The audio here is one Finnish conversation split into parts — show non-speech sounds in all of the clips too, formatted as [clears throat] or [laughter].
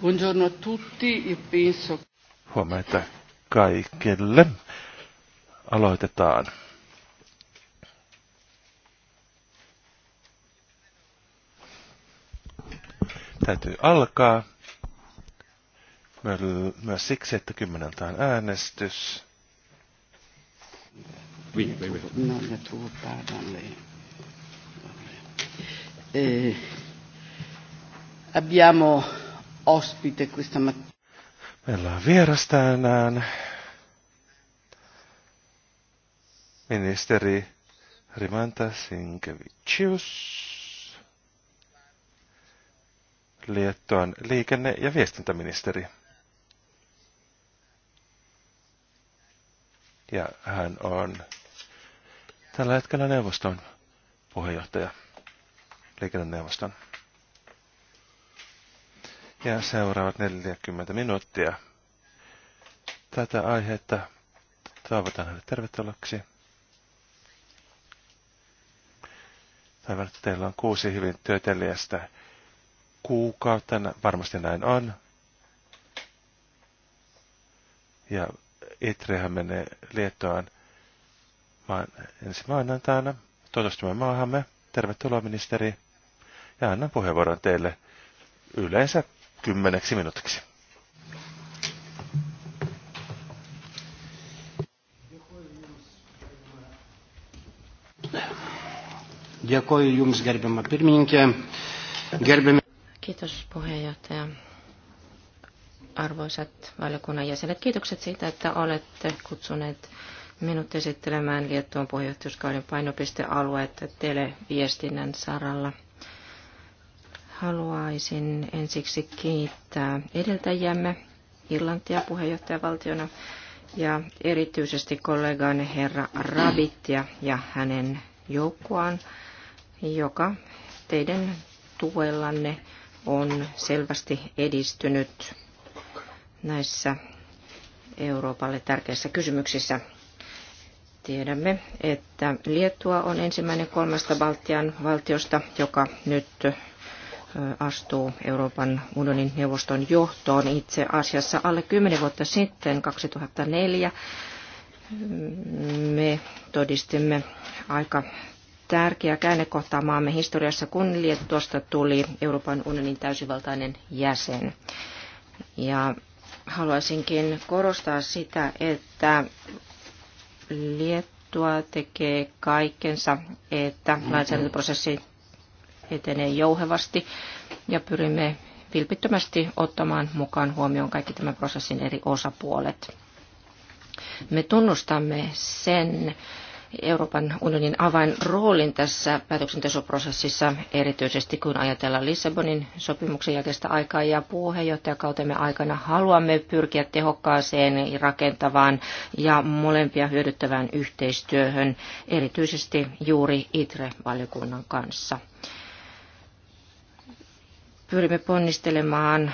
Buongiorno a tutti, io penso. Huomenta kaikille. Aloitetaan. Täytyy alkaa. Myös siksi, että kymmeneltä on äänestys. Oui, oui, oui. abbiamo ospite questa mattina. Meillä on vieras tänään ministeri Rimanta Sinkevicius. Liettuan liikenne- ja viestintäministeri. Ja hän on tällä hetkellä neuvoston puheenjohtaja, liikenneneuvoston ja seuraavat 40 minuuttia. Tätä aihetta toivotan hänet tervetulleeksi. Toivon, että teillä on kuusi hyvin työtelijästä kuukautta. Varmasti näin on. Ja Itrihan menee Liettoaan maan ensi maanantaina tutustumaan maahamme. Tervetuloa ministeri. Ja annan puheenvuoron teille yleensä kymmeneksi minuutiksi. Kiitos puheenjohtaja. Arvoisat valiokunnan jäsenet, kiitokset siitä, että olette kutsuneet minut esittelemään Liettuan puheenjohtajuuskauden painopistealueet televiestinnän saralla. Haluaisin ensiksi kiittää edeltäjämme Irlantia puheenjohtajavaltiona ja erityisesti kollegaani herra Rabittia ja hänen joukkoaan, joka teidän tuellanne on selvästi edistynyt näissä Euroopalle tärkeissä kysymyksissä. Tiedämme, että Liettua on ensimmäinen kolmesta Baltian valtiosta, joka nyt astuu Euroopan unionin neuvoston johtoon itse asiassa alle 10 vuotta sitten, 2004. Me todistimme aika tärkeää käännekohtaa maamme historiassa, kun Liettuosta tuli Euroopan unionin täysivaltainen jäsen. Ja haluaisinkin korostaa sitä, että Liettua tekee kaikkensa, että mm-hmm. lainsäädäntöprosessi etenee jouhevasti ja pyrimme vilpittömästi ottamaan mukaan huomioon kaikki tämän prosessin eri osapuolet. Me tunnustamme sen Euroopan unionin avainroolin tässä päätöksentekoprosessissa, erityisesti kun ajatellaan Lissabonin sopimuksen jälkeistä aikaa ja puheenjohtajakautemme aikana haluamme pyrkiä tehokkaaseen, rakentavaan ja molempia hyödyttävään yhteistyöhön, erityisesti juuri ITRE-valiokunnan kanssa pyrimme ponnistelemaan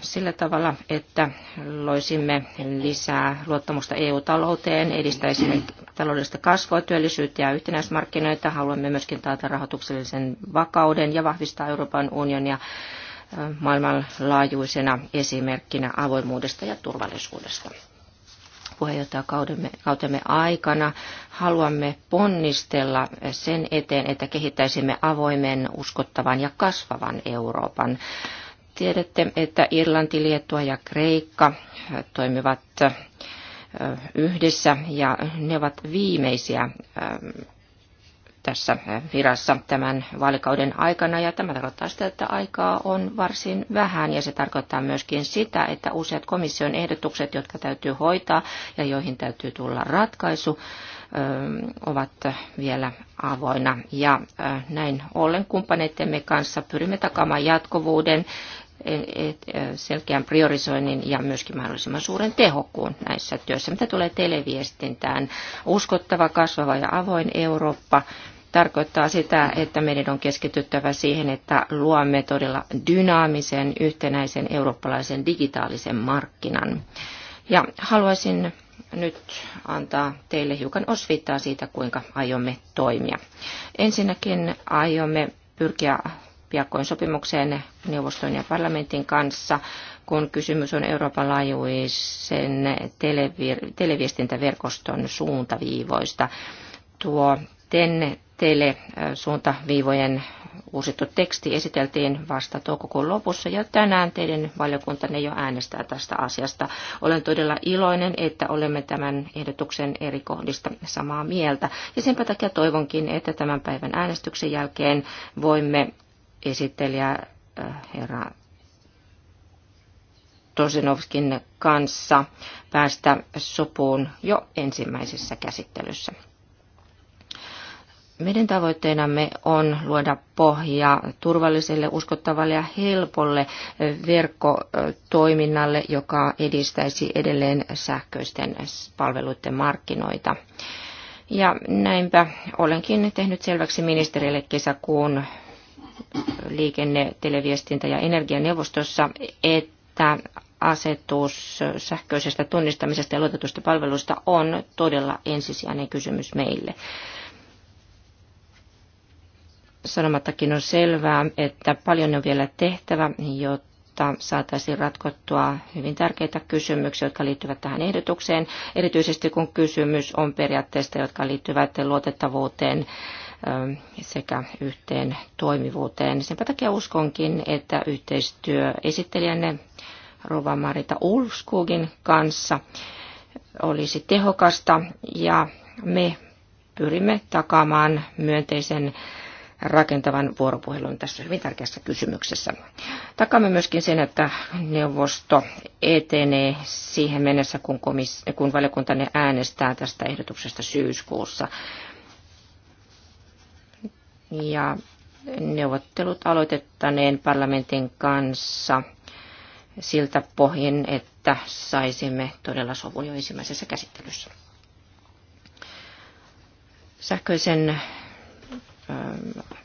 sillä tavalla, että loisimme lisää luottamusta EU-talouteen, edistäisimme taloudellista kasvua, työllisyyttä ja yhtenäismarkkinoita. Haluamme myöskin taata rahoituksellisen vakauden ja vahvistaa Euroopan unionia äh, maailmanlaajuisena esimerkkinä avoimuudesta ja turvallisuudesta puheenjohtajakautemme aikana haluamme ponnistella sen eteen, että kehittäisimme avoimen, uskottavan ja kasvavan Euroopan. Tiedätte, että Irlanti, Liettua ja Kreikka toimivat yhdessä ja ne ovat viimeisiä tässä äh, virassa tämän vaalikauden aikana. Ja tämä tarkoittaa sitä, että aikaa on varsin vähän ja se tarkoittaa myöskin sitä, että useat komission ehdotukset, jotka täytyy hoitaa ja joihin täytyy tulla ratkaisu, ähm, ovat vielä avoina. Ja äh, näin ollen kumppaneittemme kanssa pyrimme takaamaan jatkuvuuden, e, e, e, selkeän priorisoinnin ja myöskin mahdollisimman suuren tehokkuun näissä työissä. Mitä tulee televiestintään, uskottava, kasvava ja avoin Eurooppa tarkoittaa sitä, että meidän on keskityttävä siihen, että luomme todella dynaamisen, yhtenäisen eurooppalaisen digitaalisen markkinan. Ja haluaisin nyt antaa teille hiukan osviittaa siitä, kuinka aiomme toimia. Ensinnäkin aiomme pyrkiä piakkoin sopimukseen neuvoston ja parlamentin kanssa, kun kysymys on Euroopan laajuisen televi- televiestintäverkoston suuntaviivoista. Tuo TEN teille suuntaviivojen uusittu teksti esiteltiin vasta toukokuun lopussa ja tänään teidän valiokuntanne jo äänestää tästä asiasta. Olen todella iloinen, että olemme tämän ehdotuksen eri kohdista samaa mieltä ja senpä takia toivonkin, että tämän päivän äänestyksen jälkeen voimme esittelijä herra Tosinovskin kanssa päästä sopuun jo ensimmäisessä käsittelyssä. Meidän tavoitteenamme on luoda pohja turvalliselle, uskottavalle ja helpolle verkkotoiminnalle, joka edistäisi edelleen sähköisten palveluiden markkinoita. Ja näinpä olenkin tehnyt selväksi ministerille kesäkuun liikenne-, televiestintä- ja energianeuvostossa, että asetus sähköisestä tunnistamisesta ja luotetusta palveluista on todella ensisijainen kysymys meille sanomattakin on selvää, että paljon on vielä tehtävä, jotta saataisiin ratkottua hyvin tärkeitä kysymyksiä, jotka liittyvät tähän ehdotukseen, erityisesti kun kysymys on periaatteista, jotka liittyvät luotettavuuteen ähm, sekä yhteen toimivuuteen. Sen takia uskonkin, että yhteistyö esittelijänne Rova Marita Ulskugin kanssa olisi tehokasta ja me pyrimme takaamaan myönteisen rakentavan vuoropuhelun tässä hyvin tärkeässä kysymyksessä. Takamme myöskin sen, että neuvosto etenee siihen mennessä, kun, komis- kun ne äänestää tästä ehdotuksesta syyskuussa. Ja neuvottelut aloitettaneen parlamentin kanssa siltä pohjin, että saisimme todella sovun jo ensimmäisessä käsittelyssä. Sähköisen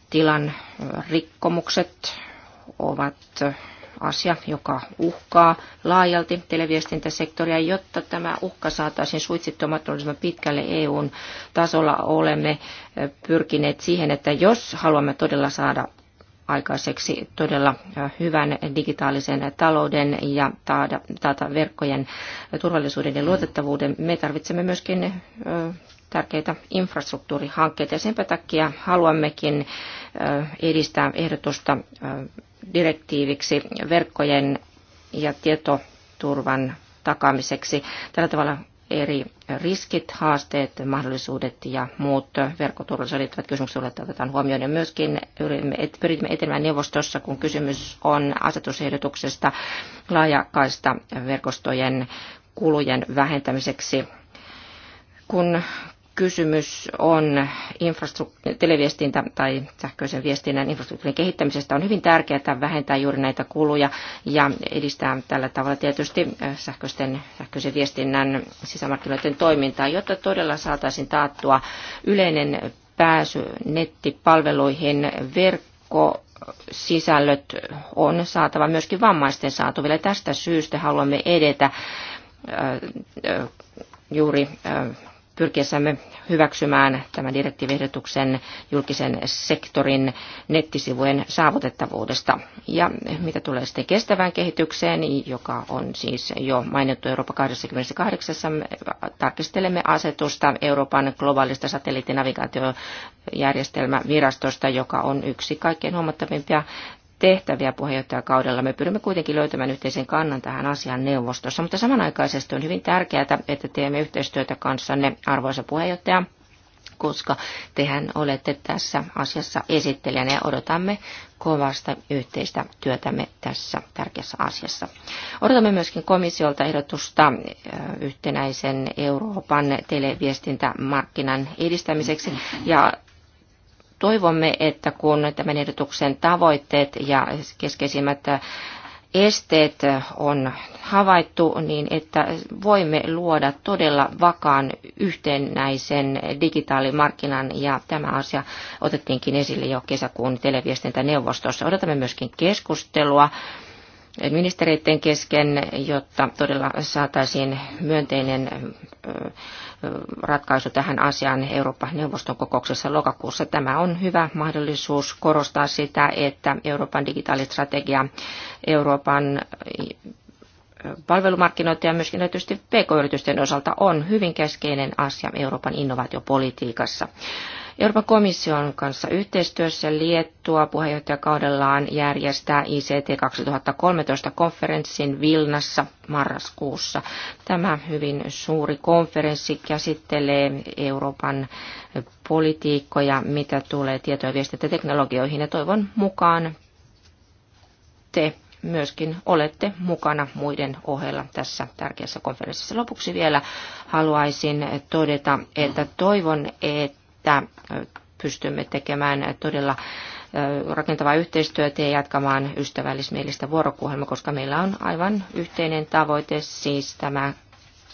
tilan rikkomukset ovat asia, joka uhkaa laajalti televiestintäsektoria. Jotta tämä uhka saataisiin suitsittua mahdollisimman pitkälle EUn tasolla, olemme pyrkineet siihen, että jos haluamme todella saada aikaiseksi todella hyvän digitaalisen talouden ja taata, taata verkkojen turvallisuuden ja luotettavuuden. Me tarvitsemme myöskin tärkeitä infrastruktuurihankkeita ja senpä takia haluammekin edistää ehdotusta direktiiviksi verkkojen ja tietoturvan takaamiseksi. Tällä tavalla eri riskit, haasteet, mahdollisuudet ja muut verkkoturvallisuuteen liittyvät kysymykset otetaan huomioon. Ja myöskin pyrimme etenemään neuvostossa, kun kysymys on asetusehdotuksesta laajakaista verkostojen kulujen vähentämiseksi. Kun kysymys on infrastruktu- televiestintä tai sähköisen viestinnän infrastruktuurin kehittämisestä, on hyvin tärkeää vähentää juuri näitä kuluja ja edistää tällä tavalla tietysti eh, sähköisten, sähköisen viestinnän sisämarkkinoiden toimintaa, jotta todella saataisiin taattua yleinen pääsy nettipalveluihin, verkko sisällöt on saatava myöskin vammaisten saatuville. Tästä syystä haluamme edetä eh, eh, juuri pyrkiessämme hyväksymään tämän direktiivehdotuksen julkisen sektorin nettisivujen saavutettavuudesta. Ja mitä tulee sitten kestävään kehitykseen, joka on siis jo mainittu Eurooppa 28, tarkistelemme asetusta Euroopan globaalista satelliittinavigaatiojärjestelmävirastosta, joka on yksi kaikkein huomattavimpia tehtäviä puheenjohtajakaudella. Me pyrimme kuitenkin löytämään yhteisen kannan tähän asian neuvostossa, mutta samanaikaisesti on hyvin tärkeää, että teemme yhteistyötä kanssanne, arvoisa puheenjohtaja, koska tehän olette tässä asiassa esittelijänä ja odotamme kovasta yhteistä työtämme tässä tärkeässä asiassa. Odotamme myöskin komissiolta ehdotusta yhtenäisen Euroopan televiestintämarkkinan edistämiseksi ja toivomme, että kun tämän ehdotuksen tavoitteet ja keskeisimmät esteet on havaittu, niin että voimme luoda todella vakaan yhtenäisen digitaalimarkkinan ja tämä asia otettiinkin esille jo kesäkuun televiestintäneuvostossa. Odotamme myöskin keskustelua ministereiden kesken, jotta todella saataisiin myönteinen ratkaisu tähän asiaan Euroopan neuvoston kokouksessa lokakuussa. Tämä on hyvä mahdollisuus korostaa sitä, että Euroopan digitaalistrategia Euroopan palvelumarkkinoiden ja myöskin tietysti pk-yritysten osalta on hyvin keskeinen asia Euroopan innovaatiopolitiikassa. Euroopan komission kanssa yhteistyössä Liettua puheenjohtajakaudellaan järjestää ICT 2013 konferenssin Vilnassa marraskuussa. Tämä hyvin suuri konferenssi käsittelee Euroopan politiikkoja, mitä tulee tieto- ja viestintäteknologioihin ja toivon mukaan te myöskin olette mukana muiden ohella tässä tärkeässä konferenssissa. Lopuksi vielä haluaisin todeta, että toivon, että että pystymme tekemään todella rakentavaa yhteistyötä ja jatkamaan ystävällismielistä vuoropuhelmaa, koska meillä on aivan yhteinen tavoite, siis tämä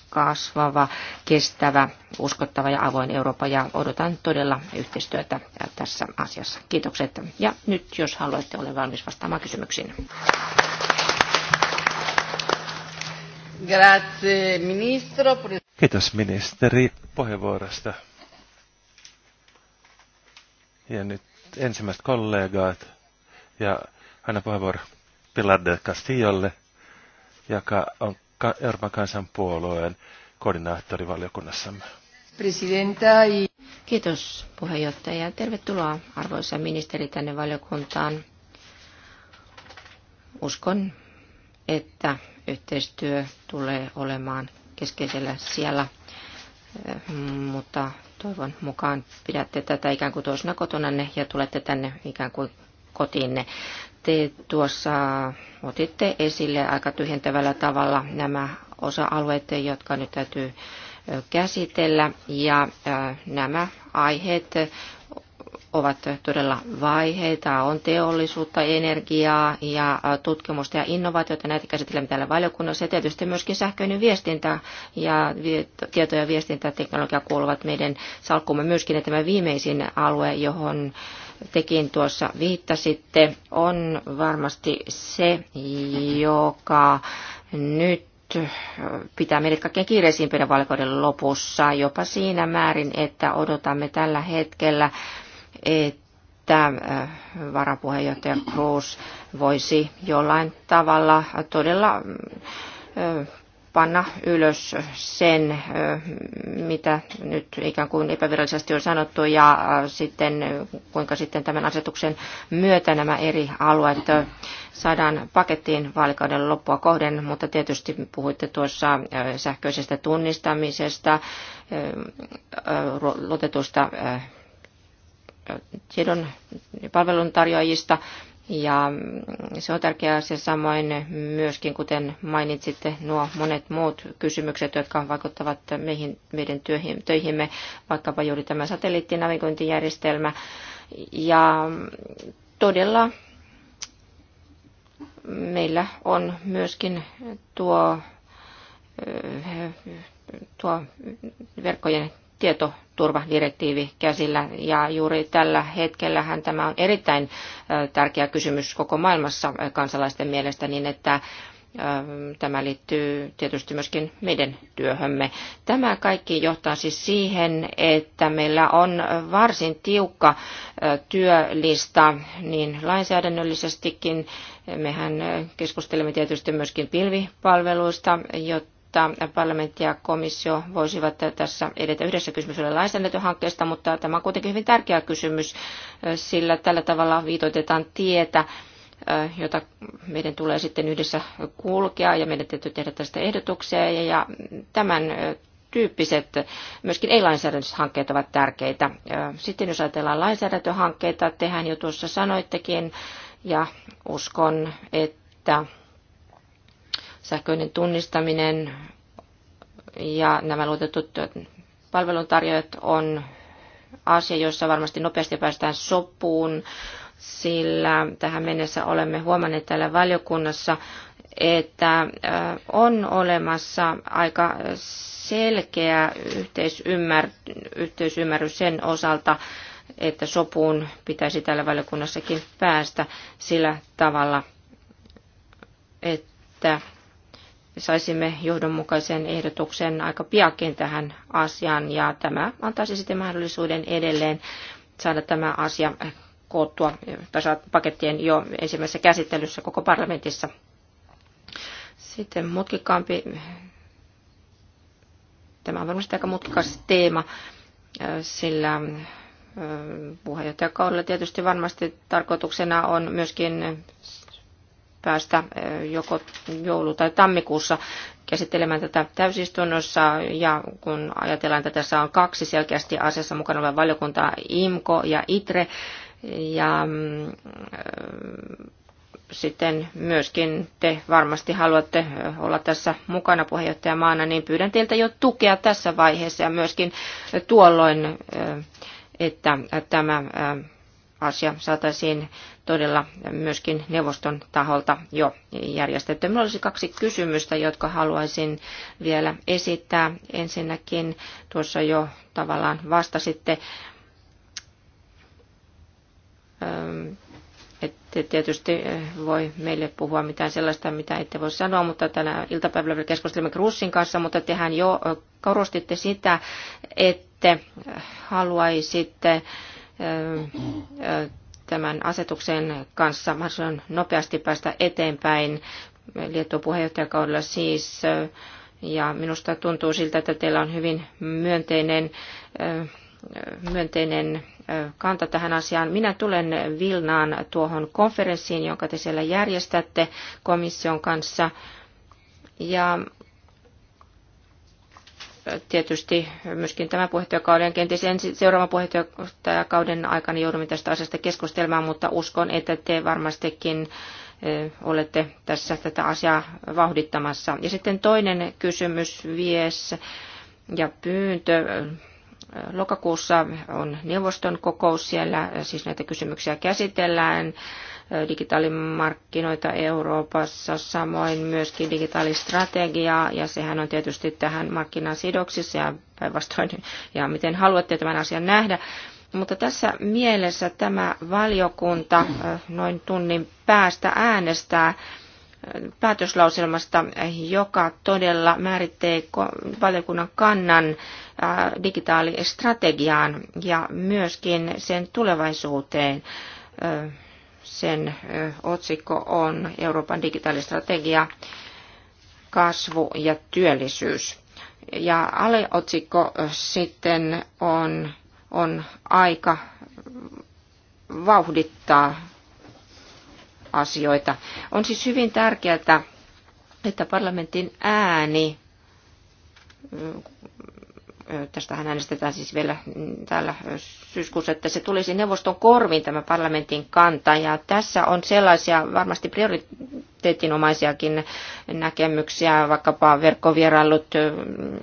kasvava, kestävä, uskottava ja avoin Eurooppa ja odotan todella yhteistyötä tässä asiassa. Kiitokset ja nyt jos haluatte, olen valmis vastaamaan kysymyksiin. Grazie, ministro. Kiitos ministeri puheenvuorosta. Ja nyt ensimmäiset kollegaat ja aina puheenvuoro Pilar del Castillolle, joka on Euroopan kansanpuolueen koordinaattori valiokunnassamme. Presidenta. Kiitos puheenjohtaja. Tervetuloa arvoisa ministeri tänne valiokuntaan. Uskon, että yhteistyö tulee olemaan keskeisellä siellä, eh, mutta Toivon mukaan pidätte tätä ikään kuin toisena kotonanne ja tulette tänne ikään kuin kotiinne. Te tuossa otitte esille aika tyhjentävällä tavalla nämä osa-alueet, jotka nyt täytyy käsitellä. Ja nämä aiheet ovat todella vaiheita. On teollisuutta, energiaa ja tutkimusta ja innovaatioita. Näitä käsittelemme täällä valiokunnassa. Ja tietysti myöskin sähköinen viestintä ja tieto- ja viestintäteknologia kuuluvat meidän salkkumme myöskin. Ja tämä viimeisin alue, johon tekin tuossa viittasitte, on varmasti se, joka nyt pitää meidät kaikkein kiireisimpien vaalikauden lopussa, jopa siinä määrin, että odotamme tällä hetkellä että äh, varapuheenjohtaja Cruz voisi jollain tavalla todella mm, äh, panna ylös sen, äh, mitä nyt ikään kuin epävirallisesti on sanottu, ja sitten kuinka sitten tämän asetuksen myötä nämä eri alueet saadaan pakettiin vaalikauden loppua kohden, mutta tietysti puhuitte tuossa sähköisestä tunnistamisesta, luotetusta tiedon palveluntarjoajista. Ja se on tärkeää, se samoin myöskin, kuten mainitsitte, nuo monet muut kysymykset, jotka vaikuttavat meihin, meidän työhim, töihimme, vaikkapa juuri tämä satelliittinavigointijärjestelmä. Ja todella meillä on myöskin tuo, tuo verkkojen tietoturvadirektiivi käsillä. Ja juuri tällä hetkellähän tämä on erittäin tärkeä kysymys koko maailmassa kansalaisten mielestä, niin että Tämä liittyy tietysti myöskin meidän työhömme. Tämä kaikki johtaa siis siihen, että meillä on varsin tiukka työlista niin lainsäädännöllisestikin. Mehän keskustelemme tietysti myöskin pilvipalveluista, jotta parlamentti ja komissio voisivat tässä edetä yhdessä kysymys oli lainsäädäntöhankkeesta, mutta tämä on kuitenkin hyvin tärkeä kysymys, sillä tällä tavalla viitoitetaan tietä, jota meidän tulee sitten yhdessä kulkea ja meidän täytyy tehdä tästä ehdotuksia ja tämän tyyppiset, myöskin ei-lainsäädäntöhankkeet ovat tärkeitä. Sitten jos ajatellaan lainsäädäntöhankkeita, tehän jo tuossa sanoittekin, ja uskon, että sähköinen tunnistaminen ja nämä luotetut palveluntarjoajat on asia, jossa varmasti nopeasti päästään sopuun, sillä tähän mennessä olemme huomanneet täällä valiokunnassa, että on olemassa aika selkeä yhteisymmär, yhteisymmärrys sen osalta, että sopuun pitäisi täällä valiokunnassakin päästä sillä tavalla, että saisimme johdonmukaisen ehdotuksen aika piakin tähän asiaan ja tämä antaisi sitten mahdollisuuden edelleen saada tämä asia koottua pakettien jo ensimmäisessä käsittelyssä koko parlamentissa. Sitten mutkikkaampi, tämä on varmasti aika mutkikas teema, sillä puheenjohtajakaudella tietysti varmasti tarkoituksena on myöskin päästä joko joulu- tai tammikuussa käsittelemään tätä täysistunnossa ja kun ajatellaan, että tässä on kaksi selkeästi asiassa mukana olevaa valiokuntaa, IMKO ja ITRE, ja mm, sitten myöskin te varmasti haluatte olla tässä mukana puheenjohtajamaana, niin pyydän teiltä jo tukea tässä vaiheessa ja myöskin tuolloin, että tämä asia saataisiin todella myöskin neuvoston taholta jo järjestetty. Minulla olisi kaksi kysymystä, jotka haluaisin vielä esittää. Ensinnäkin tuossa jo tavallaan vastasitte, ähm, että tietysti äh, voi meille puhua mitään sellaista, mitä ette voi sanoa, mutta tänä iltapäivällä keskustelimme Krussin kanssa, mutta tehän jo äh, korostitte sitä, että haluaisitte tämän asetuksen kanssa mahdollisimman nopeasti päästä eteenpäin Liettuan puheenjohtajakaudella siis. Ja minusta tuntuu siltä, että teillä on hyvin myönteinen, myönteinen kanta tähän asiaan. Minä tulen Vilnaan tuohon konferenssiin, jonka te siellä järjestätte komission kanssa. Ja tietysti myöskin tämän puheenjohtajakauden, kenties ensi, seuraavan puheenjohtajakauden aikana joudumme tästä asiasta keskustelemaan, mutta uskon, että te varmastikin olette tässä tätä asiaa vauhdittamassa. Ja sitten toinen kysymys, vies ja pyyntö. Lokakuussa on neuvoston kokous siellä, siis näitä kysymyksiä käsitellään digitaalimarkkinoita Euroopassa, samoin myöskin digitaalistrategiaa, ja sehän on tietysti tähän markkinan sidoksissa ja päinvastoin, ja miten haluatte tämän asian nähdä. Mutta tässä mielessä tämä valiokunta noin tunnin päästä äänestää päätöslauselmasta, joka todella määrittelee valiokunnan kannan digitaalistrategiaan ja myöskin sen tulevaisuuteen sen otsikko on Euroopan digitaalistrategia, kasvu ja työllisyys. Ja aleotsikko sitten on, on aika vauhdittaa asioita. On siis hyvin tärkeää, että parlamentin ääni, tästähän äänestetään siis vielä mm, täällä syyskuussa, että se tulisi neuvoston korviin tämä parlamentin kanta. Ja tässä on sellaisia varmasti prioriteettinomaisiakin näkemyksiä, vaikkapa verkkovierailut mm,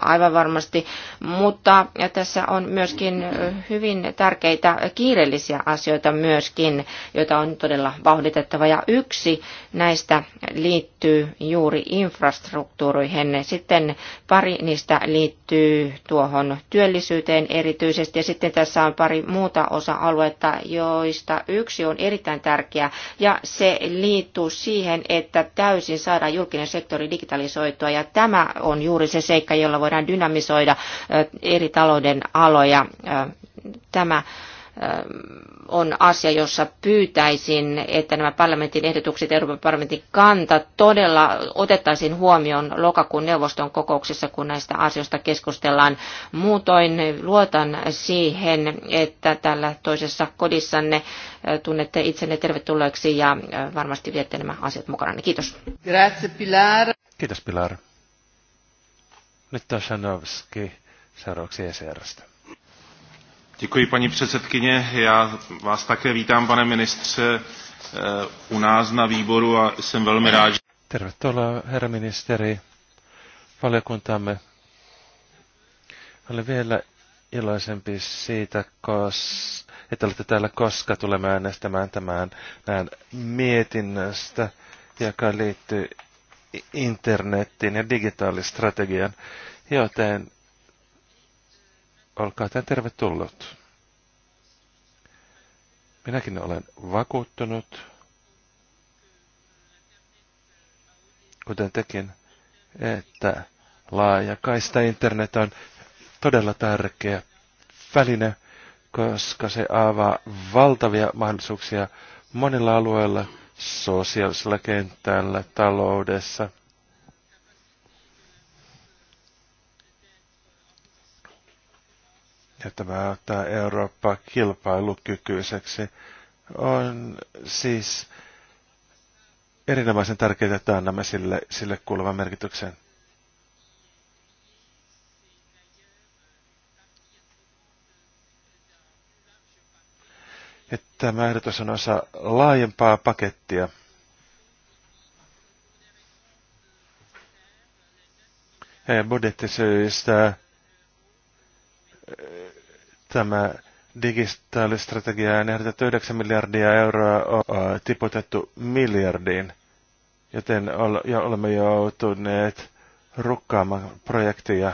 aivan varmasti. Mutta ja tässä on myöskin hyvin tärkeitä kiireellisiä asioita myöskin, joita on todella vauhditettava. Ja yksi näistä liittyy juuri infrastruktuuroihin. Sitten pari niistä liittyy tuohon työllisyyteen erityisesti ja sitten tässä on pari muuta osa-aluetta, joista yksi on erittäin tärkeä ja se liittyy siihen, että täysin saadaan julkinen sektori digitalisoitua ja tämä on juuri se seikka, jolla voidaan dynamisoida eri talouden aloja. Tämä on asia, jossa pyytäisin, että nämä parlamentin ehdotukset, Euroopan parlamentin kanta todella otettaisiin huomioon lokakuun neuvoston kokouksessa, kun näistä asioista keskustellaan. Muutoin luotan siihen, että tällä toisessa kodissanne tunnette itsenne tervetulleeksi ja varmasti viette nämä asiat mukana. Kiitos. Grazie Pilar. Kiitos Pilar. Nyt on Shanovski seuraavaksi ECRstä paní předsedající Já vás také vítám, pane ministře, eh, u nás na výboru a jsem velmi rád, že... Tervetuloa, vielä iloisempi siitä, että olette täällä, koska tulemme äänestämään tämän näin mietinnöstä, joka liittyy internetin ja digitaalistrategian. joten Olkaa tämän tervetullut. Minäkin olen vakuuttunut, kuten tekin, että laaja kaista internet on todella tärkeä väline, koska se avaa valtavia mahdollisuuksia monilla alueilla, sosiaalisella kentällä, taloudessa – että tämä ottaa Eurooppa kilpailukykyiseksi. On siis erinomaisen tärkeää, että annamme sille, sille kuuluvan merkityksen. että tämä ehdotus on osa laajempaa pakettia. budjettisyistä Tämä digitaalistrategiaan ehdotettu 9 miljardia euroa on tiputettu miljardiin, joten olemme joutuneet rukkaamaan projektia.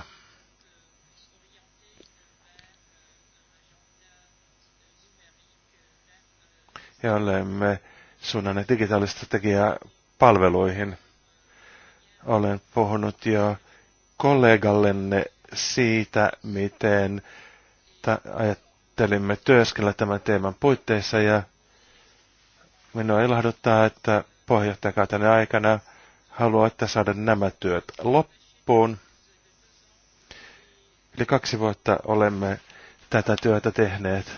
Ja olemme suunnanneet digitaalistrategiaa palveluihin. Olen puhunut jo kollegallenne siitä, miten ajattelimme työskellä tämän teeman puitteissa ja minua ilahduttaa, että puheenjohtajakautenne aikana haluatte saada nämä työt loppuun. Eli kaksi vuotta olemme tätä työtä tehneet.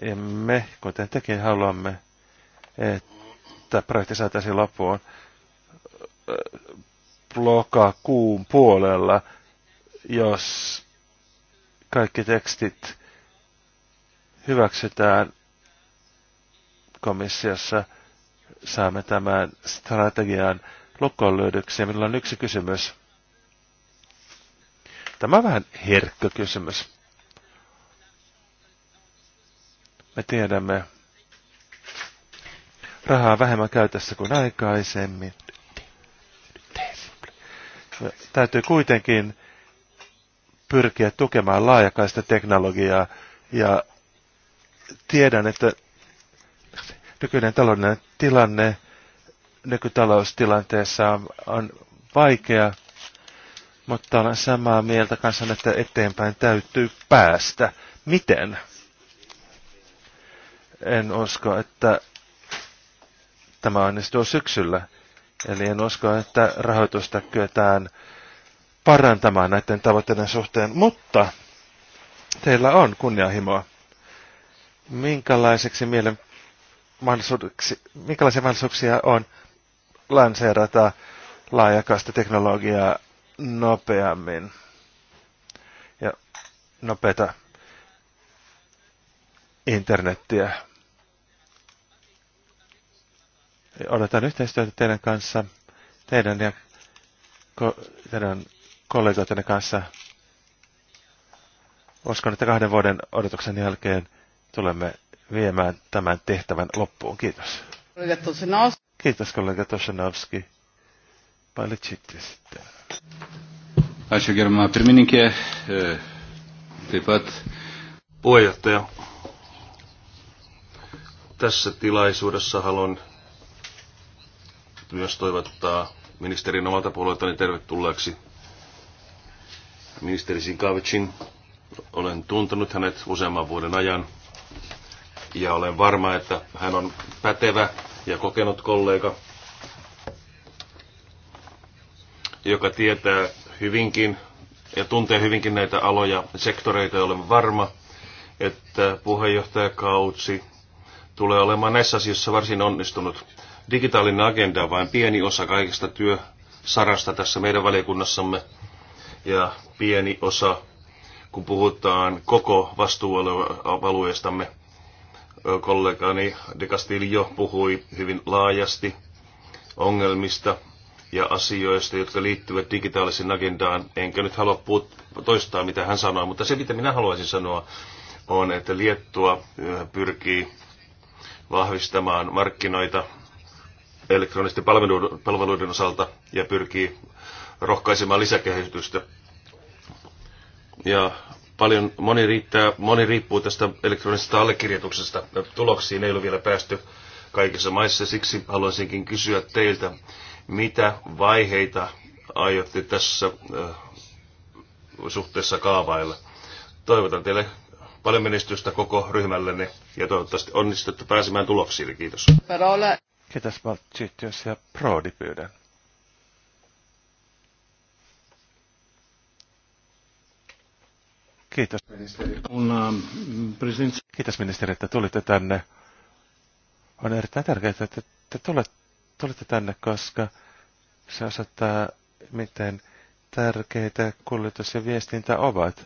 Emme, kuten tekin haluamme, että projekti saataisiin loppuun lokakuun puolella, jos kaikki tekstit hyväksytään komissiossa, saamme tämän strategian lukkoon lyödyksi. Ja minulla on yksi kysymys. Tämä on vähän herkkä kysymys. Me tiedämme, rahaa vähemmän käytössä kuin aikaisemmin. Me täytyy kuitenkin pyrkiä tukemaan laajakaista teknologiaa ja tiedän, että nykyinen taloudellinen tilanne nykytaloustilanteessa on, on vaikea, mutta olen samaa mieltä kanssa, että eteenpäin täytyy päästä. Miten? En usko, että tämä onnistuu syksyllä. Eli en usko, että rahoitusta kyetään parantamaan näiden tavoitteiden suhteen, mutta teillä on kunnianhimoa. Minkälaiseksi mielen minkälaisia mahdollisuuksia on lanseerata laajakaista teknologiaa nopeammin ja nopeata internettiä. Odotan yhteistyötä teidän kanssa, teidän ja ko, teidän kollegoitenne kanssa. Uskon, että kahden vuoden odotuksen jälkeen tulemme viemään tämän tehtävän loppuun. Kiitos. Kiitos kollega Tosinovski. Palitsitte sitten. Aisha Germaa Pirmininkiä. E, taip Puheenjohtaja. Tässä tilaisuudessa haluan myös toivottaa ministerin omalta puoleltani tervetulleeksi ministeri Sinkavicin. Olen tuntenut hänet useamman vuoden ajan ja olen varma, että hän on pätevä ja kokenut kollega, joka tietää hyvinkin ja tuntee hyvinkin näitä aloja, sektoreita, olen varma, että kautsi tulee olemaan näissä asioissa varsin onnistunut. Digitaalinen agenda on vain pieni osa kaikesta työsarasta tässä meidän valiokunnassamme ja pieni osa, kun puhutaan koko vastuualueestamme. Kollegani De Castillo puhui hyvin laajasti ongelmista ja asioista, jotka liittyvät digitaalisen agendaan. Enkä nyt halua toistaa, mitä hän sanoi, mutta se, mitä minä haluaisin sanoa, on, että Liettua pyrkii vahvistamaan markkinoita elektronisten palveluiden osalta ja pyrkii rohkaisemaan lisäkehitystä. Ja paljon, moni, riittää, moni riippuu tästä elektronisesta allekirjoituksesta. Tuloksiin ei ole vielä päästy kaikissa maissa, siksi haluaisinkin kysyä teiltä, mitä vaiheita aiotte tässä äh, suhteessa kaavailla. Toivotan teille paljon menestystä koko ryhmällenne ja toivottavasti onnistutte pääsemään tuloksiin. Kiitos. Ketäs Kiitos Valtsiitti, jos ja Proodi pyydän. Kiitos ministeri. Ähm, Kiitos ministeri, että tulitte tänne. On erittäin tärkeää, että te tulitte tänne, koska se osoittaa, miten tärkeitä kuljetus ja viestintä ovat.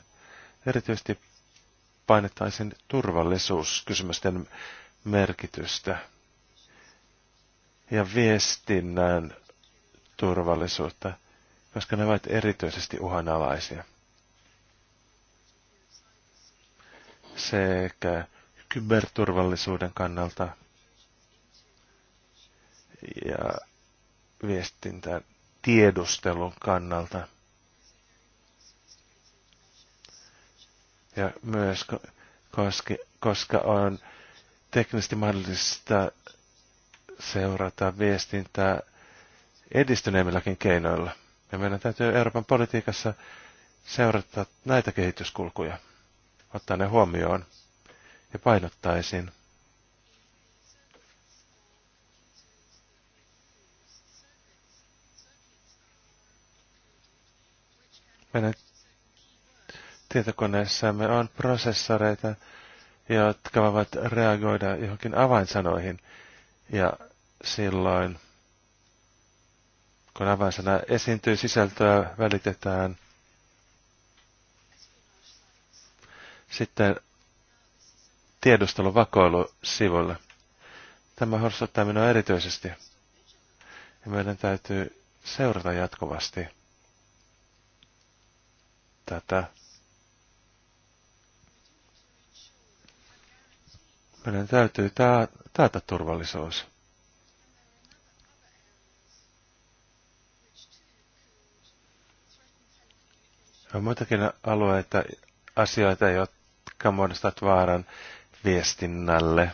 Erityisesti painettaisin turvallisuuskysymysten merkitystä ja viestinnän turvallisuutta, koska ne ovat erityisesti uhanalaisia. sekä kyberturvallisuuden kannalta ja viestintä tiedustelun kannalta. Ja myös koska, koska on teknisesti mahdollista seurata viestintää edistyneemmilläkin keinoilla. Ja meidän täytyy Euroopan politiikassa seurata näitä kehityskulkuja ottaa ne huomioon ja painottaisin. Meidän tietokoneessamme on prosessoreita, jotka voivat reagoida johonkin avainsanoihin. Ja silloin, kun avainsana esiintyy, sisältöä välitetään – Sitten tiedustelun vakoilusivulle. Tämä horsottaa minua erityisesti. Ja meidän täytyy seurata jatkuvasti tätä. Meidän täytyy taata turvallisuus. On muitakin alueita, asioita, jotka jotka muodostavat viestinnälle.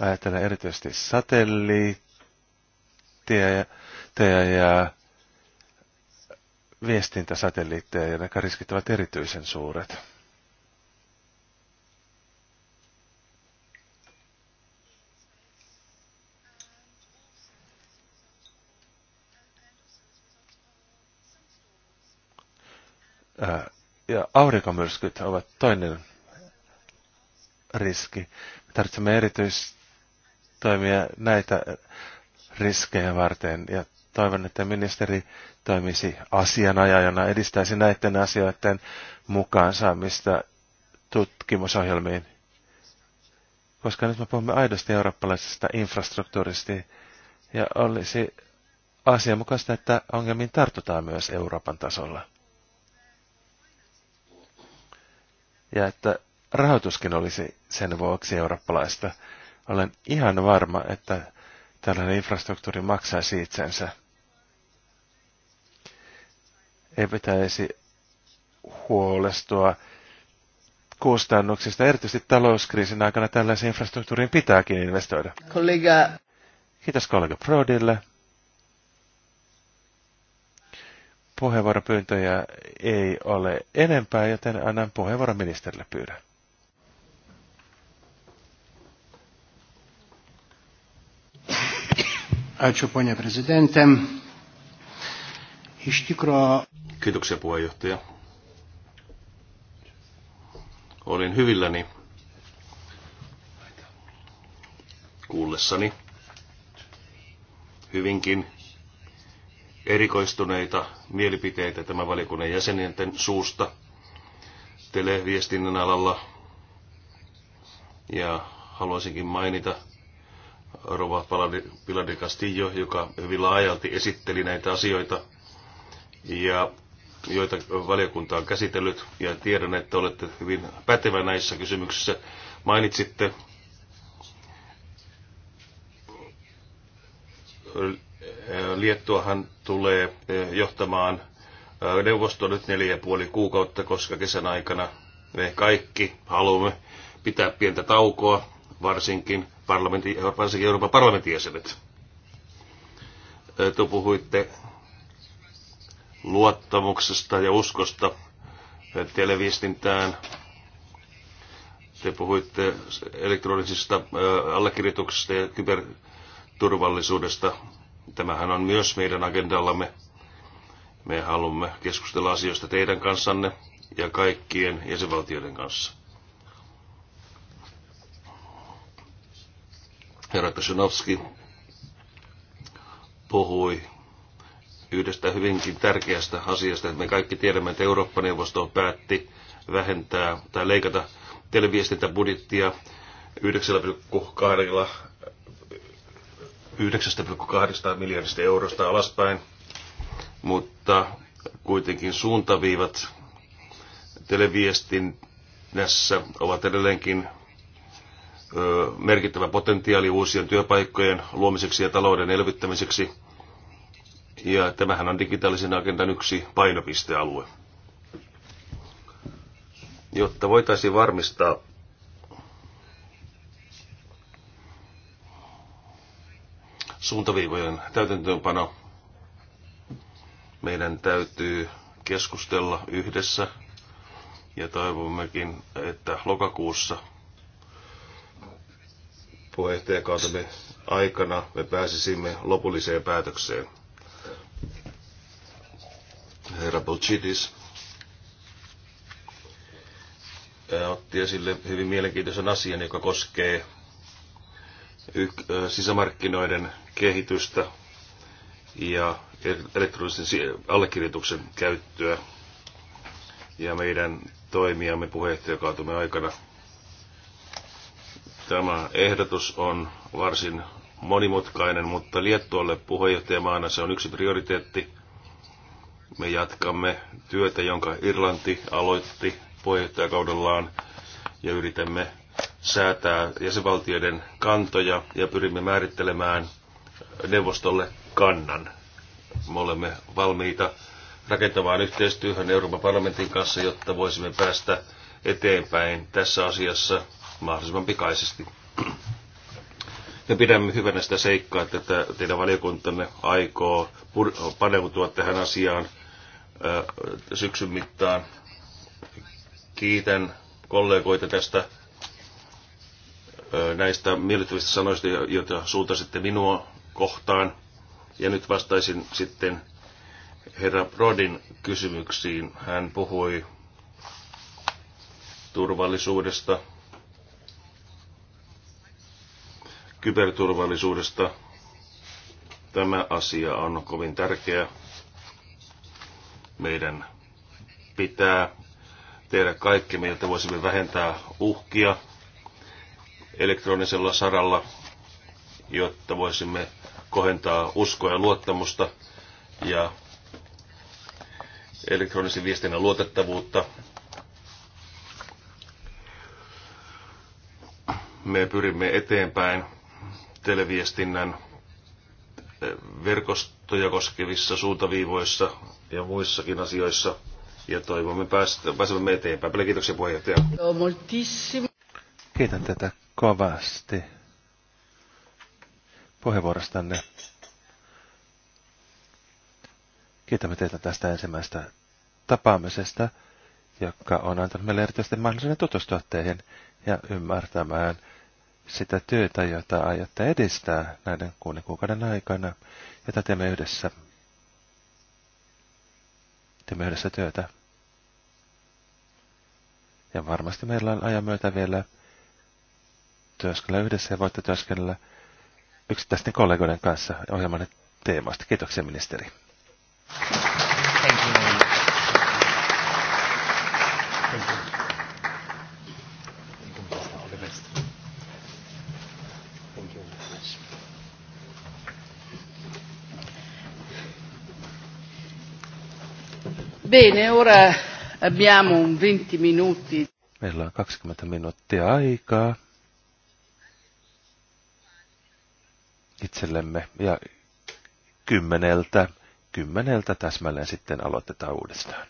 Ajatellaan erityisesti satelliitteja ja, ja viestintäsatelliitteja, joiden riskit ovat erityisen suuret. Äh, ja aurinkomyrskyt ovat toinen riski. Me tarvitsemme erityistoimia näitä riskejä varten ja toivon, että ministeri toimisi asianajajana, edistäisi näiden asioiden mukaan saamista tutkimusohjelmiin. Koska nyt me puhumme aidosti eurooppalaisesta infrastruktuurista ja olisi asianmukaista, että ongelmiin tartutaan myös Euroopan tasolla. ja että rahoituskin olisi sen vuoksi eurooppalaista. Olen ihan varma, että tällainen infrastruktuuri maksaisi itsensä. Ei pitäisi huolestua kustannuksista. Erityisesti talouskriisin aikana tällaisiin infrastruktuuriin pitääkin investoida. Kollega. Kiitos kollega Prodille. Puheenvuoropyyntöjä ei ole enempää, joten annan puheenvuoron ministerille pyydän. Kiitoksia, puheenjohtaja. Olin hyvilläni kuullessani hyvinkin erikoistuneita mielipiteitä tämän valiokunnan jäsenten suusta televiestinnän alalla. Ja haluaisinkin mainita Rova Piladi Castillo, joka hyvin laajalti esitteli näitä asioita ja joita valiokunta on käsitellyt. Ja tiedän, että olette hyvin pätevä näissä kysymyksissä. Mainitsitte Liettuahan tulee johtamaan neuvosto nyt neljä ja puoli kuukautta, koska kesän aikana me kaikki haluamme pitää pientä taukoa, varsinkin, parlamentti, varsinkin Euroopan parlamentin jäsenet. Te puhuitte luottamuksesta ja uskosta televiestintään. Te puhuitte elektronisista allekirjoituksista ja kyberturvallisuudesta Tämähän on myös meidän agendallamme. Me haluamme keskustella asioista teidän kanssanne ja kaikkien jäsenvaltioiden kanssa. Herra Pesunovski puhui yhdestä hyvinkin tärkeästä asiasta, että me kaikki tiedämme, että Eurooppa-neuvosto päätti vähentää tai leikata televiestintäbudjettia 9,8 miljardista eurosta alaspäin, mutta kuitenkin suuntaviivat televiestinnässä ovat edelleenkin merkittävä potentiaali uusien työpaikkojen luomiseksi ja talouden elvyttämiseksi. Ja tämähän on digitaalisen agendan yksi painopistealue. Jotta voitaisiin varmistaa suuntaviivojen täytäntöönpano. Meidän täytyy keskustella yhdessä ja toivommekin, että lokakuussa puheenjohtajakautemme aikana me pääsisimme lopulliseen päätökseen. Herra Bocitis otti esille hyvin mielenkiintoisen asian, joka koskee sisämarkkinoiden kehitystä ja elektronisen allekirjoituksen käyttöä ja meidän toimijamme puheenjohtajakautumme aikana. Tämä ehdotus on varsin monimutkainen, mutta Liettualle puheenjohtajamaana se on yksi prioriteetti. Me jatkamme työtä, jonka Irlanti aloitti puheenjohtajakaudellaan ja yritämme säätää jäsenvaltioiden kantoja ja pyrimme määrittelemään neuvostolle kannan. Me olemme valmiita rakentavaan yhteistyöhön Euroopan parlamentin kanssa, jotta voisimme päästä eteenpäin tässä asiassa mahdollisimman pikaisesti. Me pidämme hyvänä sitä seikkaa, että teidän valiokuntanne aikoo paneutua tähän asiaan syksyn mittaan. Kiitän kollegoita tästä näistä miellyttävistä sanoista, joita suuntaisitte minua kohtaan. Ja nyt vastaisin sitten herra Brodin kysymyksiin. Hän puhui turvallisuudesta, kyberturvallisuudesta. Tämä asia on kovin tärkeä. Meidän pitää tehdä kaikki, miltä voisimme vähentää uhkia elektronisella saralla, jotta voisimme kohentaa uskoa ja luottamusta ja elektronisen viestinnän luotettavuutta. Me pyrimme eteenpäin televiestinnän eh, verkostoja koskevissa suuntaviivoissa ja muissakin asioissa. Ja toivomme päästä, pääsemme eteenpäin. Paljon kiitoksia puheenjohtaja. Kiitän tätä kovasti puheenvuorostanne. Kiitämme teitä tästä ensimmäistä tapaamisesta, joka on antanut meille erityisesti mahdollisuuden tutustua teihin ja ymmärtämään sitä työtä, jota aiotte edistää näiden kuuden kuukauden aikana, jota teemme yhdessä. Teemme yhdessä työtä. Ja varmasti meillä on ajan myötä vielä työskennellä yhdessä ja voitte työskennellä yksittäisten kollegoiden kanssa ohjelman teemasta. Kiitoksia ministeri. Thank you. Thank you. Bene, ora abbiamo un 20 minuti. Meillä on 20 minuuttia aikaa. itsellemme ja kymmeneltä, kymmeneltä täsmälleen sitten aloitetaan uudestaan.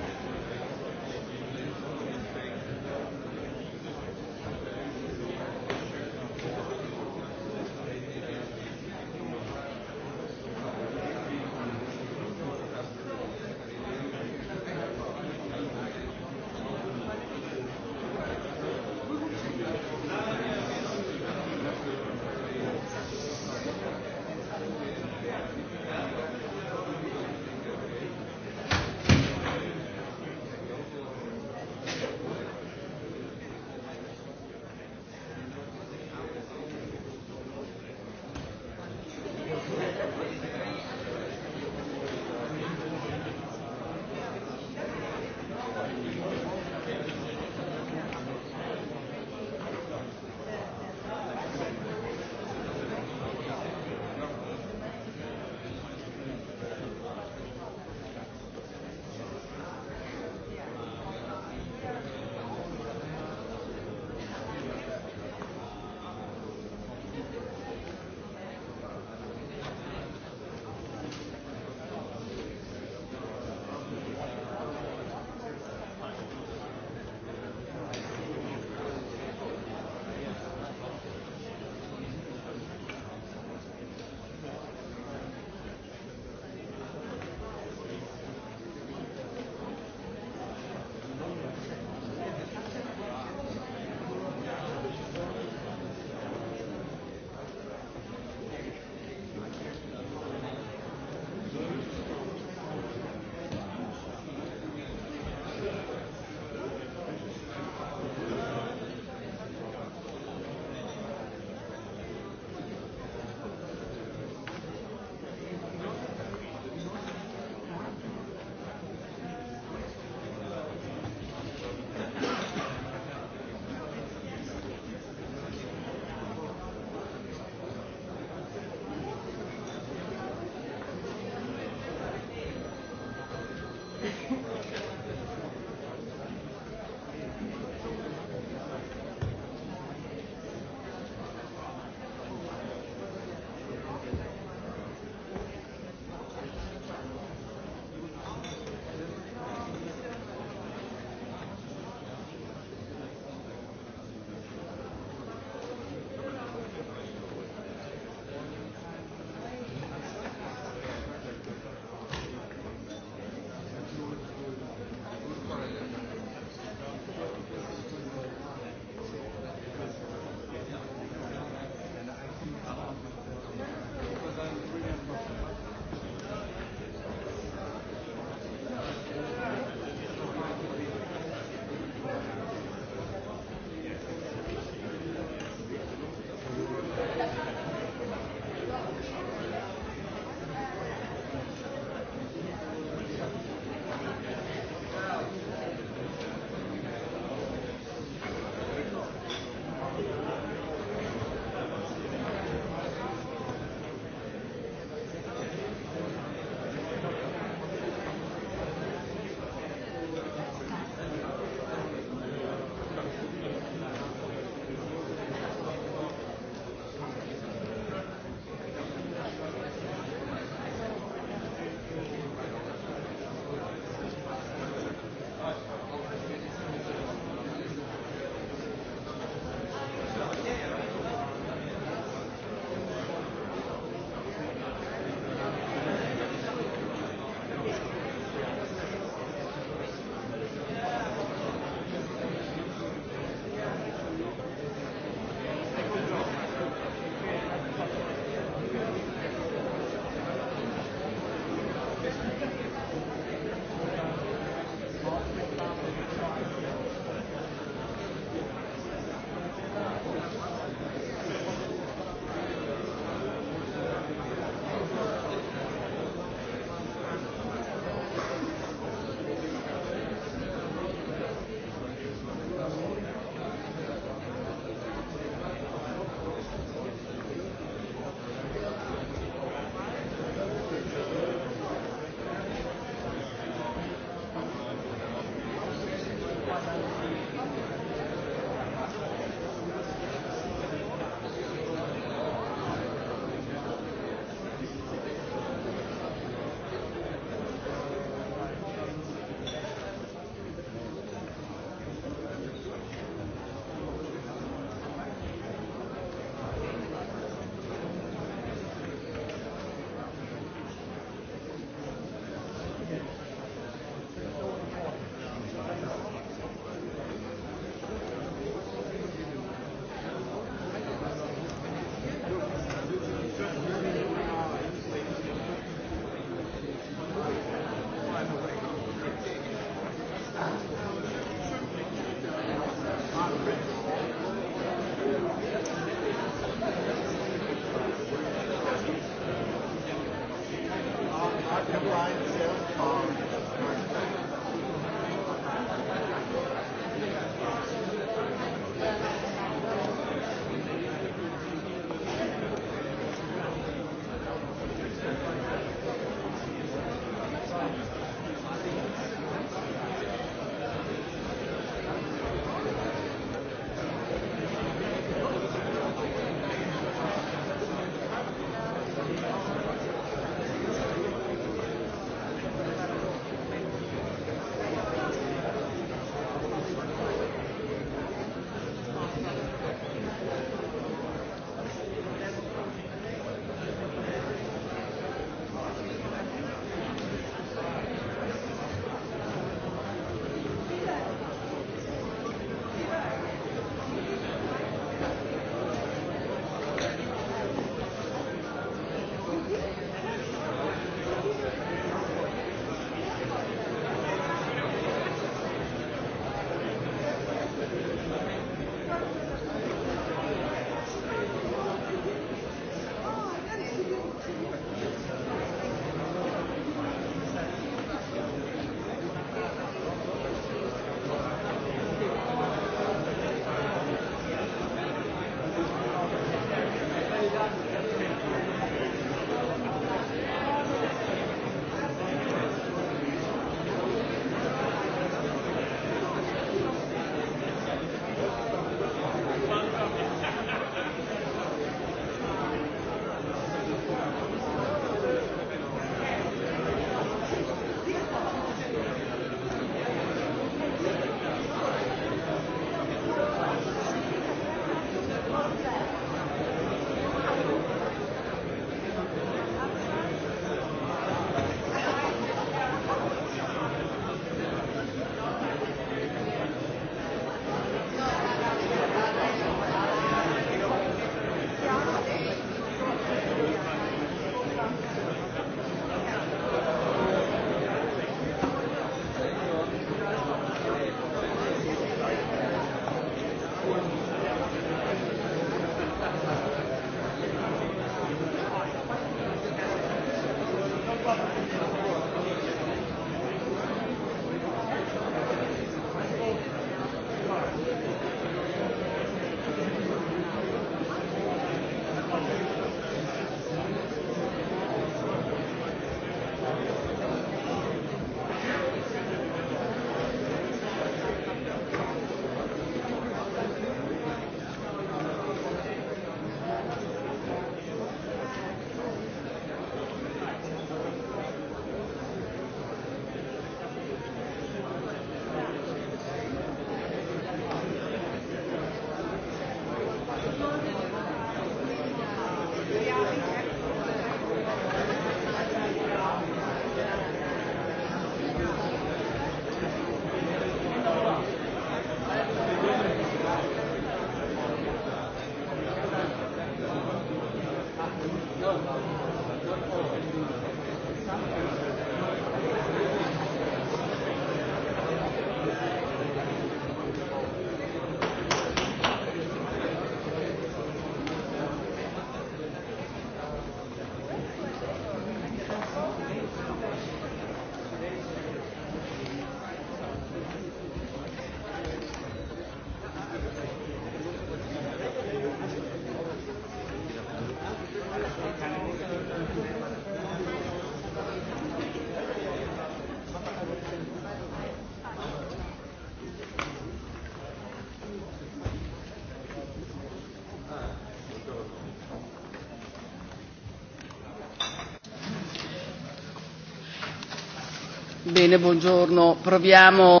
Bene, buongiorno. Proviamo.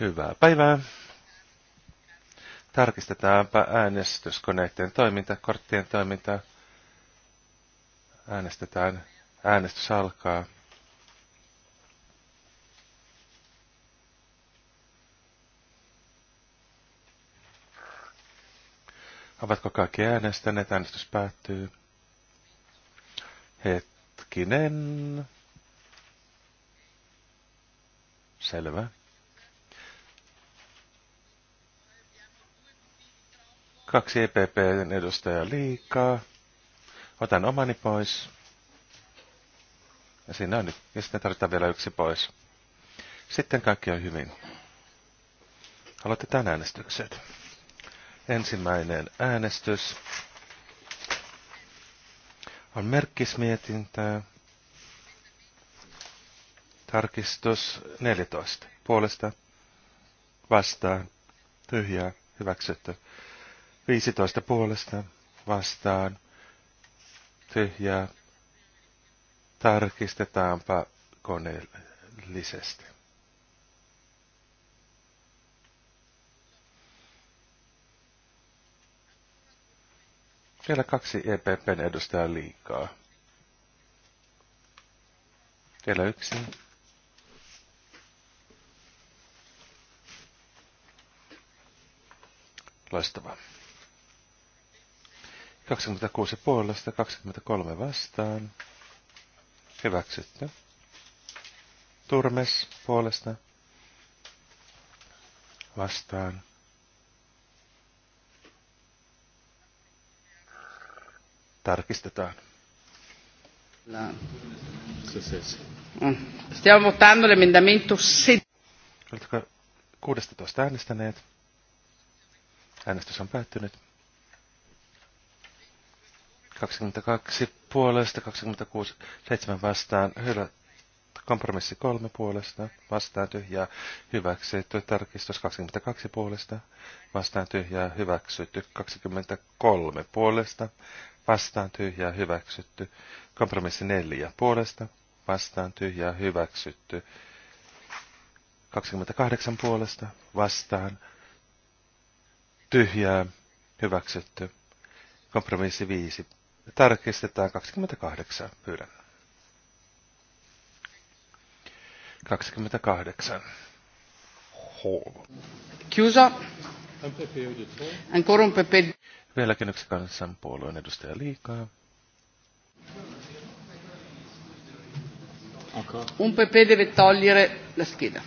Hyvää päivää. Tarkistetaanpa äänestyskoneiden toiminta, korttien toiminta. Äänestetään. Äänestys alkaa. Ovatko kaikki äänestäneet? Äänestys päättyy. Hetkinen. Selvä. Kaksi EPPn edustajaa liikaa. Otan omani pois. Ja siinä on nyt. Ja sitten tarvitaan vielä yksi pois. Sitten kaikki on hyvin. Aloitetaan äänestykset. Ensimmäinen äänestys on merkkismietintää. Tarkistus 14. Puolesta vastaan tyhjää hyväksytty. 15 puolesta vastaan tyhjää tarkistetaanpa koneellisesti. Vielä kaksi EPPn edustajaa liikaa. Vielä yksi. Loistavaa. 26 puolesta, 23 vastaan. Hyväksytty. Turmes puolesta. Vastaan. Tarkistetaan. Mm. Stiamo votando l'emendamento 16. Oletteko 16 äänestäneet? Äänestys on päättynyt. 22 puolesta, 26, 7 vastaan, hylä, kompromissi 3 puolesta, vastaan tyhjää, hyväksytty, tarkistus 22 puolesta, vastaan tyhjää, hyväksytty, 23 puolesta, vastaan tyhjää, hyväksytty, kompromissi 4 puolesta, vastaan tyhjää, hyväksytty, 28 puolesta, vastaan tyhjää, hyväksytty. Kompromissi 5. Tarkistetaan 28, pyydän. 28. H. Kiusa. Ancora un pepe. Vieläkin yksi kansanpuolueen edustaja liikaa. Un PP deve togliere la scheda.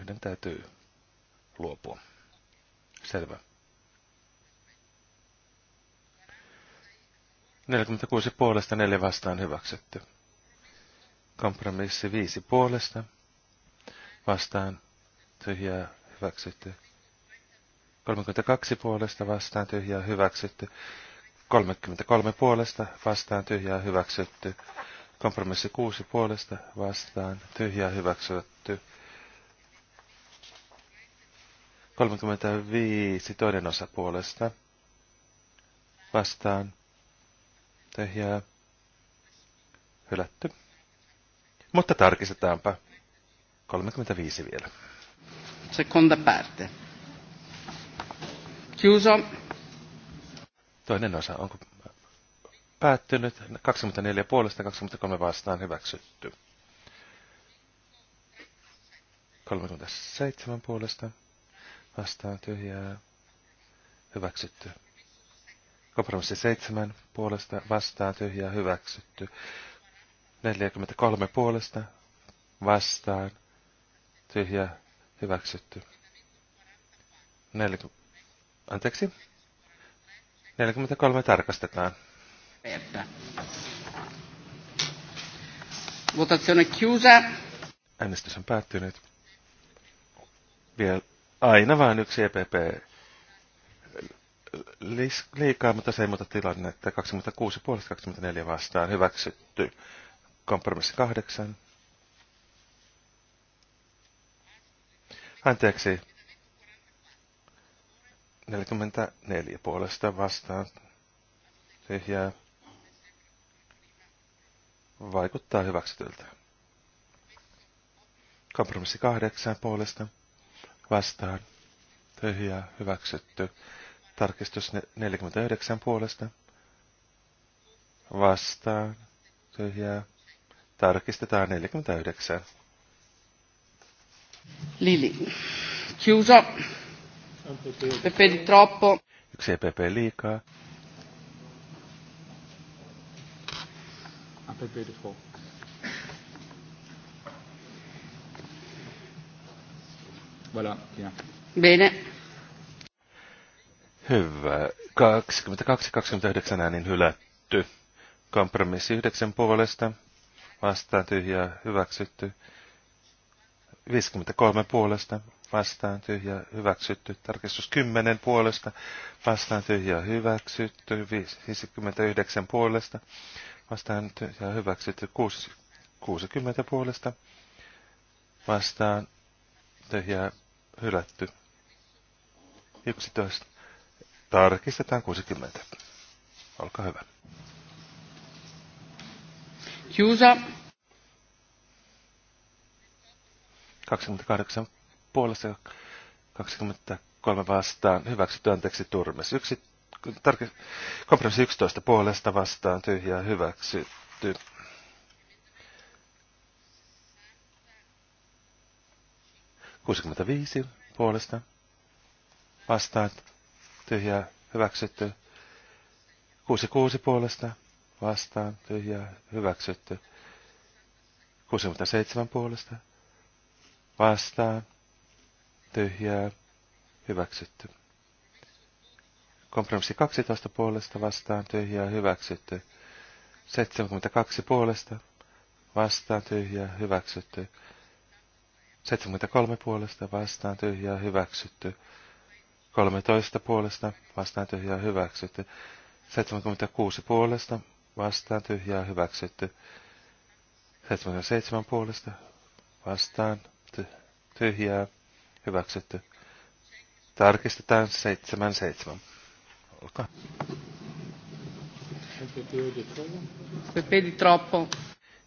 Yhden täytyy luopua. Selvä. 46 puolesta, 4 vastaan hyväksytty. Kompromissi 5 puolesta, vastaan tyhjää hyväksytty. 32 puolesta vastaan tyhjää hyväksytty. 33 puolesta vastaan tyhjää hyväksytty. Kompromissi 6 puolesta vastaan tyhjää hyväksytty. 35 toinen osa puolesta. Vastaan. Tehjää. Hylätty. Mutta tarkistetaanpa. 35 vielä. Seconda parte. Chiuso. Toinen osa. Onko päättynyt? 24 puolesta, 23 vastaan hyväksytty. 37 puolesta vastaan tyhjää hyväksytty. Kompromissi 7 puolesta vastaan tyhjää hyväksytty. 43 puolesta vastaan tyhjää hyväksytty. Nel... Anteeksi. 43 tarkastetaan. Votazione chiusa. Äänestys on päättynyt. Vielä Aina vain yksi EPP liikaa, mutta se ei muuta tilannetta. 26 puolesta 24 vastaan hyväksytty. Kompromissi 8. Anteeksi. 44 puolesta vastaan. Tyhjää. Vaikuttaa hyväksytyltä. Kompromissi 8 puolesta vastaan tyhjää hyväksytty. Tarkistus 49 puolesta vastaan tyhjää. Tarkistetaan 49. Lili. Chiusa. Pepe di troppo. Yksi EPP liikaa. Pepe di troppo. Voilà. Bene. Hyvä. 22-29 äänin hylätty. Kompromissi 9 puolesta. Vastaan tyhjää hyväksytty. 53 puolesta. Vastaan tyhjää hyväksytty. Tarkistus 10 puolesta. Vastaan tyhjää hyväksytty. 59 puolesta. Vastaan tyhjää hyväksytty. 60 puolesta. Vastaan tyhjää hylätty. 11. Tarkistetaan 60. Olkaa hyvä. Juusa. 28 puolesta 23 vastaan. Hyväksy työnteksi turmes. Yksi, tarki, kompromissi 11 puolesta vastaan. Tyhjää hyväksytty. 65 puolesta Vastaat. tyhjää hyväksytty. 66 puolesta vastaan tyhjää hyväksytty. 67 puolesta vastaan tyhjää hyväksytty. Kompromissi 12 puolesta vastaan tyhjää hyväksytty. 72 puolesta vastaan tyhjää hyväksytty. 73 puolesta vastaan tyhjää hyväksytty. 13 puolesta vastaan tyhjää hyväksytty. 76 puolesta vastaan tyhjää hyväksytty. 77 puolesta vastaan tyhjää hyväksytty. Tarkistetaan 77. Olkaa. Pepe di troppo.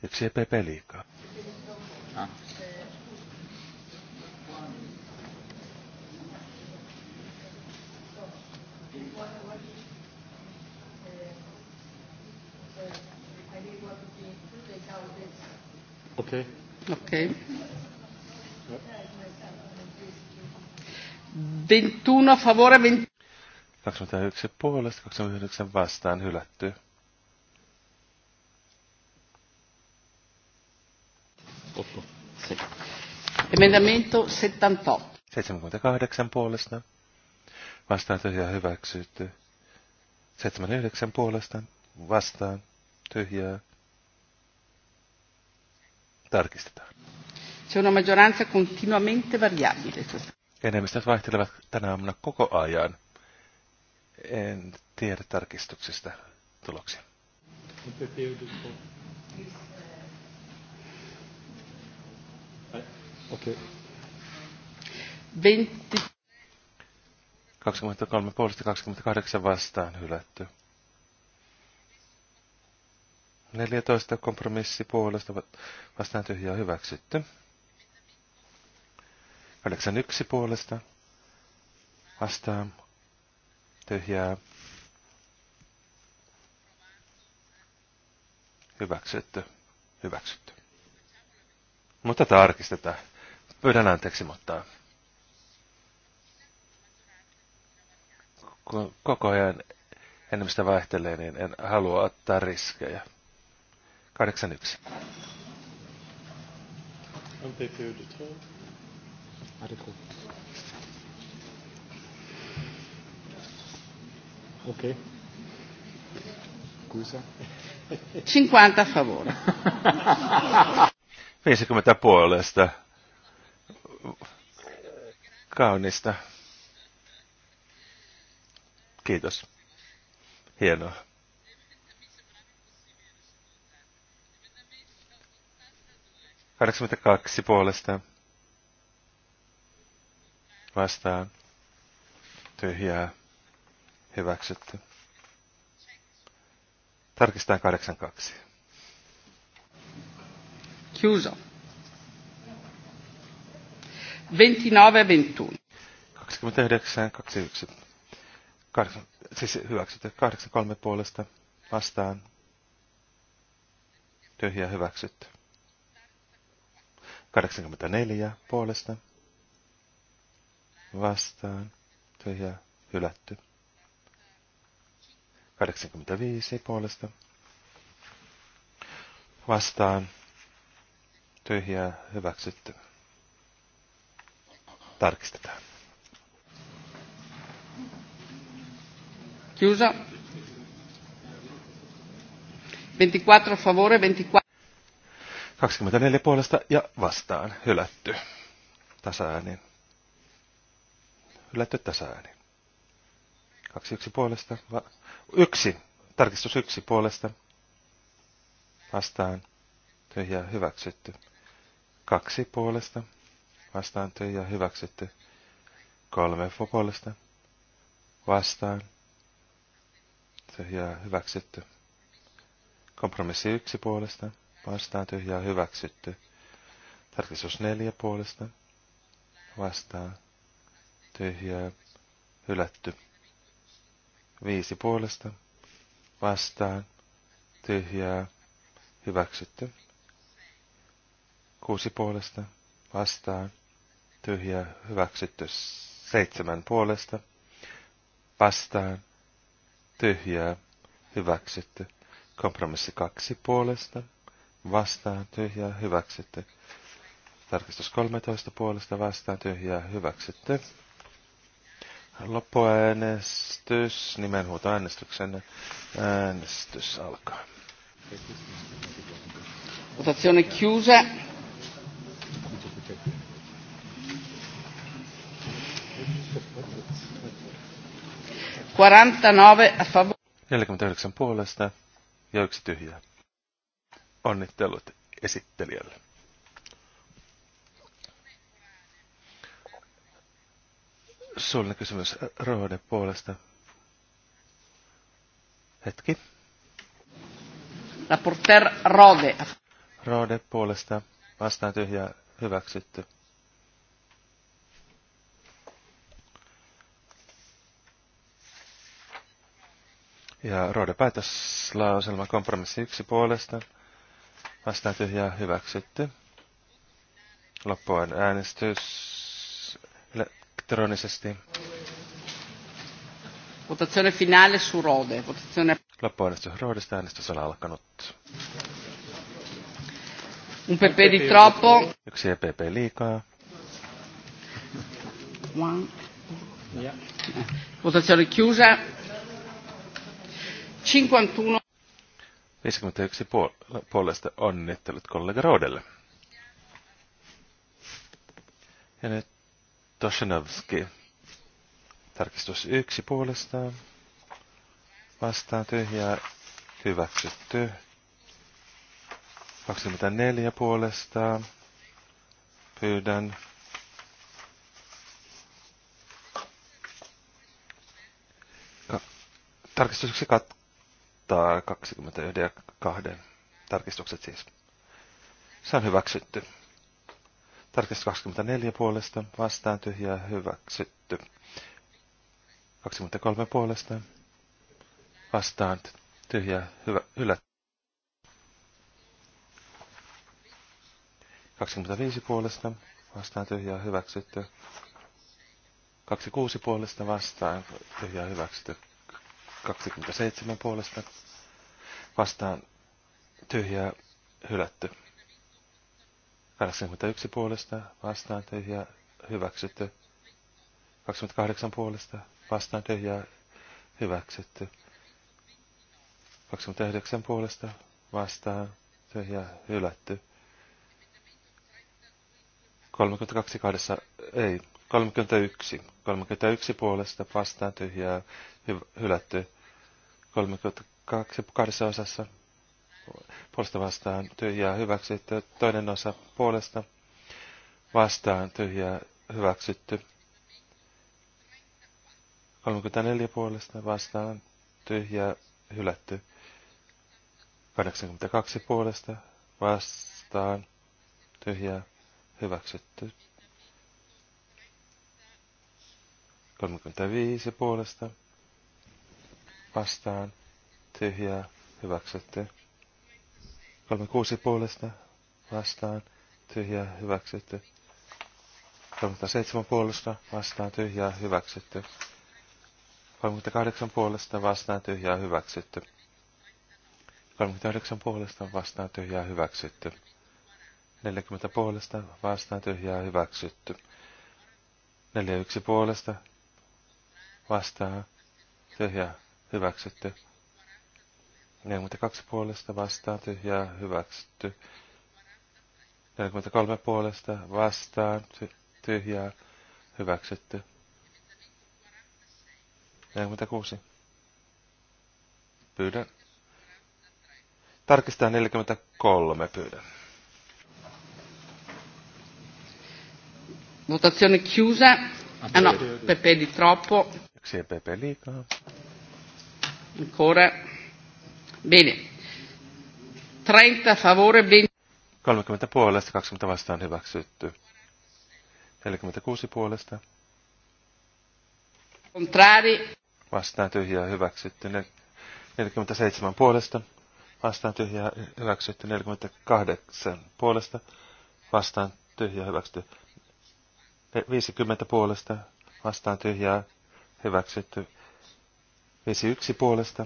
Yksi EPP liikaa. Ah. Okay. Okay. 21 favore, 20. 21 puolesta, 29 vastaan hylätty. Otto. Sì. Emendamento 78. 78 puolesta. Vastaan tyhjää hyväksytty. 79 puolesta. Vastaan tyhjää tarkistetaan. Se on maggioranza continuamente variabile. Enemmistöt vaihtelevat tänä aamuna koko ajan. En tiedä tarkistuksesta tuloksia. Okay. 23 puolesta 28 vastaan hylätty. 14 kompromissi puolesta vastaan on hyväksytty. 81 puolesta vastaan tyhjää hyväksytty. Hyväksytty. Mutta tarkistetaan. Pyydän anteeksi, mutta kun koko ajan enemmistö vaihtelee, niin en halua ottaa riskejä. 81. 50 a favore. 50 [laughs] puolesta. Kaunista. Kiitos. Hienoa. 82 puolesta vastaan tyhjää hyväksytty. Tarkistetaan 82. Chiuso. 29-21. 29-21. Siis hyväksytty. 83 puolesta vastaan. Tyhjää hyväksytty. 84 puolesta vastaan tyhjä hylätty. 85 puolesta vastaan tyhjä hyväksytty. Tarkistetaan. Chiusa. 24 favore, 24. 24 puolesta ja vastaan. Hylätty. Tasaäänin. Hylätty tasaääni. 21 puolesta. Va- yksi. Tarkistus yksi puolesta. Vastaan. Tyhjää hyväksytty. Kaksi puolesta. Vastaan tyhjää hyväksytty. Kolme puolesta. Vastaan. Tyhjää hyväksytty. Kompromissi yksi puolesta vastaan tyhjää hyväksytty. Tarkistus neljä puolesta vastaan tyhjää hylätty. Viisi puolesta vastaan tyhjää hyväksytty. Kuusi puolesta vastaan tyhjää hyväksytty. Seitsemän puolesta vastaan tyhjää hyväksytty. Kompromissi kaksi puolesta vastaan tyhjää hyväksytty. Tarkistus 13 puolesta vastaan tyhjää hyväksytty. Loppuäänestys, nimenhuutoäänestyksen äänestys alkaa. Votazione chiusa. Quarantanove a favore. 49 puolesta ja yksi tyhjää. Onnittelut esittelijälle. Suullinen kysymys Rohden puolesta. Hetki. Raporter Rode. Rode puolesta vastaan tyhjä hyväksytty. Ja Rode päätöslauselma kompromissi yksi puolesta Vastaan tyhjää hyväksytty. Loppuun äänestys elektronisesti. Votazione finale su Rode. Votazione... äänestys Rodesta äänestys on alkanut. Un PP di troppo. Yksi EPP liikaa. Votazione chiusa. 51. 51 puolesta onnittelut kollega Rodelle. Ja nyt Toshinovski. Tarkistus yksi puolestaan. Vastaan tyhjää. Hyväksytty. 24 puolestaan. Pyydän. No, tarkistus yksi kat- 21 ja 2 tarkistukset siis. Se on hyväksytty. Tarkistus 24 puolesta vastaan tyhjää hyväksytty. 23 puolesta vastaan tyhjää hyvä, hylätty. 25 puolesta vastaan tyhjää hyväksytty. 26 puolesta vastaan tyhjää hyväksytty. 27 puolesta vastaan tyhjää hylätty. 81 puolesta vastaan tyhjää hyväksytty. 28 puolesta vastaan tyhjää hyväksytty. 29 puolesta vastaan tyhjää hylätty. 32 kahdessa, ei, 31. 31 puolesta vastaan tyhjää hylätty. 32 kahdessa osassa puolesta vastaan tyhjää hyväksytty, toinen osa puolesta vastaan tyhjää hyväksytty. 34 puolesta vastaan tyhjää hylätty. 82 puolesta vastaan tyhjää hyväksytty. 35 puolesta vastaan tyhjää hyväksytty. 36 puolesta vastaan tyhjää hyväksytty. 37 puolesta vastaan tyhjää hyväksytty. 38 puolesta vastaan tyhjää hyväksytty. 39 puolesta vastaan tyhjää hyväksytty. 40 puolesta vastaan tyhjää hyväksytty. 41 puolesta vastaan tyhjää hyväksytty. 42 puolesta vastaan tyhjää hyväksytty. 43 puolesta vastaan tyhjää hyväksytty. 46. Pyydän. Tarkistaa 43, pyydän. Votazione chiusa. Ah no, Pepe di troppo. Yksi Pepe liikaa. Ancora. Bene. 30 favore, 20. 30 puolesta, 20 vastaan hyväksytty. 46 puolesta. Contrari. Vastaan tyhjää hyväksytty. 47 puolesta. Vastaan tyhjää hyväksytty. 48 puolesta. Vastaan tyhjää hyväksytty. 50 puolesta. Vastaan tyhjää hyväksytty. Vesi yksi puolesta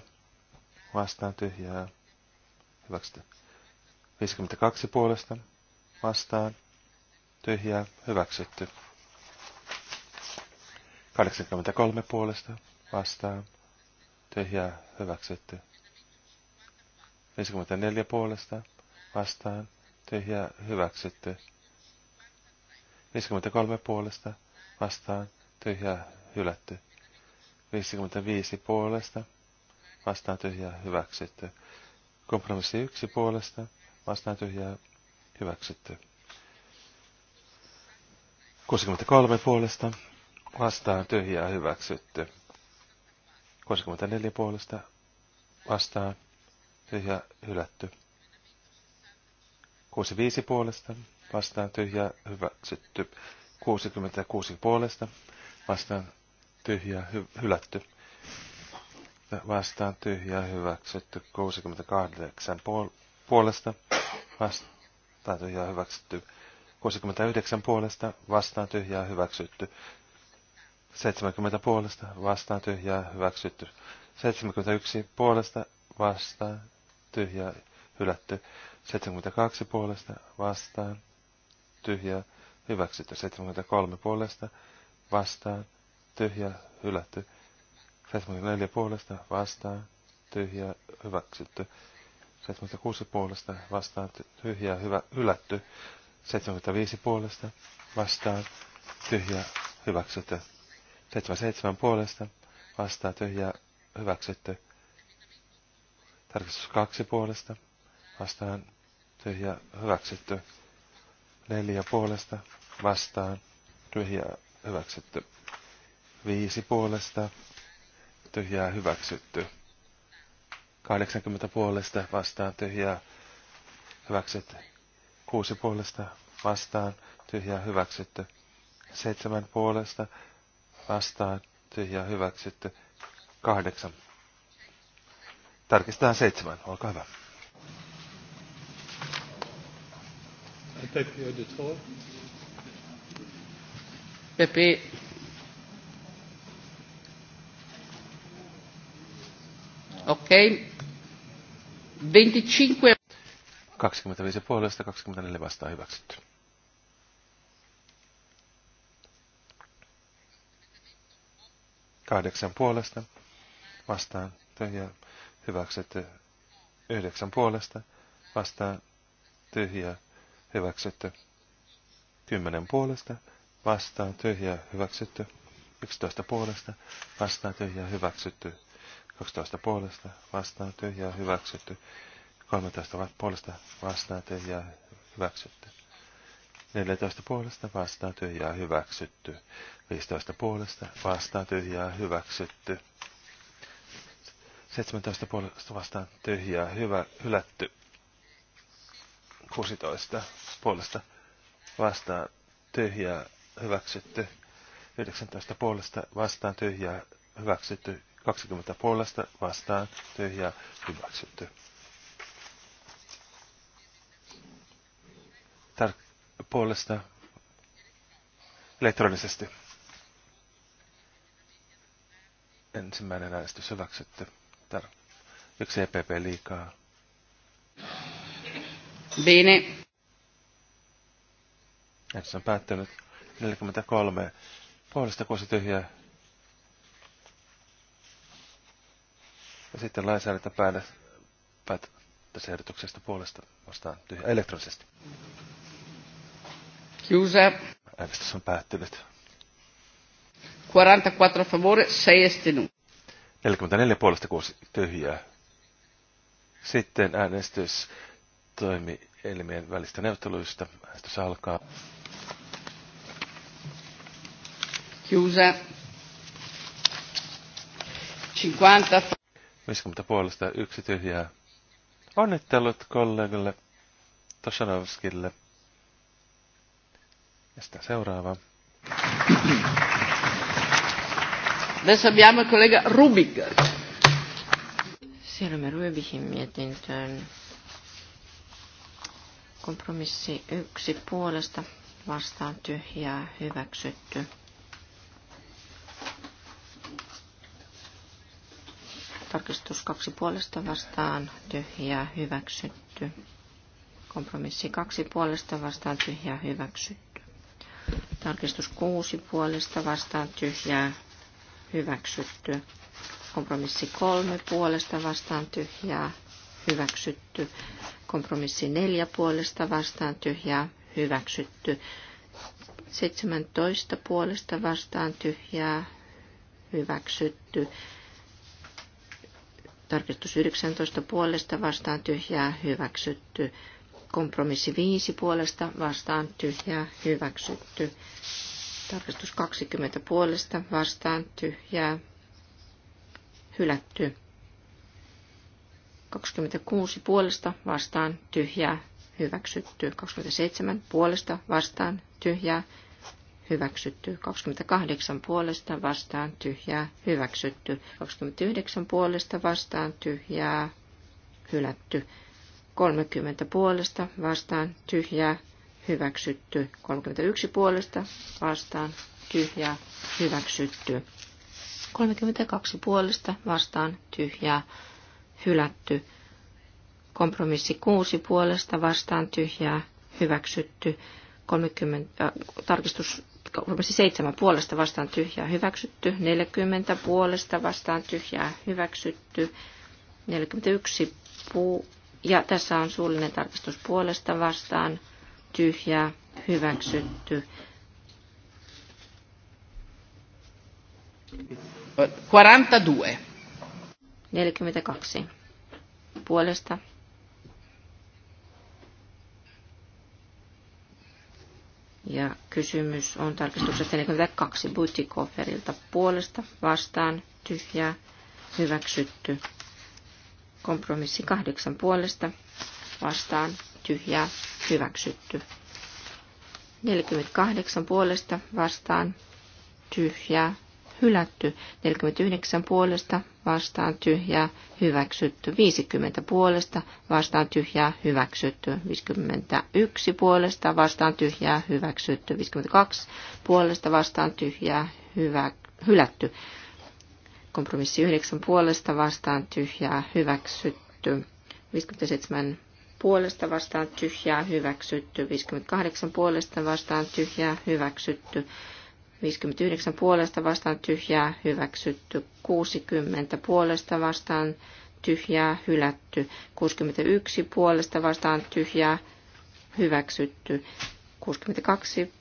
vastaan tyhjää. Hyväksytty. 52 puolesta vastaan tyhjää. Hyväksytty. 83 puolesta vastaan tyhjää. Hyväksytty. 54 puolesta vastaan tyhjää. Hyväksytty. 53 puolesta vastaan tyhjää. Hylätty. 55 puolesta, vastaan tyhjää hyväksytty. Kompromissi 1 puolesta, vastaan tyhjää hyväksytty. 63 puolesta, vastaan tyhjää hyväksytty. 64 puolesta, vastaan tyhjää hylätty. 65 puolesta, vastaan tyhjää hyväksytty. 66 puolesta, vastaan tyhjää hy- hylätty. Vastaan tyhjää hyväksytty 68 puol- puolesta. Vastaan tyhjää hyväksytty 69 puolesta. Vastaan tyhjää hyväksytty 70 puolesta. Vastaan tyhjää hyväksytty 71 puolesta. Vastaan tyhjää hylätty 72 puolesta. Vastaan tyhjää hyväksytty 73 puolesta vastaan, tyhjä, hylätty. neljä puolesta, vastaan, tyhjä, hyväksytty. 76 puolesta, vastaan, tyhjä, hyvä, hylätty. 75 puolesta, vastaan, tyhjä, hyväksytty. 77 puolesta, vastaan, tyhjä, hyväksytty. Tarkistus kaksi puolesta, vastaan, tyhjä, hyväksytty. Neljä puolesta, vastaan, tyhjä, hyväksytty. Viisi puolesta. Tyhjää hyväksytty. 80 puolesta vastaan tyhjää hyväksytty. Kuusi puolesta vastaan tyhjää hyväksytty. Seitsemän puolesta vastaan tyhjää hyväksytty. Kahdeksan. Tarkistetaan seitsemän, Olkaa hyvä. Pepi, Okei. Okay. 25. 25 puolesta, 24 vastaan hyväksytty. Kahdeksan puolesta vastaan tyhjä hyväksytty. Yhdeksän puolesta vastaan tyhjä hyväksytty. Kymmenen puolesta vastaan tyhjä hyväksytty. Yksitoista puolesta vastaan tyhjä hyväksytty. 12 puolesta vastaan tyhjää hyväksytty. 13 puolesta vastaan tyhjää hyväksytty. 14 puolesta vastaan tyhjää hyväksytty. 15 puolesta vastaan tyhjää hyväksytty. 17 puolesta vastaan tyhjää hyvä, hylätty. 16 puolesta vastaan tyhjää hyväksytty. 19 puolesta vastaan tyhjää hyväksytty. 20 puolesta vastaan tyhjä, hyväksytty. Tar- puolesta elektronisesti. Ensimmäinen äänestys hyväksytty. Tar- yksi EPP liikaa. Bene. Äänestys on päättynyt. 43 puolesta kuusi tyhjää sitten lainsäädäntö päälle päättäisiin ehdotuksesta puolesta vastaan tyhjä elektronisesti. Chiusa. Äänestys on päättynyt. 44 favore, 6 estenuto. 44 puolesta 6 tyhjää. Sitten äänestys toimi elimien välistä neuvotteluista. Äänestys alkaa. Chiusa. 50. 50 puolesta yksi tyhjää. Onnittelut kollegalle Tosanovskille. Ja sitä seuraava. Tässä abbiamo kollega Rubik. Siirrymme Rubikin mietintöön. Kompromissi yksi puolesta vastaan tyhjää hyväksytty. Tarkistus kaksi puolesta vastaan, tyhjää, hyväksytty. Kompromissi kaksi puolesta vastaan, tyhjää, hyväksytty. Tarkistus kuusi puolesta vastaan, tyhjää, hyväksytty. Kompromissi kolme puolesta vastaan, tyhjää, hyväksytty. Kompromissi neljä puolesta vastaan, tyhjää, hyväksytty. 17 puolesta vastaan tyhjää hyväksytty, Tarkistus 19 puolesta vastaan tyhjää hyväksytty. Kompromissi 5 puolesta vastaan tyhjää hyväksytty. Tarkistus 20 puolesta vastaan tyhjää hylätty. 26 puolesta vastaan tyhjää hyväksytty. 27 puolesta vastaan tyhjää hyväksytty. 28 puolesta vastaan tyhjää, hyväksytty. 29 puolesta vastaan tyhjää, hylätty. 30 puolesta vastaan tyhjää, hyväksytty. 31 puolesta vastaan tyhjää, hyväksytty. 32 puolesta vastaan tyhjää, hylätty. Kompromissi 6 puolesta vastaan tyhjää, hyväksytty. 30, äh, tarkistus kompromissi seitsemän puolesta vastaan tyhjää hyväksytty, 40 puolesta vastaan tyhjää hyväksytty, 41 puu, ja tässä on suullinen tarkastus puolesta vastaan tyhjää hyväksytty. 42. 42. Puolesta Ja kysymys on tarkistuksesta 42 Butikoferilta puolesta vastaan tyhjää hyväksytty. Kompromissi kahdeksan puolesta vastaan tyhjää hyväksytty. 48 puolesta vastaan tyhjää hylätty, 49 puolesta vastaan tyhjää hyväksytty, 50 puolesta vastaan tyhjää hyväksytty, 51 puolesta vastaan tyhjää hyväksytty, 52 puolesta vastaan tyhjää hyvä, hylätty, kompromissi 9 puolesta vastaan tyhjää hyväksytty, 57 puolesta vastaan tyhjää hyväksytty, 58 puolesta vastaan tyhjää hyväksytty, 59 puolesta vastaan tyhjää hyväksytty, 60 puolesta vastaan tyhjää hylätty, 61 puolesta vastaan tyhjää hyväksytty, 62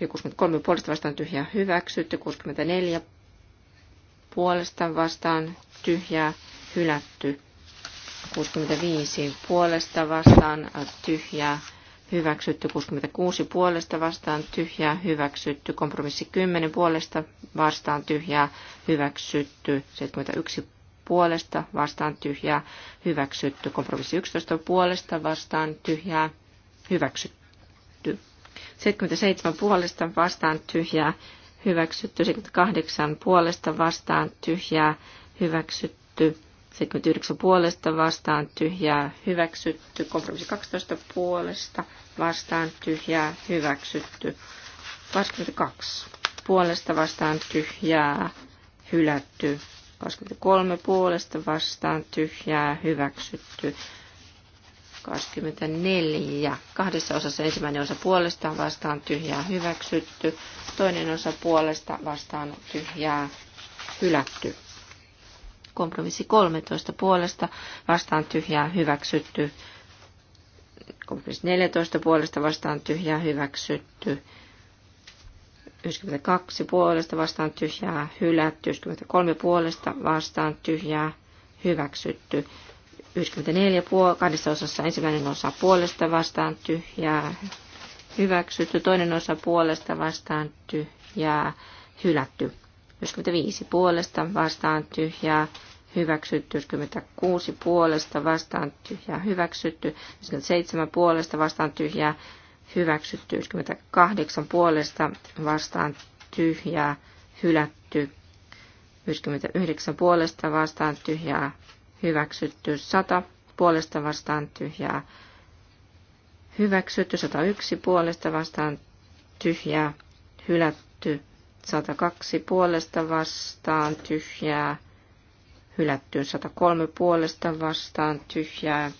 ja 63 puolesta vastaan tyhjää hyväksytty, 64 puolesta vastaan tyhjää hylätty, 65 puolesta vastaan tyhjää hylätty hyväksytty 66 puolesta vastaan tyhjää, hyväksytty kompromissi 10 puolesta vastaan tyhjää, hyväksytty 71 puolesta vastaan tyhjää, hyväksytty kompromissi 11 puolesta vastaan tyhjää, hyväksytty 77 puolesta vastaan tyhjää, hyväksytty 78 puolesta vastaan tyhjää, hyväksytty 79 puolesta vastaan tyhjää hyväksytty. Kompromissi 12 puolesta vastaan tyhjää hyväksytty. 22 puolesta vastaan tyhjää hylätty. 23 puolesta vastaan tyhjää hyväksytty. 24. Kahdessa osassa ensimmäinen osa puolesta vastaan tyhjää hyväksytty. Toinen osa puolesta vastaan tyhjää hylätty. Kompromissi 13 puolesta vastaan tyhjää hyväksytty. Kompromissi 14 puolesta vastaan tyhjää hyväksytty. 92 puolesta vastaan tyhjää hylätty. 93 puolesta vastaan tyhjää hyväksytty. 94 puol- kahdessa osassa ensimmäinen osa puolesta vastaan tyhjää hyväksytty. Toinen osa puolesta vastaan tyhjää hylätty. 55 puolesta vastaan tyhjää hyväksytty, 56 puolesta vastaan tyhjää hyväksytty, 57 puolesta vastaan tyhjää hyväksytty, 58 puolesta vastaan tyhjää hylätty, 59 puolesta vastaan tyhjää hyväksytty, 100 puolesta vastaan tyhjää hyväksytty, 101 puolesta vastaan tyhjää hylätty, 102 puolesta vastaan tyhjää, hylätty 103 puolesta vastaan tyhjää,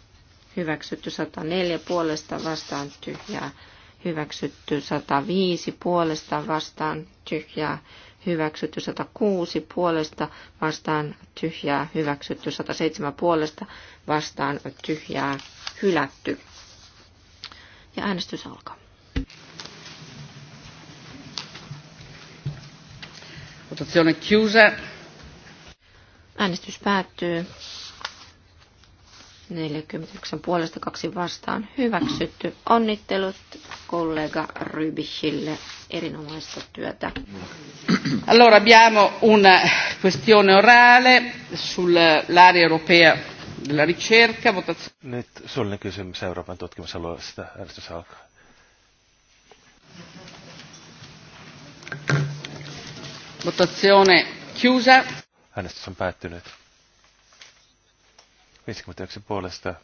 hyväksytty 104 puolesta vastaan tyhjää, hyväksytty 105 puolesta vastaan tyhjää, hyväksytty 106 puolesta vastaan tyhjää, hyväksytty 107 puolesta vastaan tyhjää, hylätty. Ja äänestys alkaa. Votazione chiusa. Äänestys päättyy. 49 puolesta kaksi vastaan hyväksytty. Onnittelut kollega Rybichille erinomaista työtä. Allora abbiamo una questione orale sull'area europea della ricerca. Votazione. Nyt suullinen kysymys Euroopan tutkimusalueesta. Äänestys alkaa. Votazione chiusa. Äänestys on päättynyt. 59 puolesta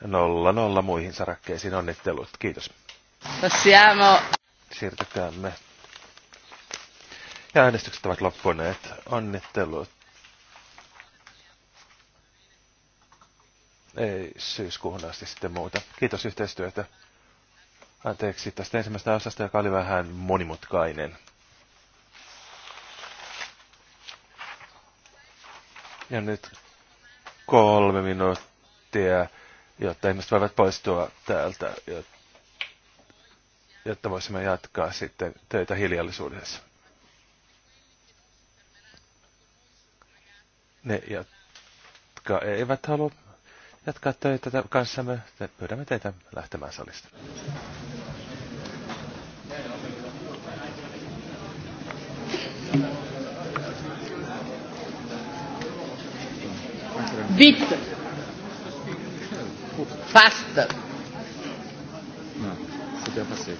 nolla nolla muihin sarakkeisiin onnittelut. Kiitos. Passiamo. Siirtykäämme. Ja äänestykset ovat loppuneet. Onnittelut. Ei syyskuuhun asti sitten muuta. Kiitos yhteistyötä. Anteeksi tästä ensimmäisestä osasta, joka oli vähän monimutkainen. Ja nyt kolme minuuttia, jotta ihmiset voivat poistua täältä, jotta voisimme jatkaa sitten töitä hiljallisuudessa. Ne, jotka eivät halua jatkaa töitä kanssamme, pyydämme teitä lähtemään salista. Vite. Fast. Non, c'est bien passé.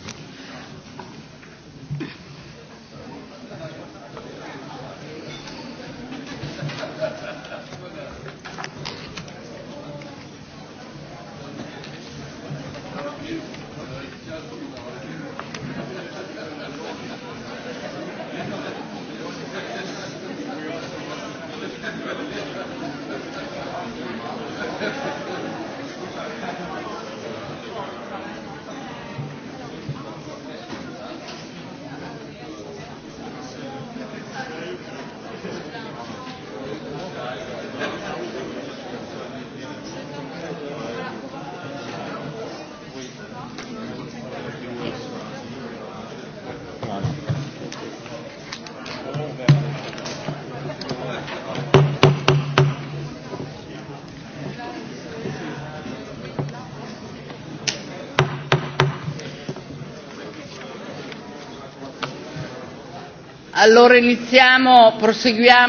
Allora iniziamo, proseguiamo.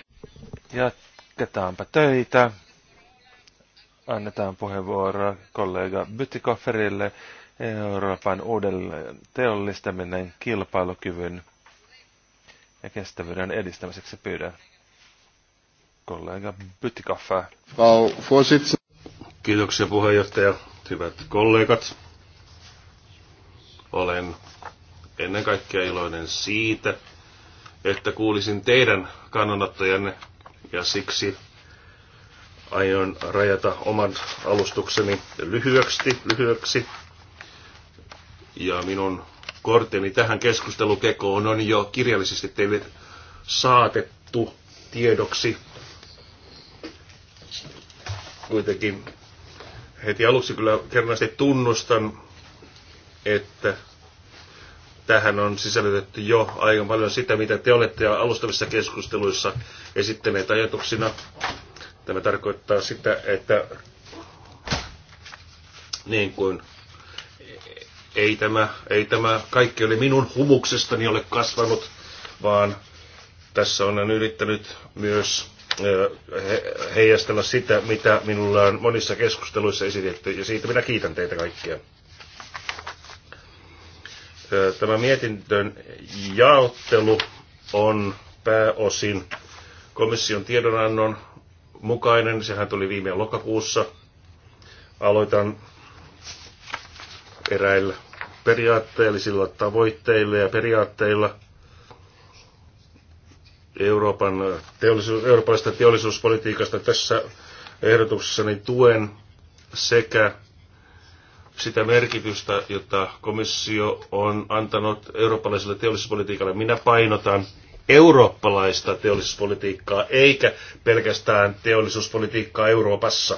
Jatketaanpa töitä. Annetaan puheenvuoro kollega Bytikofferille Euroopan uudelleen teollistaminen kilpailukyvyn ja kestävyyden edistämiseksi pyydän kollega Bytikoffer. Kiitoksia puheenjohtaja. Hyvät kollegat, olen ennen kaikkea iloinen siitä, että kuulisin teidän kannanottojanne ja siksi aion rajata oman alustukseni lyhyeksi, lyhyeksi. Ja minun korteni tähän keskustelukekoon on jo kirjallisesti teille saatettu tiedoksi. Kuitenkin heti aluksi kyllä kerran tunnustan, että tähän on sisällytetty jo aika paljon sitä, mitä te olette alustavissa keskusteluissa esittäneet ajatuksina. Tämä tarkoittaa sitä, että niin kuin ei tämä, ei tämä kaikki oli minun humuksestani ole kasvanut, vaan tässä olen yrittänyt myös heijastella sitä, mitä minulla on monissa keskusteluissa esitetty, ja siitä minä kiitän teitä kaikkia. Tämä mietintön jaottelu on pääosin komission tiedonannon mukainen. Sehän tuli viime lokakuussa. Aloitan eräillä periaatteellisilla tavoitteilla ja periaatteilla Euroopan teollisuus, eurooppalaisesta teollisuuspolitiikasta tässä ehdotuksessani tuen sekä sitä merkitystä, jota komissio on antanut eurooppalaiselle teollisuuspolitiikalle. Minä painotan eurooppalaista teollisuuspolitiikkaa, eikä pelkästään teollisuuspolitiikkaa Euroopassa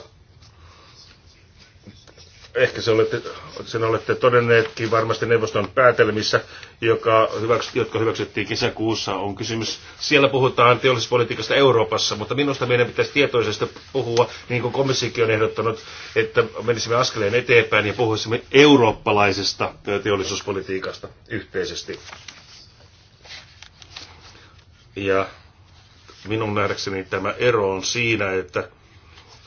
ehkä se olette, sen olette todenneetkin varmasti neuvoston päätelmissä, joka hyväks, jotka hyväksyttiin kesäkuussa, on kysymys. Siellä puhutaan teollisuuspolitiikasta Euroopassa, mutta minusta meidän pitäisi tietoisesti puhua, niin kuin komissiokin on ehdottanut, että menisimme askeleen eteenpäin ja puhuisimme eurooppalaisesta teollisuuspolitiikasta yhteisesti. Ja minun nähdäkseni tämä ero on siinä, että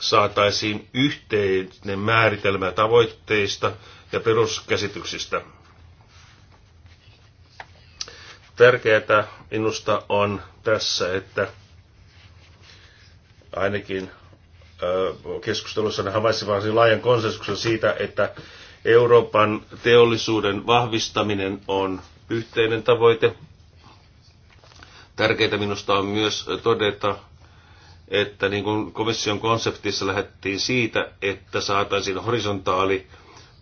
saataisiin yhteinen määritelmä tavoitteista ja peruskäsityksistä. Tärkeää minusta on tässä, että ainakin keskustelussa havaitsin varsin laajan konsensuksen siitä, että Euroopan teollisuuden vahvistaminen on yhteinen tavoite. Tärkeää minusta on myös todeta, että niin kuin komission konseptissa lähdettiin siitä, että saataisiin horisontaali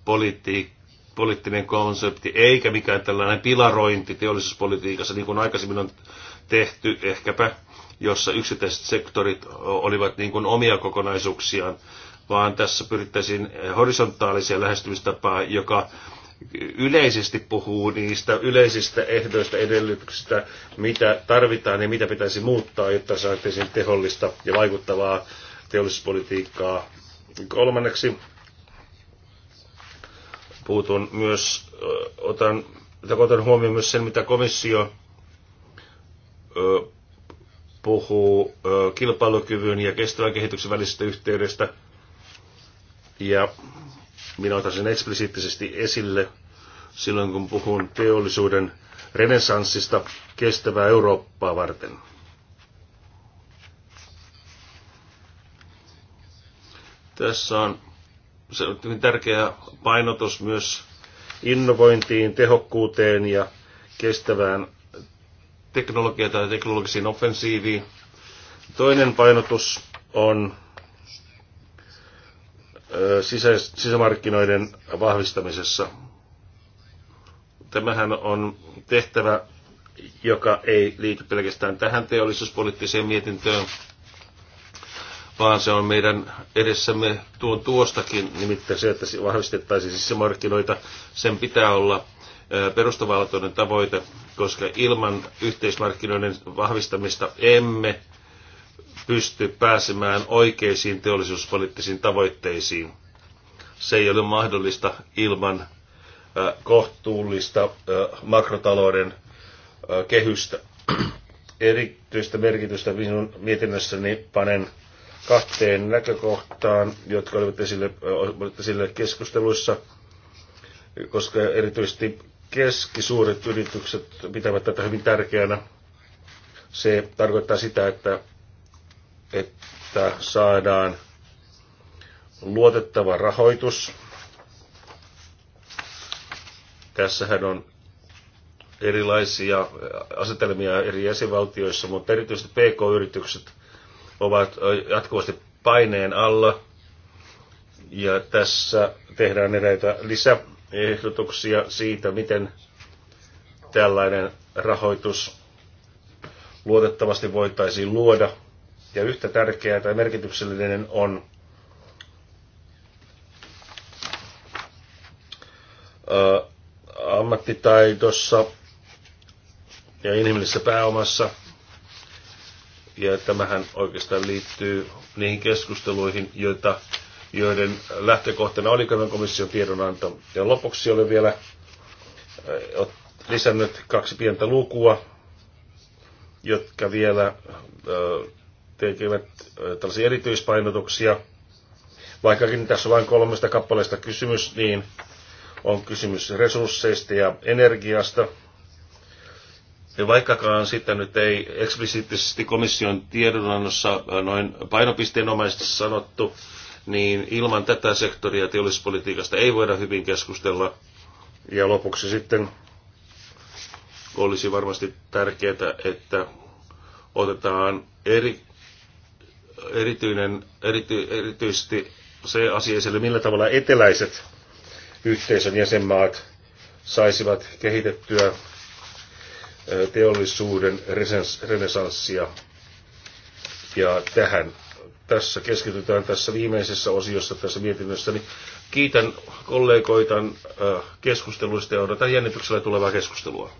politi- poliittinen konsepti, eikä mikään tällainen pilarointi teollisuuspolitiikassa, niin kuin aikaisemmin on tehty ehkäpä, jossa yksittäiset sektorit olivat niin kuin omia kokonaisuuksiaan, vaan tässä pyrittäisiin horisontaalisia lähestymistapaa, joka yleisesti puhuu niistä yleisistä ehdoista, edellytyksistä, mitä tarvitaan ja mitä pitäisi muuttaa, jotta saataisiin tehollista ja vaikuttavaa teollisuuspolitiikkaa. Kolmanneksi puutun myös, otan, otan huomioon myös sen, mitä komissio puhuu kilpailukyvyn ja kestävän kehityksen välisestä yhteydestä. Ja minä otan sen eksplisiittisesti esille silloin, kun puhun teollisuuden renessanssista kestävää Eurooppaa varten. Tässä on se on hyvin tärkeä painotus myös innovointiin, tehokkuuteen ja kestävään teknologiaan tai teknologisiin offensiiviin. Toinen painotus on sisäis- sisämarkkinoiden vahvistamisessa. Tämähän on tehtävä, joka ei liity pelkästään tähän teollisuuspoliittiseen mietintöön, vaan se on meidän edessämme tuon tuostakin, nimittäin se, että vahvistettaisiin sisämarkkinoita, sen pitää olla perustavaltoinen tavoite, koska ilman yhteismarkkinoiden vahvistamista emme pysty pääsemään oikeisiin teollisuuspoliittisiin tavoitteisiin. Se ei ole mahdollista ilman äh, kohtuullista äh, makrotalouden äh, kehystä. [clears throat] Erityistä merkitystä minun mietinnössäni panen kahteen näkökohtaan, jotka olivat esille, olivat esille keskusteluissa, koska erityisesti keskisuuret yritykset pitävät tätä hyvin tärkeänä. Se tarkoittaa sitä, että että saadaan luotettava rahoitus. Tässähän on erilaisia asetelmia eri jäsenvaltioissa, mutta erityisesti PK-yritykset ovat jatkuvasti paineen alla. Ja tässä tehdään eräitä lisäehdotuksia siitä, miten tällainen rahoitus luotettavasti voitaisiin luoda ja yhtä tärkeää tai merkityksellinen on ä, ammattitaidossa ja inhimillisessä pääomassa. Ja tämähän oikeastaan liittyy niihin keskusteluihin, joita, joiden lähtökohtana oli tämän komission tiedonanto. Ja lopuksi olen vielä lisännyt kaksi pientä lukua, jotka vielä tekevät tällaisia erityispainotuksia. Vaikkakin tässä on vain kolmesta kappaleesta kysymys, niin on kysymys resursseista ja energiasta. Ja vaikkakaan sitä nyt ei eksplisiittisesti komission tiedonannossa noin painopisteenomaisesti sanottu, niin ilman tätä sektoria teollisuuspolitiikasta ei voida hyvin keskustella. Ja lopuksi sitten olisi varmasti tärkeää, että otetaan eri erityinen, erity, erityisesti se asia esille, millä tavalla eteläiset yhteisön jäsenmaat saisivat kehitettyä teollisuuden renesanssia. Ja tähän tässä keskitytään tässä viimeisessä osiossa tässä mietinnössä. Niin kiitän kollegoitan keskusteluista ja odotan jännityksellä tulevaa keskustelua.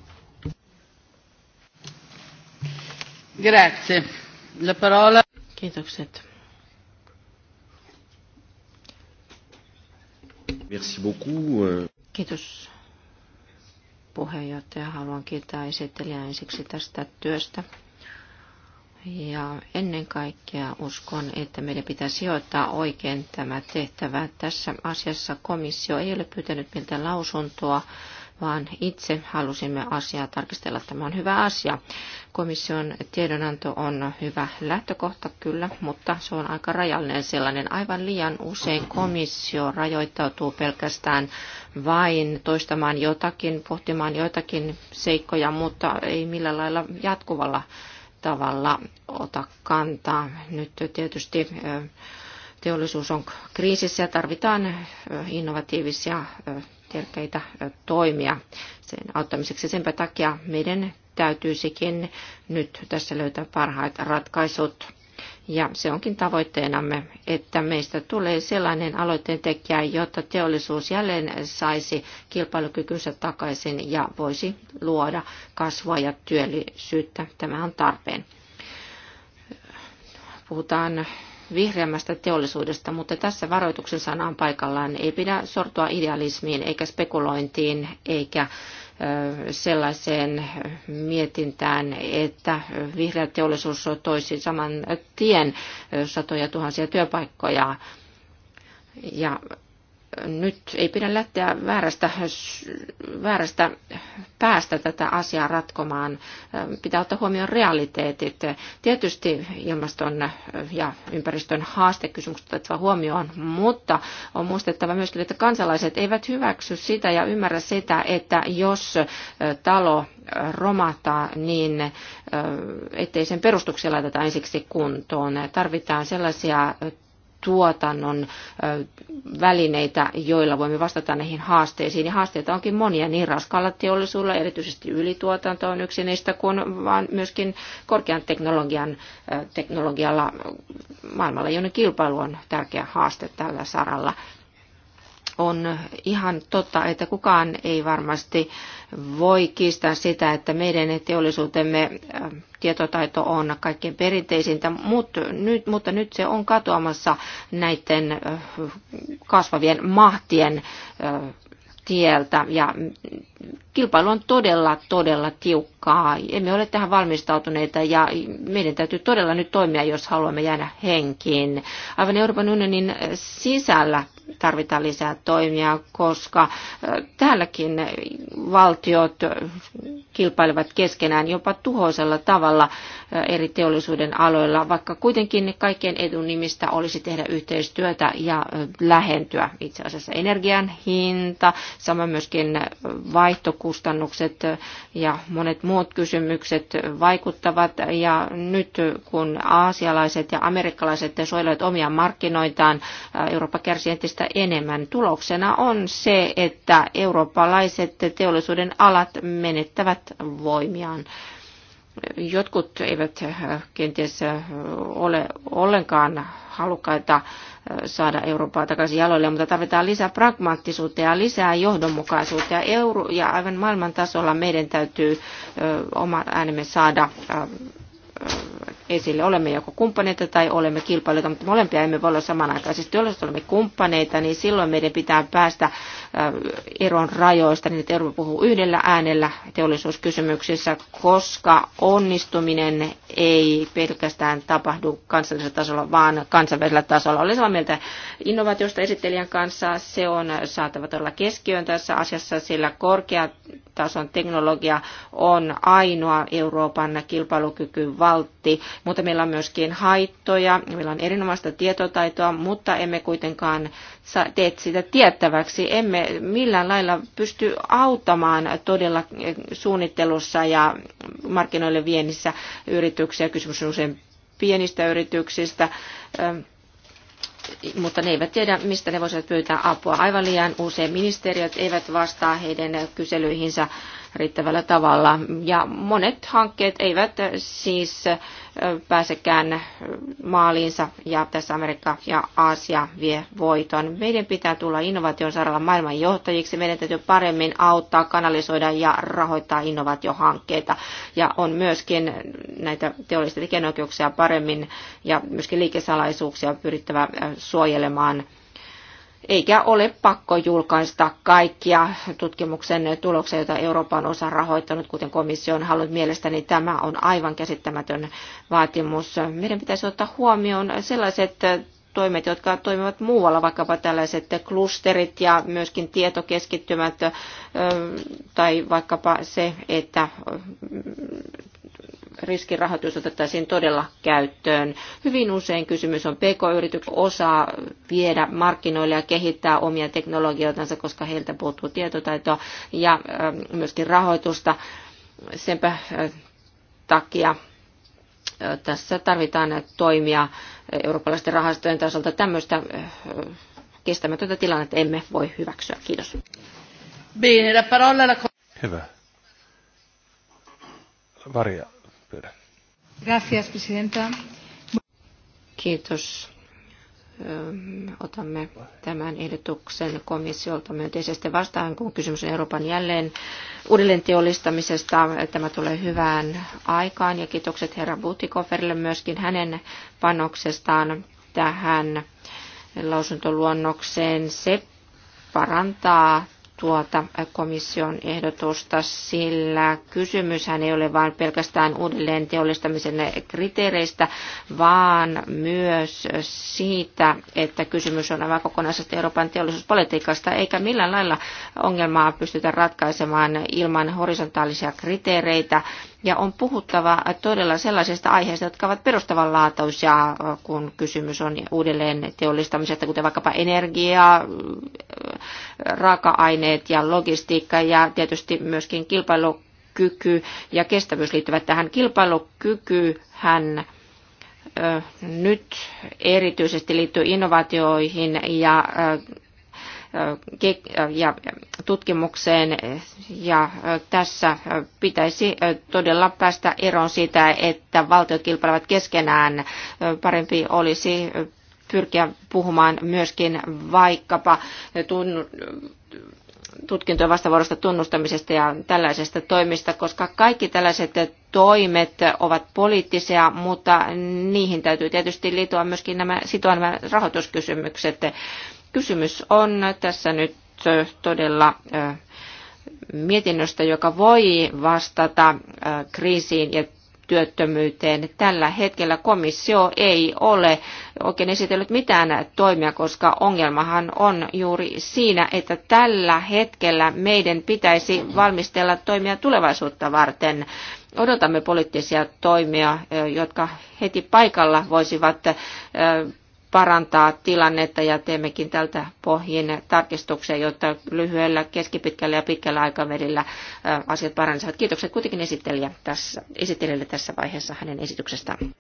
Grazie. La parola. Kiitokset. Merci beaucoup. Euh. Kiitos puheenjohtaja. Haluan kiittää esittelijää ensiksi tästä työstä. Ja ennen kaikkea uskon, että meidän pitää sijoittaa oikein tämä tehtävä. Tässä asiassa komissio ei ole pyytänyt miltä lausuntoa vaan itse halusimme asiaa tarkistella. Tämä on hyvä asia. Komission tiedonanto on hyvä lähtökohta kyllä, mutta se on aika rajallinen sellainen. Aivan liian usein komissio rajoittautuu pelkästään vain toistamaan jotakin, pohtimaan joitakin seikkoja, mutta ei millään lailla jatkuvalla tavalla ota kantaa. Nyt tietysti teollisuus on kriisissä ja tarvitaan innovatiivisia tärkeitä toimia sen auttamiseksi. Sen takia meidän täytyisikin nyt tässä löytää parhaat ratkaisut. Ja se onkin tavoitteenamme, että meistä tulee sellainen aloitteen tekijä, jotta teollisuus jälleen saisi kilpailukykynsä takaisin ja voisi luoda kasvua ja työllisyyttä. Tämä on tarpeen. Puhutaan vihreämmästä teollisuudesta, mutta tässä varoituksen sana on paikallaan. Ei pidä sortua idealismiin eikä spekulointiin eikä sellaiseen mietintään, että vihreä teollisuus toisi saman tien satoja tuhansia työpaikkoja. Ja nyt ei pidä lähteä väärästä, väärästä päästä tätä asiaa ratkomaan. Pitää ottaa huomioon realiteetit. Tietysti ilmaston ja ympäristön haastekysymykset otettava huomioon, mutta on muistettava myöskin, että kansalaiset eivät hyväksy sitä ja ymmärrä sitä, että jos talo romahtaa, niin ettei sen perustuksella tätä ensiksi kuntoon. Tarvitaan sellaisia tuotannon välineitä, joilla voimme vastata näihin haasteisiin. Ja haasteita onkin monia, niin raskaalla teollisuudella, erityisesti ylituotanto on yksi niistä, kun vaan myöskin korkean teknologian teknologialla maailmalla, jonne kilpailu on tärkeä haaste tällä saralla on ihan totta, että kukaan ei varmasti voi kiistää sitä, että meidän teollisuutemme äh, tietotaito on kaikkein perinteisintä, mutta nyt, mutta nyt se on katoamassa näiden äh, kasvavien mahtien äh, tieltä ja kilpailu on todella, todella tiukkaa. Emme ole tähän valmistautuneita ja meidän täytyy todella nyt toimia, jos haluamme jäädä henkiin. Aivan Euroopan unionin sisällä tarvitaan lisää toimia, koska täälläkin valtiot kilpailevat keskenään jopa tuhoisella tavalla eri teollisuuden aloilla, vaikka kuitenkin kaikkien edun nimistä olisi tehdä yhteistyötä ja lähentyä. Itse asiassa energian hinta, Sama myöskin vaihtokustannukset ja monet muut kysymykset vaikuttavat. Ja nyt kun aasialaiset ja amerikkalaiset suojelevat omia markkinoitaan, Eurooppa kärsii entistä enemmän. Tuloksena on se, että eurooppalaiset teollisuuden alat menettävät voimiaan jotkut eivät äh, kenties äh, ole ollenkaan halukkaita äh, saada Eurooppaa takaisin jaloille, mutta tarvitaan lisää pragmaattisuutta ja lisää johdonmukaisuutta. Ja, euro, ja aivan maailman tasolla meidän täytyy oma äänemme saada esille. Olemme joko kumppaneita tai olemme kilpailijoita, mutta molempia emme voi olla samanaikaisesti. Jos olemme kumppaneita, niin silloin meidän pitää päästä äh, eron rajoista, niin että Euroopan puhuu yhdellä äänellä teollisuuskysymyksissä, koska onnistuminen ei pelkästään tapahdu kansallisella tasolla, vaan kansainvälisellä tasolla. Olen samaa mieltä innovaatiosta esittelijän kanssa. Se on saatava todella keskiöön tässä asiassa, sillä korkea tason teknologia on ainoa Euroopan kilpailukykyvaltti mutta meillä on myöskin haittoja, meillä on erinomaista tietotaitoa, mutta emme kuitenkaan tee sitä tiettäväksi. Emme millään lailla pysty auttamaan todella eh, suunnittelussa ja markkinoille viennissä yrityksiä. Kysymys on usein pienistä yrityksistä eh, mutta ne eivät tiedä, mistä ne voisivat pyytää apua. Aivan liian usein ministeriöt eivät vastaa heidän kyselyihinsä riittävällä tavalla. Ja monet hankkeet eivät siis pääsekään maaliinsa ja tässä Amerikka ja Aasia vie voiton. Meidän pitää tulla innovaation saralla maailman johtajiksi. Meidän täytyy paremmin auttaa, kanalisoida ja rahoittaa innovaatiohankkeita. Ja on myöskin näitä teollisia tekijänoikeuksia paremmin ja myöskin liikesalaisuuksia pyrittävä suojelemaan – eikä ole pakko julkaista kaikkia tutkimuksen tuloksia, joita Eurooppa on osa rahoittanut, kuten komissio on halunnut. Mielestäni tämä on aivan käsittämätön vaatimus. Meidän pitäisi ottaa huomioon sellaiset toimet, jotka toimivat muualla, vaikkapa tällaiset klusterit ja myöskin tietokeskittymät, tai vaikkapa se, että riskirahoitus otettaisiin todella käyttöön. Hyvin usein kysymys on pk-yrityksen osaa viedä markkinoille ja kehittää omia teknologioitansa, koska heiltä puuttuu tietotaitoa ja ähm, myöskin rahoitusta. Senpä äh, takia äh, tässä tarvitaan toimia eurooppalaisten rahastojen tasolta. Tämmöistä äh, kestämätöntä tilannetta emme voi hyväksyä. Kiitos. Bene, la parola Hyvä. Varja Gracias, presidenta. Kiitos. Otamme tämän ehdotuksen komissiolta myönteisesti vastaan, kun kysymys on Euroopan jälleen uudelleen teollistamisesta. Tämä tulee hyvään aikaan ja kiitokset herra Butikoferille myöskin hänen panoksestaan tähän lausuntoluonnokseen. Se parantaa tuota komission ehdotusta, sillä kysymyshän ei ole vain pelkästään uudelleen teollistamisen kriteereistä, vaan myös siitä, että kysymys on aivan kokonaisesta Euroopan teollisuuspolitiikasta, eikä millään lailla ongelmaa pystytä ratkaisemaan ilman horisontaalisia kriteereitä ja on puhuttava todella sellaisista aiheista, jotka ovat perustavanlaatuisia, kun kysymys on uudelleen teollistamisesta, kuten vaikkapa energia, raaka-aineet ja logistiikka ja tietysti myöskin kilpailukyky ja kestävyys liittyvät tähän. Kilpailukykyhän nyt erityisesti liittyy innovaatioihin ja ja tutkimukseen. Ja tässä pitäisi todella päästä eroon siitä, että valtiot kilpailevat keskenään. Parempi olisi pyrkiä puhumaan myöskin vaikkapa tutkintojen vastavuorosta tunnustamisesta ja tällaisesta toimista, koska kaikki tällaiset toimet ovat poliittisia, mutta niihin täytyy tietysti liittyä myöskin nämä, sitoa nämä rahoituskysymykset. Kysymys on tässä nyt todella mietinnöstä, joka voi vastata kriisiin ja työttömyyteen. Tällä hetkellä komissio ei ole oikein esitellyt mitään toimia, koska ongelmahan on juuri siinä, että tällä hetkellä meidän pitäisi valmistella toimia tulevaisuutta varten. Odotamme poliittisia toimia, jotka heti paikalla voisivat parantaa tilannetta ja teemmekin tältä pohjin tarkistuksia, jotta lyhyellä, keskipitkällä ja pitkällä aikavälillä asiat paranisivat. Kiitokset kuitenkin esittelijä tässä, esittelijälle tässä vaiheessa hänen esityksestään.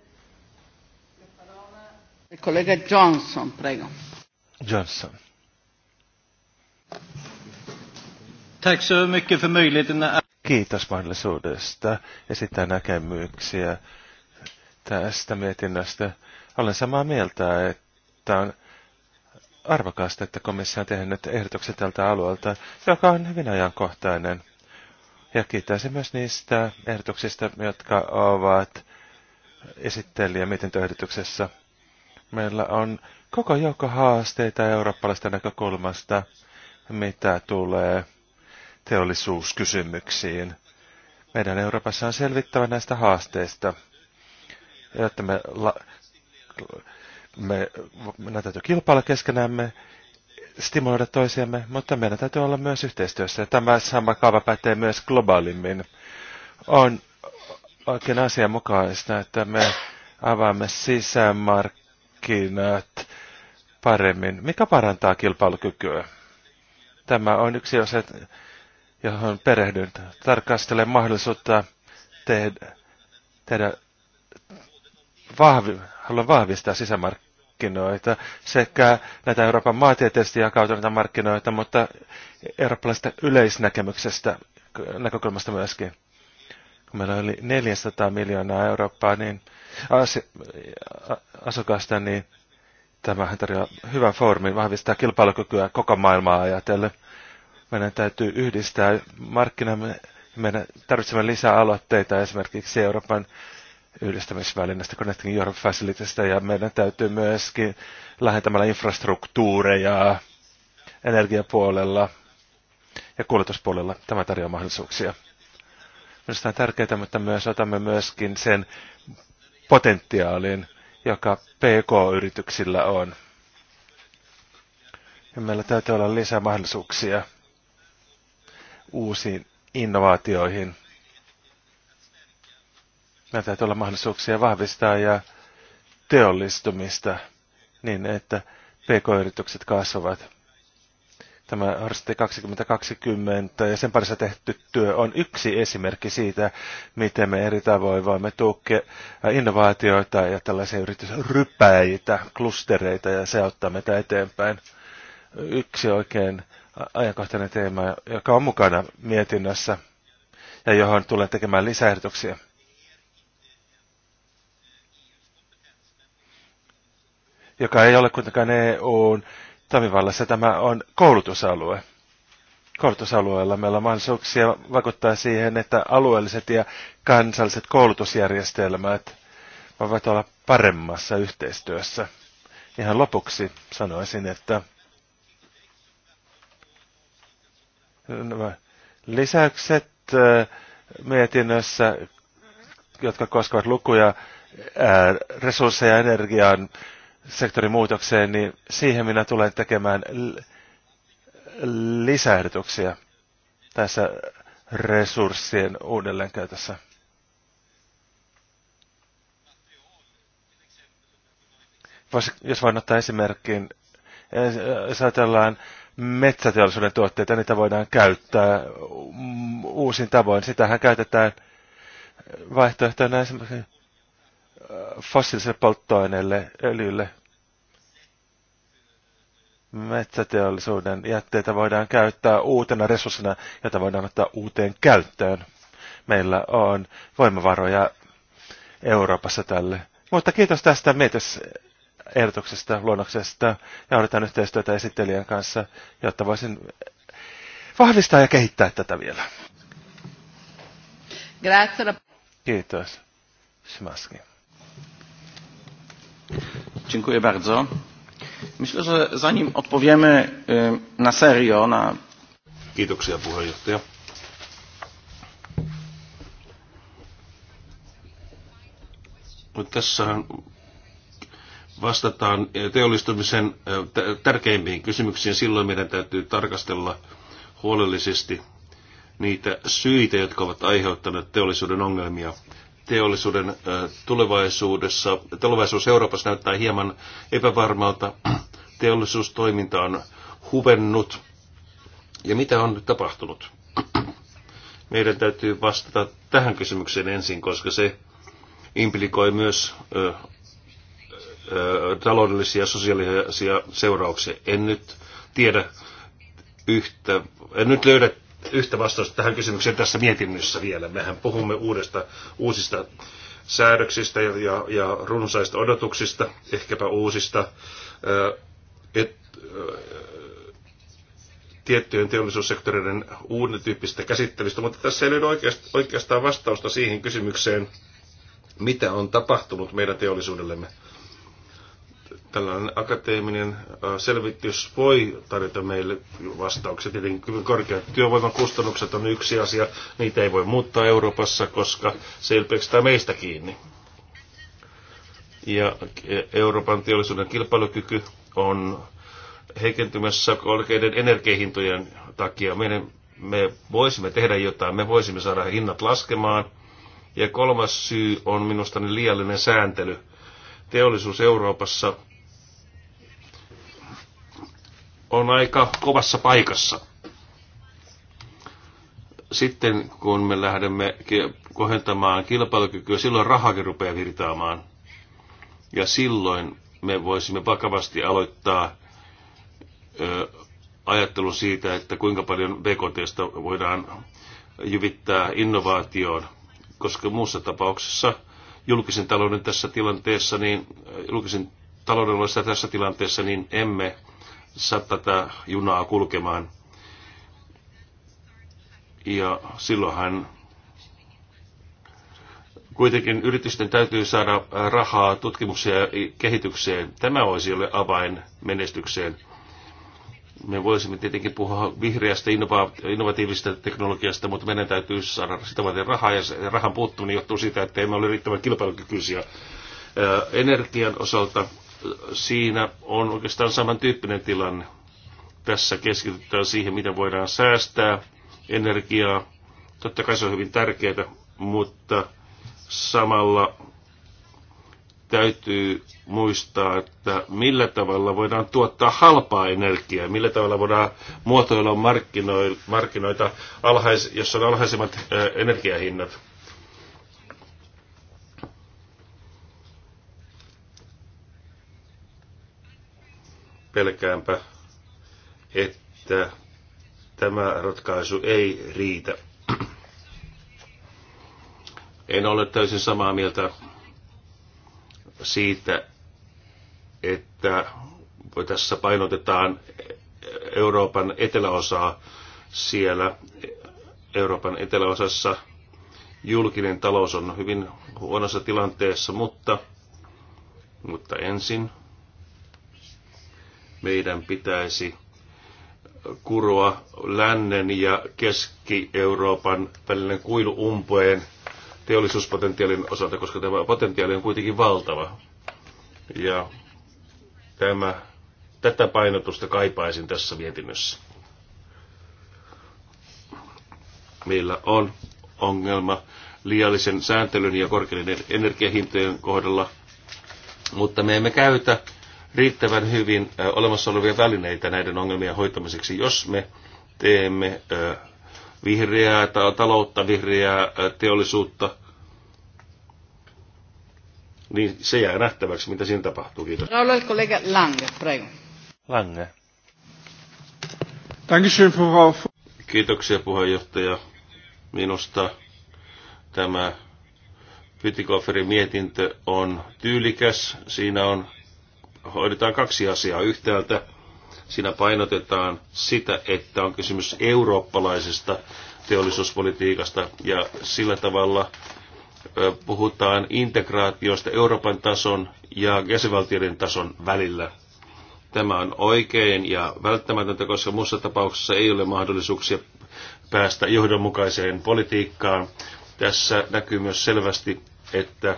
Kollega Johnson, prego. Johnson. Tack så mycket för möjligheten. Kiitos mahdollisuudesta esittää näkemyksiä tästä mietinnöstä olen samaa mieltä, että on arvokasta, että komissio on tehnyt ehdotuksen tältä alueelta, joka on hyvin ajankohtainen. Ja kiittäisin myös niistä ehdotuksista, jotka ovat esittelijä mietintöehdotuksessa. Meillä on koko joukko haasteita eurooppalaisesta näkökulmasta, mitä tulee teollisuuskysymyksiin. Meidän Euroopassa on selvittävä näistä haasteista, jotta me la- me, meidän täytyy kilpailla keskenämme, stimuloida toisiamme, mutta meidän täytyy olla myös yhteistyössä. Ja tämä sama kaava pätee myös globaalimmin. On oikein asianmukaista, että me avaamme sisämarkkinat paremmin, mikä parantaa kilpailukykyä. Tämä on yksi osa, johon perehdyn. Tarkastelen mahdollisuutta tehdä, tehdä vahvi, haluaa vahvistaa sisämarkkinoita sekä näitä Euroopan maatieteellisesti jakautuneita markkinoita, mutta eurooppalaisesta yleisnäkemyksestä näkökulmasta myöskin. Kun meillä oli 400 miljoonaa Eurooppaa niin as, asukasta, niin tämähän tarjoaa hyvän foorumin vahvistaa kilpailukykyä koko maailmaa ajatellen. Meidän täytyy yhdistää markkinamme meidän tarvitsemme lisää aloitteita esimerkiksi Euroopan yhdistämisvälineestä, Connecting Europe Facilitystä, ja meidän täytyy myöskin lähentämällä infrastruktuureja energiapuolella ja kuljetuspuolella. Tämä tarjoaa mahdollisuuksia. Minusta on tärkeää, mutta myös otamme myöskin sen potentiaalin, joka PK-yrityksillä on. Ja meillä täytyy olla lisää mahdollisuuksia uusiin innovaatioihin meillä täytyy olla mahdollisuuksia vahvistaa ja teollistumista niin, että pk-yritykset kasvavat. Tämä Horsti 2020 ja sen parissa tehty työ on yksi esimerkki siitä, miten me eri tavoin voimme tukea innovaatioita ja tällaisia yritysrypäitä, klustereita ja se auttaa meitä eteenpäin. Yksi oikein ajankohtainen teema, joka on mukana mietinnössä ja johon tulee tekemään lisäehdotuksia. joka ei ole kuitenkaan EUn toimivallassa. Tämä on koulutusalue. Koulutusalueella meillä on mahdollisuuksia vaikuttaa siihen, että alueelliset ja kansalliset koulutusjärjestelmät voivat olla paremmassa yhteistyössä. Ihan lopuksi sanoisin, että nämä lisäykset äh, mietinnössä, jotka koskevat lukuja, äh, resursseja energiaan sektorimuutokseen, niin siihen minä tulen tekemään lisäehdotuksia tässä resurssien uudelleenkäytössä. jos vain ottaa esimerkin, jos ajatellaan metsäteollisuuden tuotteita, niitä voidaan käyttää uusin tavoin. Sitähän käytetään vaihtoehtoina esimerkiksi fossiiliselle polttoaineelle, öljylle. Metsäteollisuuden jätteitä voidaan käyttää uutena resurssina, jota voidaan ottaa uuteen käyttöön. Meillä on voimavaroja Euroopassa tälle. Mutta kiitos tästä mietesehdotuksesta, luonnoksesta ja odotan yhteistyötä esittelijän kanssa, jotta voisin vahvistaa ja kehittää tätä vielä. Grazie. Kiitos. Smaskin. Dziękuję bardzo. Myślę, że zanim odpowiemy na serio na... Kiitoksia puheenjohtaja. No, vastataan teollistumisen tärkeimpiin kysymyksiin. Silloin meidän täytyy tarkastella huolellisesti niitä syitä, jotka ovat aiheuttaneet teollisuuden ongelmia teollisuuden tulevaisuudessa, tulevaisuus Euroopassa näyttää hieman epävarmalta. Teollisuustoiminta on huvennut. Ja mitä on nyt tapahtunut? Meidän täytyy vastata tähän kysymykseen ensin, koska se implikoi myös ö, ö, taloudellisia ja sosiaalisia seurauksia. En nyt tiedä yhtä, en nyt löydä yhtä vastausta tähän kysymykseen tässä mietinnössä vielä. Mehän puhumme uudesta, uusista säädöksistä ja, ja, ja runsaista odotuksista, ehkäpä uusista ö, et, ö, tiettyjen teollisuussektoreiden uuden tyyppistä käsittelystä, mutta tässä ei ole oikeastaan vastausta siihen kysymykseen, mitä on tapahtunut meidän teollisuudellemme tällainen akateeminen selvitys voi tarjota meille vastauksia. Tietenkin korkeat työvoiman kustannukset on yksi asia. Niitä ei voi muuttaa Euroopassa, koska se ei meistä kiinni. Ja e, Euroopan teollisuuden kilpailukyky on heikentymässä korkeiden energiahintojen takia. Me, me voisimme tehdä jotain, me voisimme saada hinnat laskemaan. Ja kolmas syy on minusta liiallinen sääntely. Teollisuus Euroopassa on aika kovassa paikassa. Sitten kun me lähdemme kohentamaan kilpailukykyä, silloin rahakin rupeaa virtaamaan. Ja silloin me voisimme vakavasti aloittaa ö, ajattelun siitä, että kuinka paljon BKTstä voidaan jyvittää innovaatioon, koska muussa tapauksessa julkisen talouden tässä tilanteessa, niin julkisen taloudellisessa tässä tilanteessa, niin emme tätä junaa kulkemaan. Ja silloinhan kuitenkin yritysten täytyy saada rahaa tutkimukseen ja kehitykseen. Tämä olisi ole avain menestykseen. Me voisimme tietenkin puhua vihreästä innovatiivisesta teknologiasta, mutta meidän täytyy saada sitä varten rahaa, ja rahan puuttuminen johtuu siitä, että emme ole riittävän kilpailukykyisiä energian osalta siinä on oikeastaan samantyyppinen tilanne. Tässä keskitytään siihen, miten voidaan säästää energiaa. Totta kai se on hyvin tärkeää, mutta samalla täytyy muistaa, että millä tavalla voidaan tuottaa halpaa energiaa, millä tavalla voidaan muotoilla markkinoita, alhais, jossa on alhaisemmat energiahinnat pelkäänpä, että tämä ratkaisu ei riitä. En ole täysin samaa mieltä siitä, että tässä painotetaan Euroopan eteläosaa siellä. Euroopan eteläosassa julkinen talous on hyvin huonossa tilanteessa, mutta, mutta ensin meidän pitäisi kuroa lännen ja Keski-Euroopan välinen kuilu umpeen teollisuuspotentiaalin osalta, koska tämä potentiaali on kuitenkin valtava. Ja tämä, tätä painotusta kaipaisin tässä mietinnössä. Meillä on ongelma liiallisen sääntelyn ja korkeiden energiahintojen kohdalla, mutta me emme käytä riittävän hyvin olemassa olevia välineitä näiden ongelmien hoitamiseksi, jos me teemme vihreää taloutta, vihreää teollisuutta, niin se jää nähtäväksi, mitä siinä tapahtuu. Kiitos. kollega Lange, prego. Lange. Kiitoksia puheenjohtaja. Minusta tämä Pytikoferin mietintö on tyylikäs. Siinä on hoidetaan kaksi asiaa. Yhtäältä siinä painotetaan sitä, että on kysymys eurooppalaisesta teollisuuspolitiikasta ja sillä tavalla puhutaan integraatiosta Euroopan tason ja jäsenvaltioiden tason välillä. Tämä on oikein ja välttämätöntä, koska muussa tapauksessa ei ole mahdollisuuksia päästä johdonmukaiseen politiikkaan. Tässä näkyy myös selvästi, että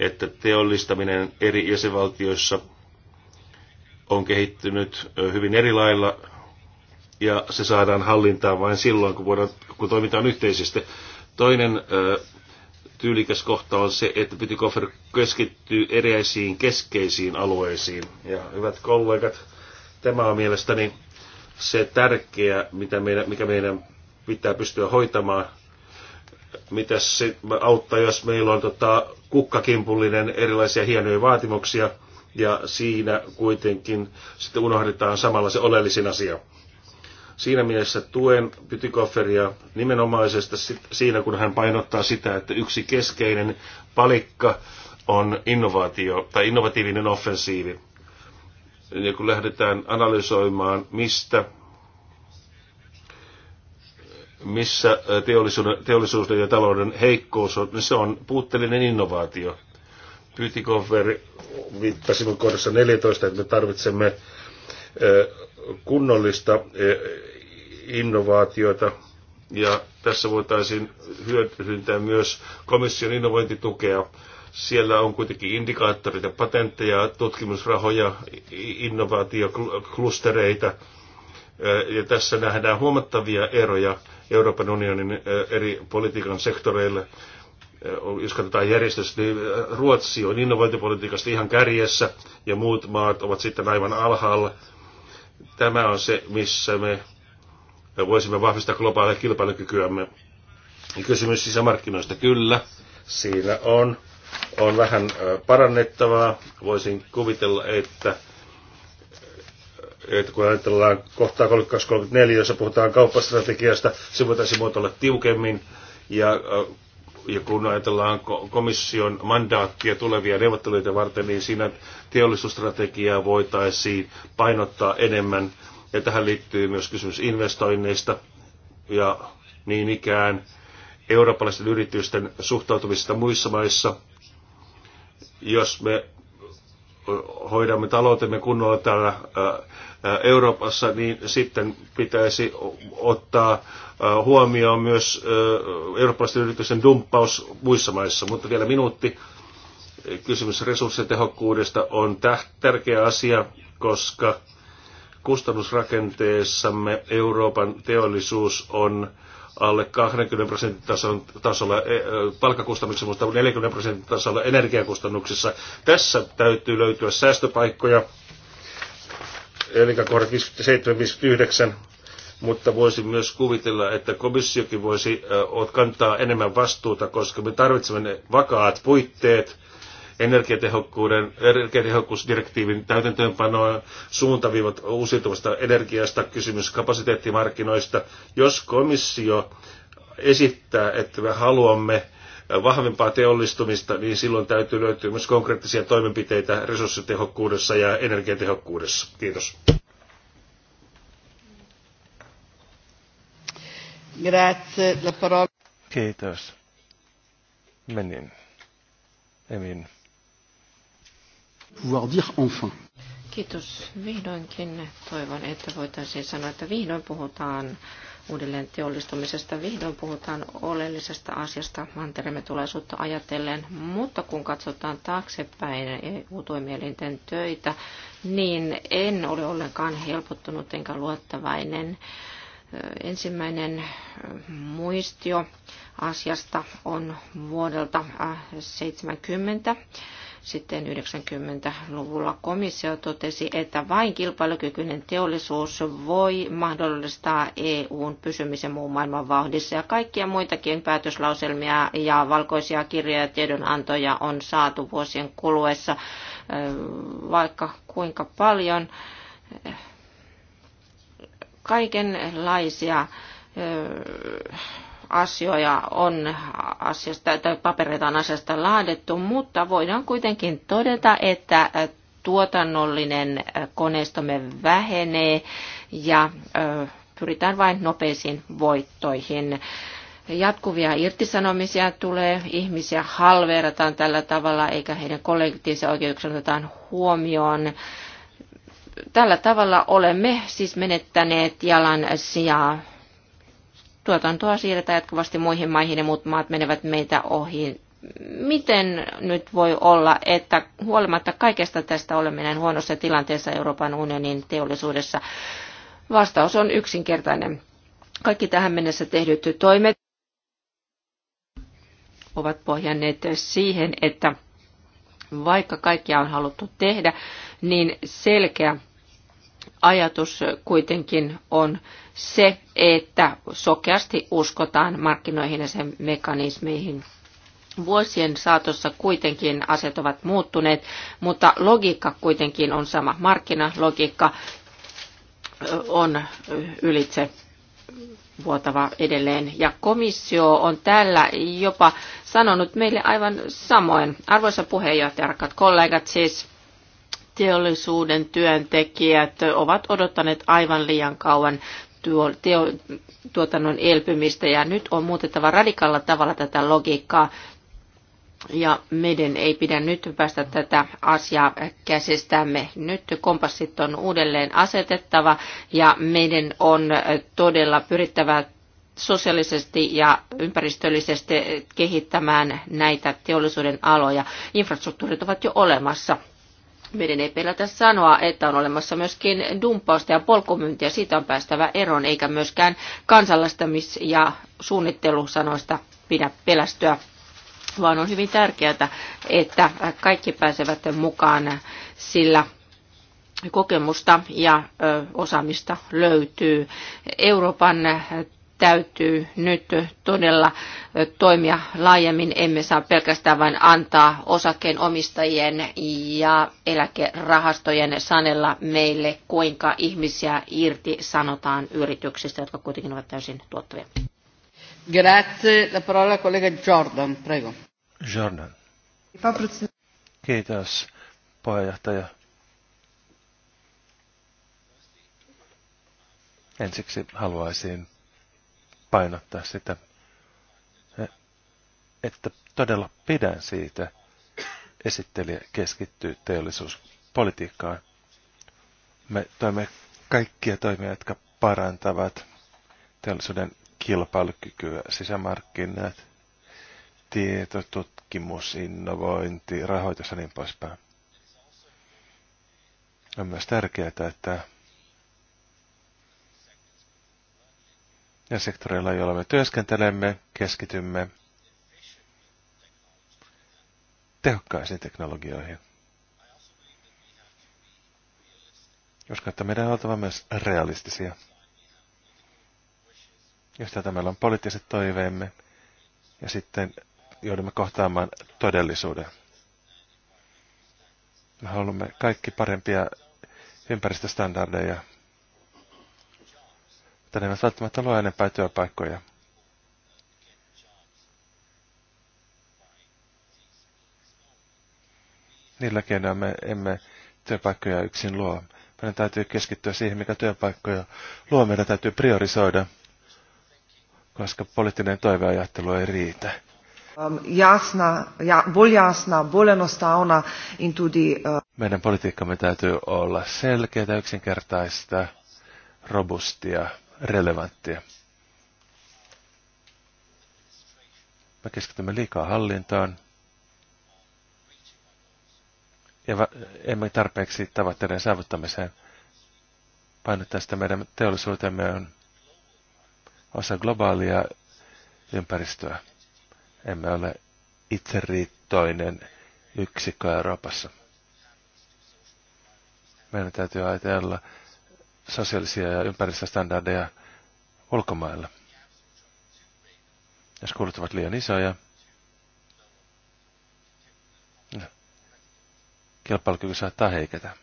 että teollistaminen eri jäsenvaltioissa on kehittynyt hyvin eri lailla ja se saadaan hallintaan vain silloin, kun, voidaan, kun toimitaan yhteisesti. Toinen ö, tyylikäs kohta on se, että Pytikoffer keskittyy eräisiin keskeisiin alueisiin. Ja hyvät kollegat, tämä on mielestäni se tärkeä, mitä meidän, mikä meidän pitää pystyä hoitamaan – mitä se auttaa, jos meillä on tota, kukkakimpullinen erilaisia hienoja vaatimuksia, ja siinä kuitenkin sitten unohdetaan samalla se oleellisin asia. Siinä mielessä tuen Pytikofferia nimenomaisesti siinä, kun hän painottaa sitä, että yksi keskeinen palikka on innovaatio tai innovatiivinen offensiivi. Ja kun lähdetään analysoimaan, mistä missä teollisuuden, teollisuuden ja talouden heikkous on, niin se on puutteellinen innovaatio. Pytikoffer viittasi kohdassa 14, että me tarvitsemme kunnollista innovaatioita. Ja tässä voitaisiin hyödyntää myös komission innovointitukea. Siellä on kuitenkin indikaattoreita, patentteja, tutkimusrahoja, innovaatioklustereita. Ja tässä nähdään huomattavia eroja Euroopan unionin eri politiikan sektoreilla. Jos katsotaan järjestöstä, niin Ruotsi on innovointipolitiikasta ihan kärjessä ja muut maat ovat sitten aivan alhaalla. Tämä on se, missä me voisimme vahvistaa globaalia kilpailukykyämme. Kysymys sisämarkkinoista, kyllä, siinä on, on vähän parannettavaa. Voisin kuvitella, että että kun ajatellaan kohtaa 32-34, jossa puhutaan kauppastrategiasta, se voitaisiin muotoilla tiukemmin. Ja, äh, ja kun ajatellaan komission mandaattia tulevia neuvotteluita varten, niin siinä teollisuusstrategiaa voitaisiin painottaa enemmän. Ja tähän liittyy myös kysymys investoinneista ja niin ikään eurooppalaisten yritysten suhtautumisesta muissa maissa. Jos me hoidamme taloutemme kunnolla täällä Euroopassa, niin sitten pitäisi ottaa huomioon myös eurooppalaisten yritysten dumppaus muissa maissa. Mutta vielä minuutti. Kysymys resurssitehokkuudesta on tärkeä asia, koska kustannusrakenteessamme Euroopan teollisuus on alle 20 prosentin tason, tasolla e, palkkakustannuksessa, mutta 40 prosentin tasolla energiakustannuksissa. Tässä täytyy löytyä säästöpaikkoja eli kohdat 57-59, mutta voisi myös kuvitella, että komissiokin voisi kantaa enemmän vastuuta, koska me tarvitsemme vakaat puitteet energiatehokkuuden, energiatehokkuusdirektiivin täytäntöönpanoa, suuntaviivat uusiutuvasta energiasta, kysymys kapasiteettimarkkinoista. Jos komissio esittää, että me haluamme vahvempaa teollistumista, niin silloin täytyy löytyä myös konkreettisia toimenpiteitä resurssitehokkuudessa ja energiatehokkuudessa. Kiitos. Grazie, la parola. Kiitos. Menin. Emin. Pouvoir dire enfin. Kiitos. Vihdoinkin toivon, että voitaisiin sanoa, että vihdoin puhutaan uudelleen teollistumisesta. Vihdoin puhutaan oleellisesta asiasta mantereemme tulaisuutta ajatellen, mutta kun katsotaan taaksepäin EU-toimielinten töitä, niin en ole ollenkaan helpottunut enkä luottavainen. Ensimmäinen muistio asiasta on vuodelta 70 sitten 90-luvulla komissio totesi, että vain kilpailukykyinen teollisuus voi mahdollistaa EUn pysymisen muun maailman vauhdissa. Ja kaikkia muitakin päätöslauselmia ja valkoisia kirjoja ja tiedonantoja on saatu vuosien kuluessa vaikka kuinka paljon kaikenlaisia asioja on asiasta, tai papereita on asiasta laadittu, mutta voidaan kuitenkin todeta, että tuotannollinen koneistomme vähenee ja pyritään vain nopeisiin voittoihin. Jatkuvia irtisanomisia tulee, ihmisiä halverataan tällä tavalla, eikä heidän kollektiivisen oikeuksia otetaan huomioon tällä tavalla olemme siis menettäneet jalan sijaa tuotantoa siirretään jatkuvasti muihin maihin ja muut maat menevät meitä ohi. Miten nyt voi olla, että huolimatta kaikesta tästä olemme näin huonossa tilanteessa Euroopan unionin teollisuudessa? Vastaus on yksinkertainen. Kaikki tähän mennessä tehdyt toimet ovat pohjanneet siihen, että vaikka kaikkia on haluttu tehdä, niin selkeä ajatus kuitenkin on se, että sokeasti uskotaan markkinoihin ja sen mekanismeihin. Vuosien saatossa kuitenkin aset ovat muuttuneet, mutta logiikka kuitenkin on sama. Markkinalogiikka on ylitse vuotava edelleen. Ja komissio on täällä jopa sanonut meille aivan samoin. Arvoisa puheenjohtaja, rakkaat kollegat, siis teollisuuden työntekijät ovat odottaneet aivan liian kauan tuo, teo, tuotannon elpymistä ja nyt on muutettava radikalla tavalla tätä logiikkaa. Ja meidän ei pidä nyt päästä tätä asiaa käsistämme. Nyt kompassit on uudelleen asetettava ja meidän on todella pyrittävä sosiaalisesti ja ympäristöllisesti kehittämään näitä teollisuuden aloja. Infrastruktuurit ovat jo olemassa meidän ei pelätä sanoa, että on olemassa myöskin dumpausta ja polkumyyntiä, siitä on päästävä eroon, eikä myöskään kansallistamis- ja suunnittelusanoista pidä pelästyä vaan on hyvin tärkeää, että kaikki pääsevät mukaan, sillä kokemusta ja osaamista löytyy. Euroopan täytyy nyt todella toimia laajemmin. Emme saa pelkästään vain antaa osakkeenomistajien ja eläkerahastojen sanella meille, kuinka ihmisiä irti sanotaan yrityksistä, jotka kuitenkin ovat täysin tuottavia. Grazie. La parola collega Jordan, prego. Jordan. Kiitos, puheenjohtaja. Ensiksi haluaisin painottaa sitä, että todella pidän siitä. Esittelijä keskittyy teollisuuspolitiikkaan. Me toimme kaikkia toimia, jotka parantavat teollisuuden kilpailukykyä, sisämarkkinat, tietotutkimus, innovointi, rahoitus ja niin poispäin. On myös tärkeää, että ja sektoreilla, joilla me työskentelemme, keskitymme tehokkaisiin teknologioihin. Uskon, että meidän on oltava myös realistisia. Jos tätä meillä on poliittiset toiveemme, ja sitten joudumme kohtaamaan todellisuuden. Me haluamme kaikki parempia ympäristöstandardeja, että ne eivät välttämättä luo enempää työpaikkoja. Niillä keinoilla me emme työpaikkoja yksin luo. Meidän täytyy keskittyä siihen, mikä työpaikkoja luo. Meidän täytyy priorisoida, koska poliittinen toiveajattelu ei riitä. Um, jasna, ja, bolj Bolenosta ona enostavna uh, Meidän politiikkamme täytyy olla selkeää, yksinkertaista, robustia relevanttia. Me keskitymme liikaa hallintaan ja emme tarpeeksi tavoitteiden saavuttamiseen. Painottaa sitä meidän teollisuutemme on osa globaalia ympäristöä. Emme ole itseriittoinen yksikkö Euroopassa. Meidän täytyy ajatella sosiaalisia ja ympäristöstandardeja ulkomailla. Jos kulut ovat liian isoja, kilpailukyky saattaa heiketä.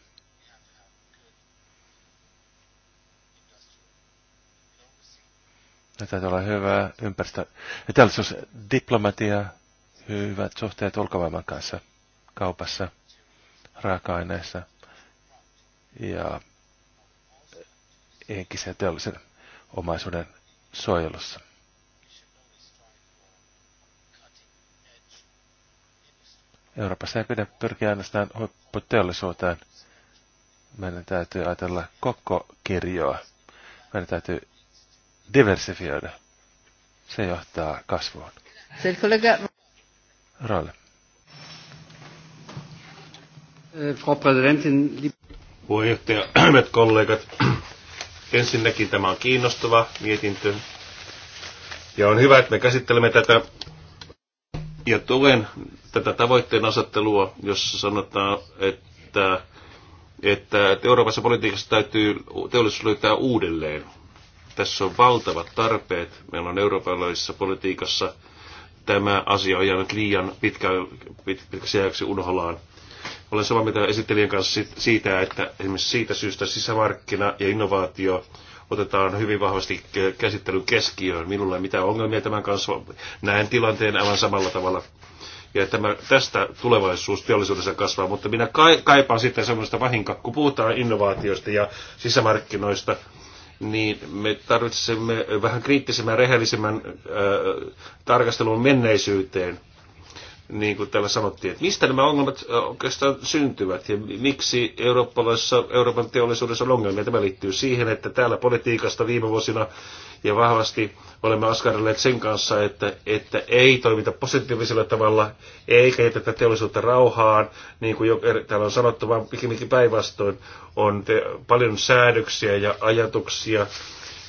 Ja täytyy olla hyvää ympäristö- ja teollisuusdiplomatia, hyvät suhteet ulkomaailman kanssa, kaupassa, raaka-aineissa ja henkisen teollisen omaisuuden suojelussa. Euroopassa ei pidä pyrkiä ainoastaan huipputeollisuuteen. Meidän täytyy ajatella koko kirjoa. Meidän täytyy diversifioida. Se johtaa kasvuun. Rolle. Frau puheenjohtaja, hyvät kollegat, Ensinnäkin tämä on kiinnostava mietintö. Ja on hyvä, että me käsittelemme tätä ja tuen tätä tavoitteen asettelua, jossa sanotaan, että, että Euroopassa politiikassa täytyy teollisuus löytää uudelleen. Tässä on valtavat tarpeet. Meillä on eurooppalaisessa politiikassa tämä asia on jäänyt liian pitkä, pitkäksi ajaksi unholaan. Olen samaa mieltä esittelijän kanssa siitä, että esimerkiksi siitä syystä sisämarkkina ja innovaatio otetaan hyvin vahvasti käsittelyn keskiöön. Minulla ei mitään ongelmia tämän kanssa. Näen tilanteen aivan samalla tavalla. Ja tämä, tästä tulevaisuus teollisuudessa kasvaa, mutta minä kaipaan sitten semmoista vahinkaa, kun puhutaan innovaatioista ja sisämarkkinoista, niin me tarvitsemme vähän kriittisemmän, rehellisemmän äh, tarkastelun menneisyyteen – niin kuin täällä sanottiin, että mistä nämä ongelmat oikeastaan syntyvät ja miksi eurooppalaisessa, Euroopan teollisuudessa on ongelmia. Tämä liittyy siihen, että täällä politiikasta viime vuosina ja vahvasti olemme askarrelleet sen kanssa, että, että ei toimita positiivisella tavalla, eikä jätetä teollisuutta rauhaan, niin kuin jo er, täällä on sanottu, vaan pikemminkin päinvastoin on te, paljon säädöksiä ja ajatuksia,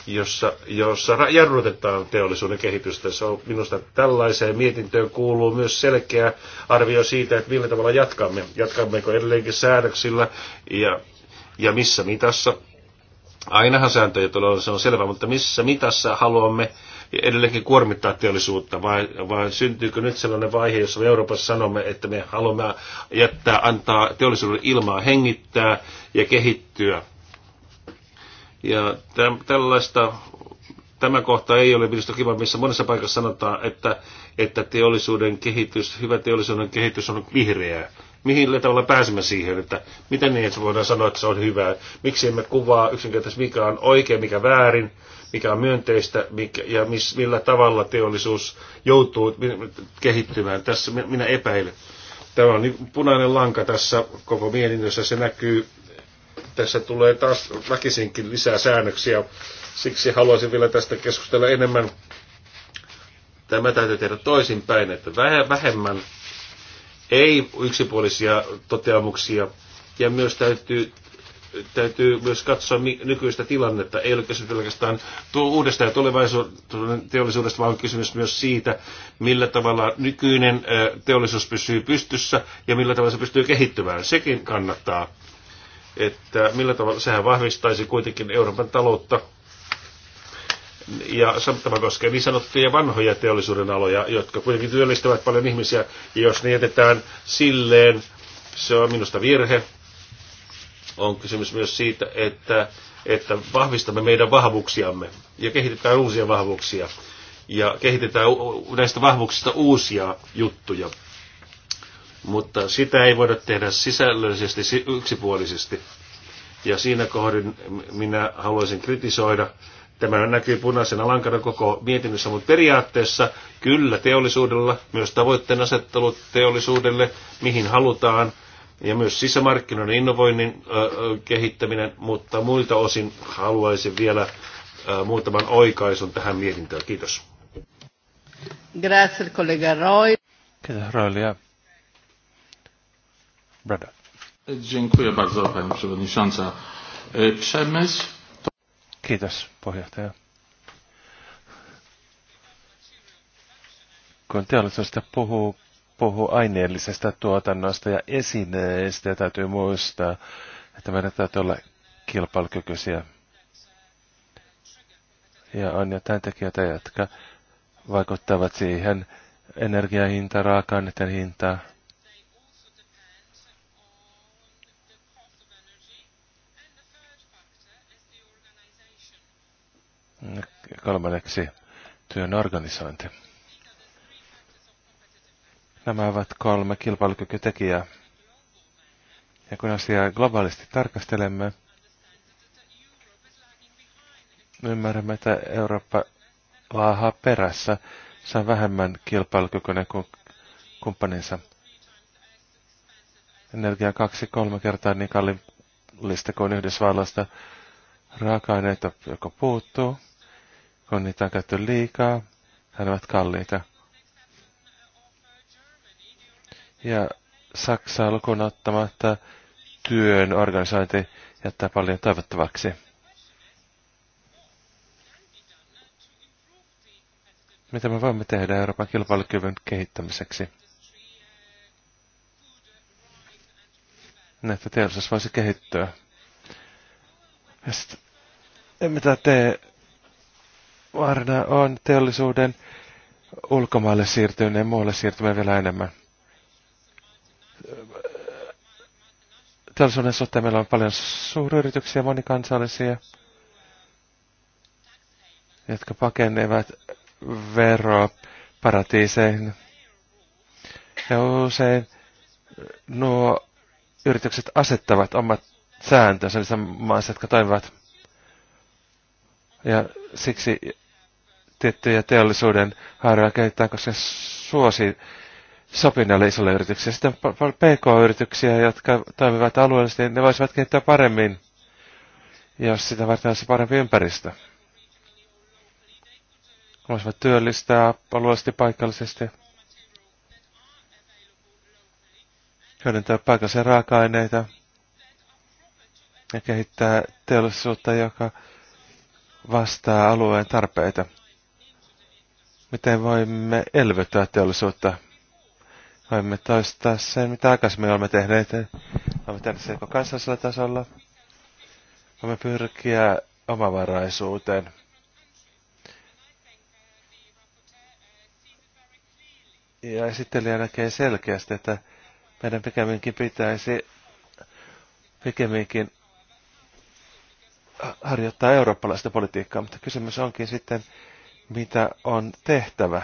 jossa, jossa jarrutetaan teollisuuden kehitystä. Se on minusta tällaiseen mietintöön kuuluu myös selkeä arvio siitä, että millä tavalla jatkamme. Jatkammeko edelleenkin säädöksillä ja, ja missä mitassa. Ainahan sääntöjä tulee, se on selvä, mutta missä mitassa haluamme edelleenkin kuormittaa teollisuutta, vai, vai syntyykö nyt sellainen vaihe, jossa me Euroopassa sanomme, että me haluamme jättää, antaa teollisuuden ilmaa hengittää ja kehittyä ja täm, tällaista, tämä kohta ei ole minusta kiva, missä monessa paikassa sanotaan, että, että teollisuuden kehitys, hyvä teollisuuden kehitys on vihreää. Mihin tavalla pääsemme siihen, että miten niin voidaan sanoa, että se on hyvää? Miksi emme kuvaa yksinkertaisesti, mikä on oikein, mikä väärin, mikä on myönteistä mikä, ja miss, millä tavalla teollisuus joutuu kehittymään. Tässä minä epäilen. Tämä on niin punainen lanka tässä koko mietinnössä. Se näkyy tässä tulee taas väkisinkin lisää säännöksiä. Siksi haluaisin vielä tästä keskustella enemmän. Tämä täytyy tehdä toisinpäin, että vähemmän ei yksipuolisia toteamuksia. Ja myös täytyy, täytyy myös katsoa nykyistä tilannetta. Ei ole kysymys pelkästään tuo uudesta ja tulevaisuuden teollisuudesta, vaan on kysymys myös siitä, millä tavalla nykyinen teollisuus pysyy pystyssä ja millä tavalla se pystyy kehittymään. Sekin kannattaa että millä tavalla, sehän vahvistaisi kuitenkin Euroopan taloutta. Ja tämä koskee niin sanottuja vanhoja teollisuuden aloja, jotka kuitenkin työllistävät paljon ihmisiä, ja jos ne jätetään silleen, se on minusta virhe. On kysymys myös siitä, että, että vahvistamme meidän vahvuuksiamme ja kehitetään uusia vahvuuksia ja kehitetään näistä vahvuuksista uusia juttuja. Mutta sitä ei voida tehdä sisällöllisesti, yksipuolisesti. Ja siinä kohdin minä haluaisin kritisoida. Tämä näkyy punaisena lankana koko mietinnössä, mutta periaatteessa kyllä teollisuudella, myös tavoitteen asettelut teollisuudelle, mihin halutaan, ja myös sisämarkkinoiden innovoinnin kehittäminen, mutta muilta osin haluaisin vielä muutaman oikaisun tähän mietintöön. Kiitos. Grazie, kollega Roy. Kiitos, Roy. Dziękuję bardzo, pani przewodnicząca. E, przemysł to... Kiitos, puheenjohtaja. Kun teollisuudesta puhuu, puhuu aineellisesta tuotannosta ja esineistä, ja täytyy muistaa, että meidän täytyy olla kilpailukykyisiä. Ja on jotain tekijöitä, jotka vaikuttavat siihen energiahinta, raaka-aineiden hintaan. Kolmanneksi työn organisointi. Nämä ovat kolme kilpailukykytekijää. Ja kun asiaa globaalisti tarkastelemme, ymmärrämme, että Eurooppa laahaa perässä. Se on vähemmän kilpailukykyinen kuin kumppaninsa. Energia on kaksi-kolme kertaa niin kallista kuin Yhdysvalloista. Raaka-aineita joko puuttuu, kun niitä on käytetty liikaa, hän ovat kalliita. Ja Saksaa lukuun ottamatta työn organisointi jättää paljon toivottavaksi. Mitä me voimme tehdä Euroopan kilpailukyvyn kehittämiseksi? Näitä teollisuus voisi kehittyä. Ja sitten, mitä tee vaarana on teollisuuden ulkomaille siirtyminen ja muualle siirtyminen vielä enemmän. Teollisuuden suhteen meillä on paljon suuryrityksiä, monikansallisia, jotka pakenevat veroa paratiiseihin Ja usein nuo yritykset asettavat omat sääntönsä niissä maissa, jotka toimivat. Ja siksi tiettyjä teollisuuden haaroja kehittää, koska se suosi sopinnalle isolle yrityksille. Sitten PK-yrityksiä, jotka toimivat alueellisesti, niin ne voisivat kehittää paremmin, jos sitä varten olisi parempi ympäristö. Voisivat työllistää alueellisesti, paikallisesti, hyödyntää paikallisia raaka-aineita ja kehittää teollisuutta, joka vastaa alueen tarpeita miten voimme elvyttää teollisuutta. Voimme toistaa sen, mitä aikaisemmin olemme tehneet. olemme tehneet sen kansallisella tasolla. Voimme pyrkiä omavaraisuuteen. Ja esittelijä näkee selkeästi, että meidän pikemminkin pitäisi pikemminkin harjoittaa eurooppalaista politiikkaa, mutta kysymys onkin sitten mitä on tehtävä,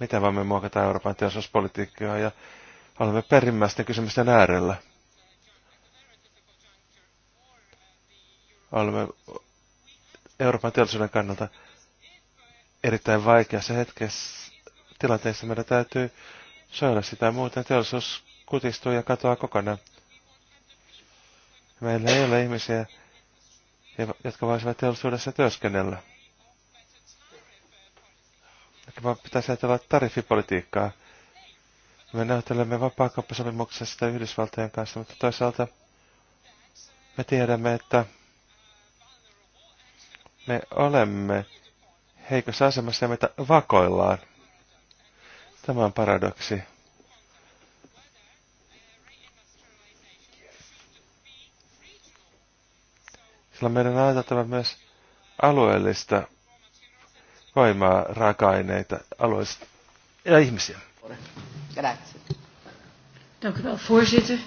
mitä voimme muokata Euroopan teollisuuspolitiikkaa ja olemme perimmäisten kysymysten äärellä. Olemme Euroopan teollisuuden kannalta erittäin vaikeassa hetkessä tilanteessa. Meidän täytyy suojella sitä, muuten teollisuus kutistuu ja katoaa kokonaan. Meillä ei ole ihmisiä, jotka voisivat teollisuudessa työskennellä. Ehkä vaan pitäisi ajatella tariffipolitiikkaa. Me vapaakauppasopimuksen sitä Yhdysvaltojen kanssa, mutta toisaalta me tiedämme, että me olemme heikossa asemassa ja meitä vakoillaan. Tämä on paradoksi. Sillä meidän on ajateltava myös alueellista koimaa raaka-aineita alueista ja ihmisiä. Grazie. Dank u wel, voorzitter.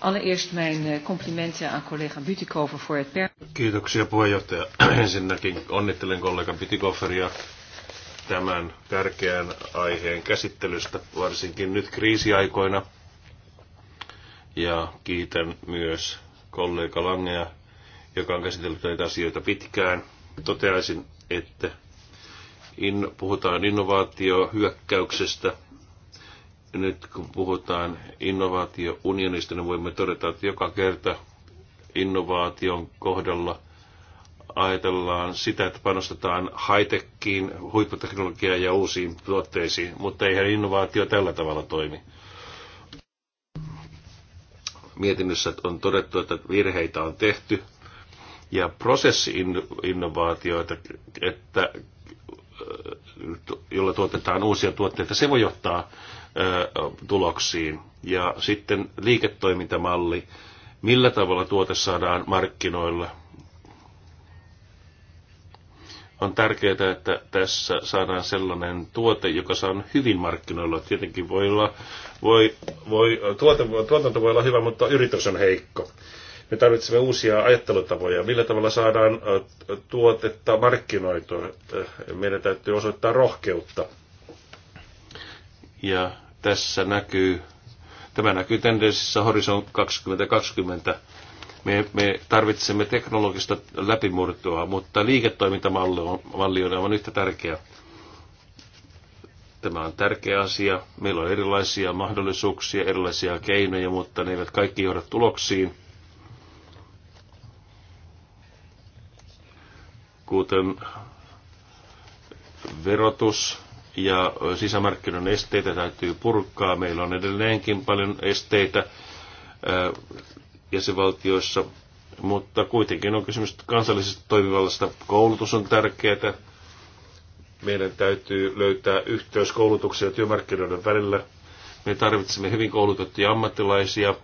Allereerst mijn eh, complimenten aan collega Butikover voor het per... Kiitoksia puheenjohtaja. [clears throat] Ensinnäkin onnittelen kollega Butikoveria tämän tärkeän aiheen käsittelystä, varsinkin nyt kriisiaikoina. Ja kiitän myös kollega Langea, joka on käsitellyt näitä asioita pitkään. Toteaisin, että in, puhutaan innovaatiohyökkäyksestä. Nyt kun puhutaan innovaatiounionista, niin voimme todeta, että joka kerta innovaation kohdalla ajatellaan sitä, että panostetaan high-techiin, huipputeknologiaan ja uusiin tuotteisiin, mutta eihän innovaatio tällä tavalla toimi. Mietinnössä on todettu, että virheitä on tehty ja prosessi-innovaatioita, että jolla tuotetaan uusia tuotteita, se voi johtaa tuloksiin. Ja sitten liiketoimintamalli, millä tavalla tuote saadaan markkinoilla. On tärkeää, että tässä saadaan sellainen tuote, joka saa hyvin markkinoilla. Tietenkin voi olla, voi, voi, tuote, tuotanto voi olla hyvä, mutta yritys on heikko. Me tarvitsemme uusia ajattelutapoja. Millä tavalla saadaan tuotetta markkinoitua? Meidän täytyy osoittaa rohkeutta. Ja tässä näkyy, tämä näkyy tendenssissä Horizon 2020. Me, me tarvitsemme teknologista läpimurtoa, mutta liiketoimintamalli on, malli on aivan yhtä tärkeä. Tämä on tärkeä asia. Meillä on erilaisia mahdollisuuksia, erilaisia keinoja, mutta ne eivät kaikki johda tuloksiin kuten verotus ja sisämarkkinoiden esteitä täytyy purkaa. Meillä on edelleenkin paljon esteitä äh, jäsenvaltioissa, mutta kuitenkin on kysymys kansallisesta toimivallasta. Koulutus on tärkeää. Meidän täytyy löytää yhteys koulutuksen ja työmarkkinoiden välillä. Me tarvitsemme hyvin koulutettuja ammattilaisia,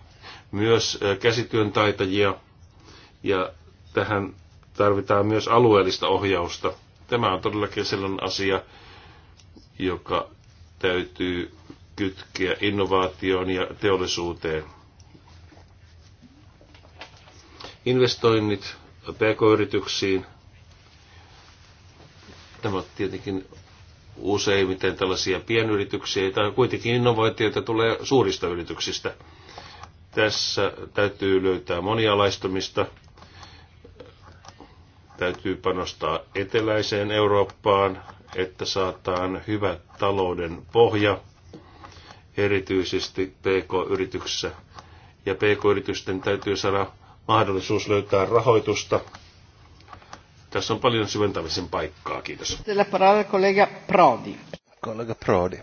myös äh, käsityön taitajia, ja tähän tarvitaan myös alueellista ohjausta. Tämä on todellakin sellainen asia, joka täytyy kytkeä innovaatioon ja teollisuuteen. Investoinnit pk-yrityksiin. Tämä on tietenkin useimmiten tällaisia pienyrityksiä, tai kuitenkin innovaatioita tulee suurista yrityksistä. Tässä täytyy löytää monialaistumista – täytyy panostaa eteläiseen Eurooppaan, että saataan hyvä talouden pohja, erityisesti pk yrityksessä Ja PK-yritysten täytyy saada mahdollisuus löytää rahoitusta. Tässä on paljon syventämisen paikkaa. Kiitos. Tällä paralla kollega Prodi. Kollega Prodi.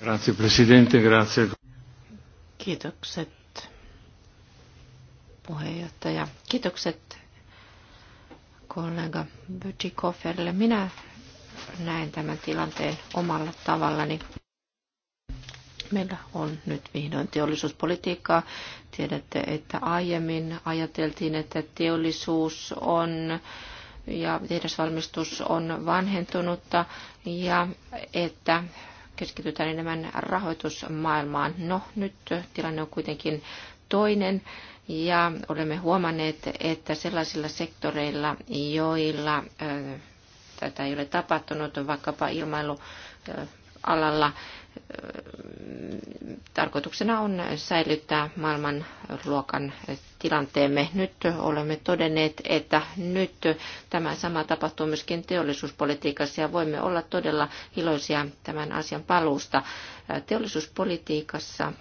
Grazie Presidente, grazie. Kiitokset puheenjohtaja. Kiitokset kollega Bötikofferille. Minä näen tämän tilanteen omalla tavallani. Meillä on nyt vihdoin teollisuuspolitiikkaa. Tiedätte, että aiemmin ajateltiin, että teollisuus on ja tehdasvalmistus on vanhentunutta ja että keskitytään enemmän rahoitusmaailmaan. No, nyt tilanne on kuitenkin toinen ja olemme huomanneet, että sellaisilla sektoreilla, joilla tätä ei ole tapahtunut, vaikkapa ilmailualalla, tarkoituksena on säilyttää maailmanluokan tilanteemme. Nyt olemme todenneet, että nyt tämä sama tapahtuu myöskin teollisuuspolitiikassa ja voimme olla todella iloisia tämän asian paluusta. Teollisuuspolitiikassa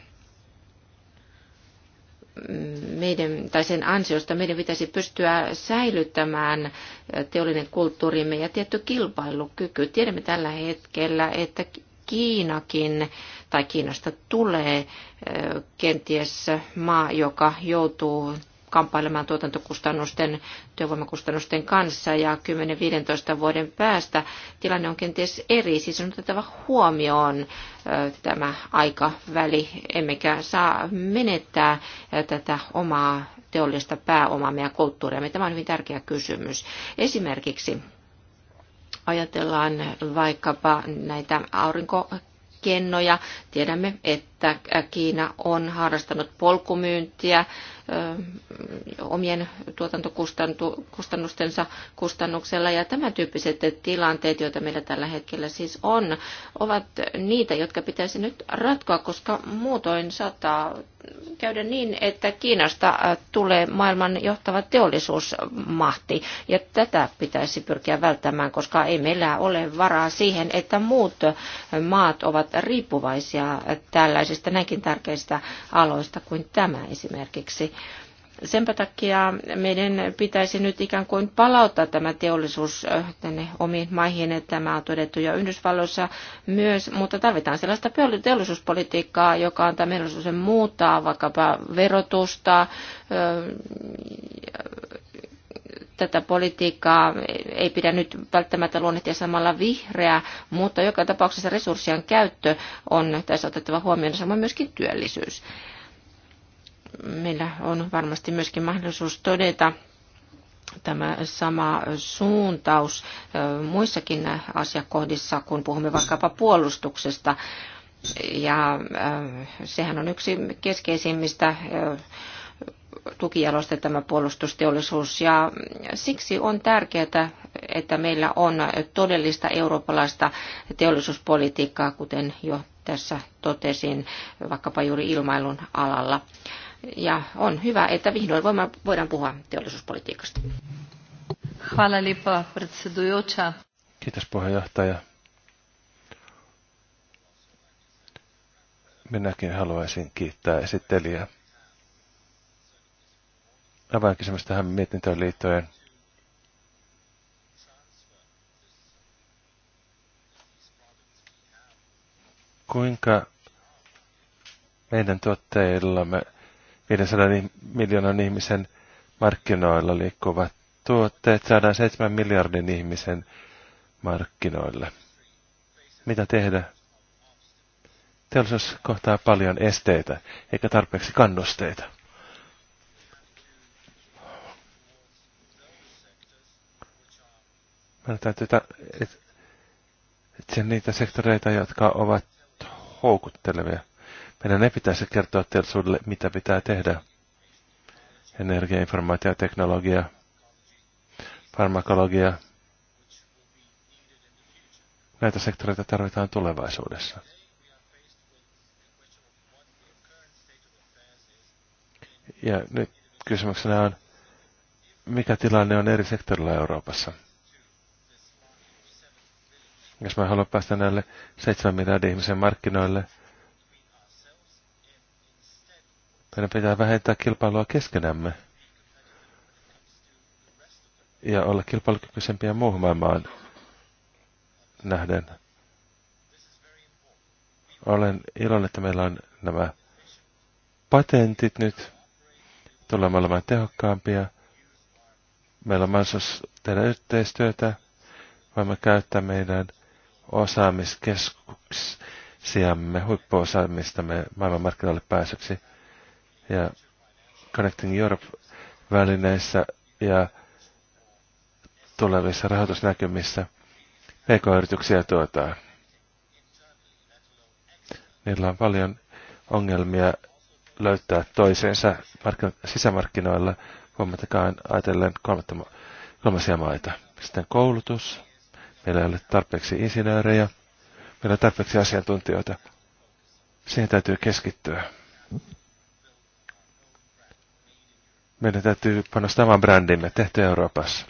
meidän, tai sen ansiosta meidän pitäisi pystyä säilyttämään teollinen kulttuurimme ja tietty kilpailukyky. Tiedämme tällä hetkellä, että Kiinakin tai Kiinasta tulee kenties maa, joka joutuu kamppailemaan tuotantokustannusten, työvoimakustannusten kanssa ja 10-15 vuoden päästä tilanne on kenties eri. Siis on otettava huomioon tämä aikaväli, emmekä saa menettää tätä omaa teollista pääomaa meidän kulttuuriamme. Tämä on hyvin tärkeä kysymys. Esimerkiksi ajatellaan vaikkapa näitä aurinkokennoja. Tiedämme, että että Kiina on harrastanut polkumyyntiä omien tuotantokustannustensa kustannuksella. Ja tämän tyyppiset tilanteet, joita meillä tällä hetkellä siis on, ovat niitä, jotka pitäisi nyt ratkoa, koska muutoin saattaa käydä niin, että Kiinasta tulee maailman johtava teollisuusmahti. Ja tätä pitäisi pyrkiä välttämään, koska ei meillä ole varaa siihen, että muut maat ovat riippuvaisia tällaisista tällaisista näinkin tärkeistä aloista kuin tämä esimerkiksi. Sen takia meidän pitäisi nyt ikään kuin palauttaa tämä teollisuus äh, tänne omiin maihin. että Tämä on todettu jo Yhdysvalloissa myös, mutta tarvitaan sellaista teollisuuspolitiikkaa, joka antaa tämä muuttaa vaikkapa verotusta, äh, tätä politiikkaa ei pidä nyt välttämättä luonnehtia samalla vihreää, mutta joka tapauksessa resurssien käyttö on tässä otettava huomioon, samoin myöskin työllisyys. Meillä on varmasti myöskin mahdollisuus todeta, tämä sama suuntaus muissakin asiakohdissa, kun puhumme vaikkapa puolustuksesta. Ja sehän on yksi keskeisimmistä tämä puolustusteollisuus ja siksi on tärkeää, että meillä on todellista eurooppalaista teollisuuspolitiikkaa, kuten jo tässä totesin, vaikkapa juuri ilmailun alalla. Ja on hyvä, että vihdoin voidaan puhua teollisuuspolitiikasta. Kiitos puheenjohtaja. Minäkin haluaisin kiittää esittelijää avainkysymys tähän mietintöön liittyen. Kuinka meidän tuotteillamme 500 miljoonan ihmisen markkinoilla liikkuvat tuotteet saadaan 7 miljardin ihmisen markkinoille. Mitä tehdä? Teollisuus kohtaa paljon esteitä eikä tarpeeksi kannusteita. Meidän täytyy etsiä niitä sektoreita, jotka ovat houkuttelevia. Meidän ei pitäisi kertoa teollisuudelle, mitä pitää tehdä. Energia, informaatio, teknologia, farmakologia. Näitä sektoreita tarvitaan tulevaisuudessa. Ja nyt kysymyksenä on, mikä tilanne on eri sektorilla Euroopassa jos mä haluan päästä näille 7 miljardin ihmisen markkinoille, meidän pitää vähentää kilpailua keskenämme ja olla kilpailukykyisempiä muuhun maailmaan nähden. Olen iloinen, että meillä on nämä patentit nyt. Tulemme olemaan tehokkaampia. Meillä on mahdollisuus tehdä yhteistyötä. Voimme käyttää meidän osaamiskeskuksiamme, huippuosaamistamme maailmanmarkkinoille pääsyksi. Ja Connecting Europe-välineissä ja tulevissa rahoitusnäkymissä pk-yrityksiä tuotaan. Niillä on paljon ongelmia löytää toisensa sisämarkkinoilla, huomattakaan ajatellen kolmatta, kolmasia maita. Sitten koulutus. Meillä ei ole tarpeeksi insinöörejä, meillä on tarpeeksi asiantuntijoita. Siihen täytyy keskittyä. Meidän täytyy panostaa oman brändimme, tehty Euroopassa.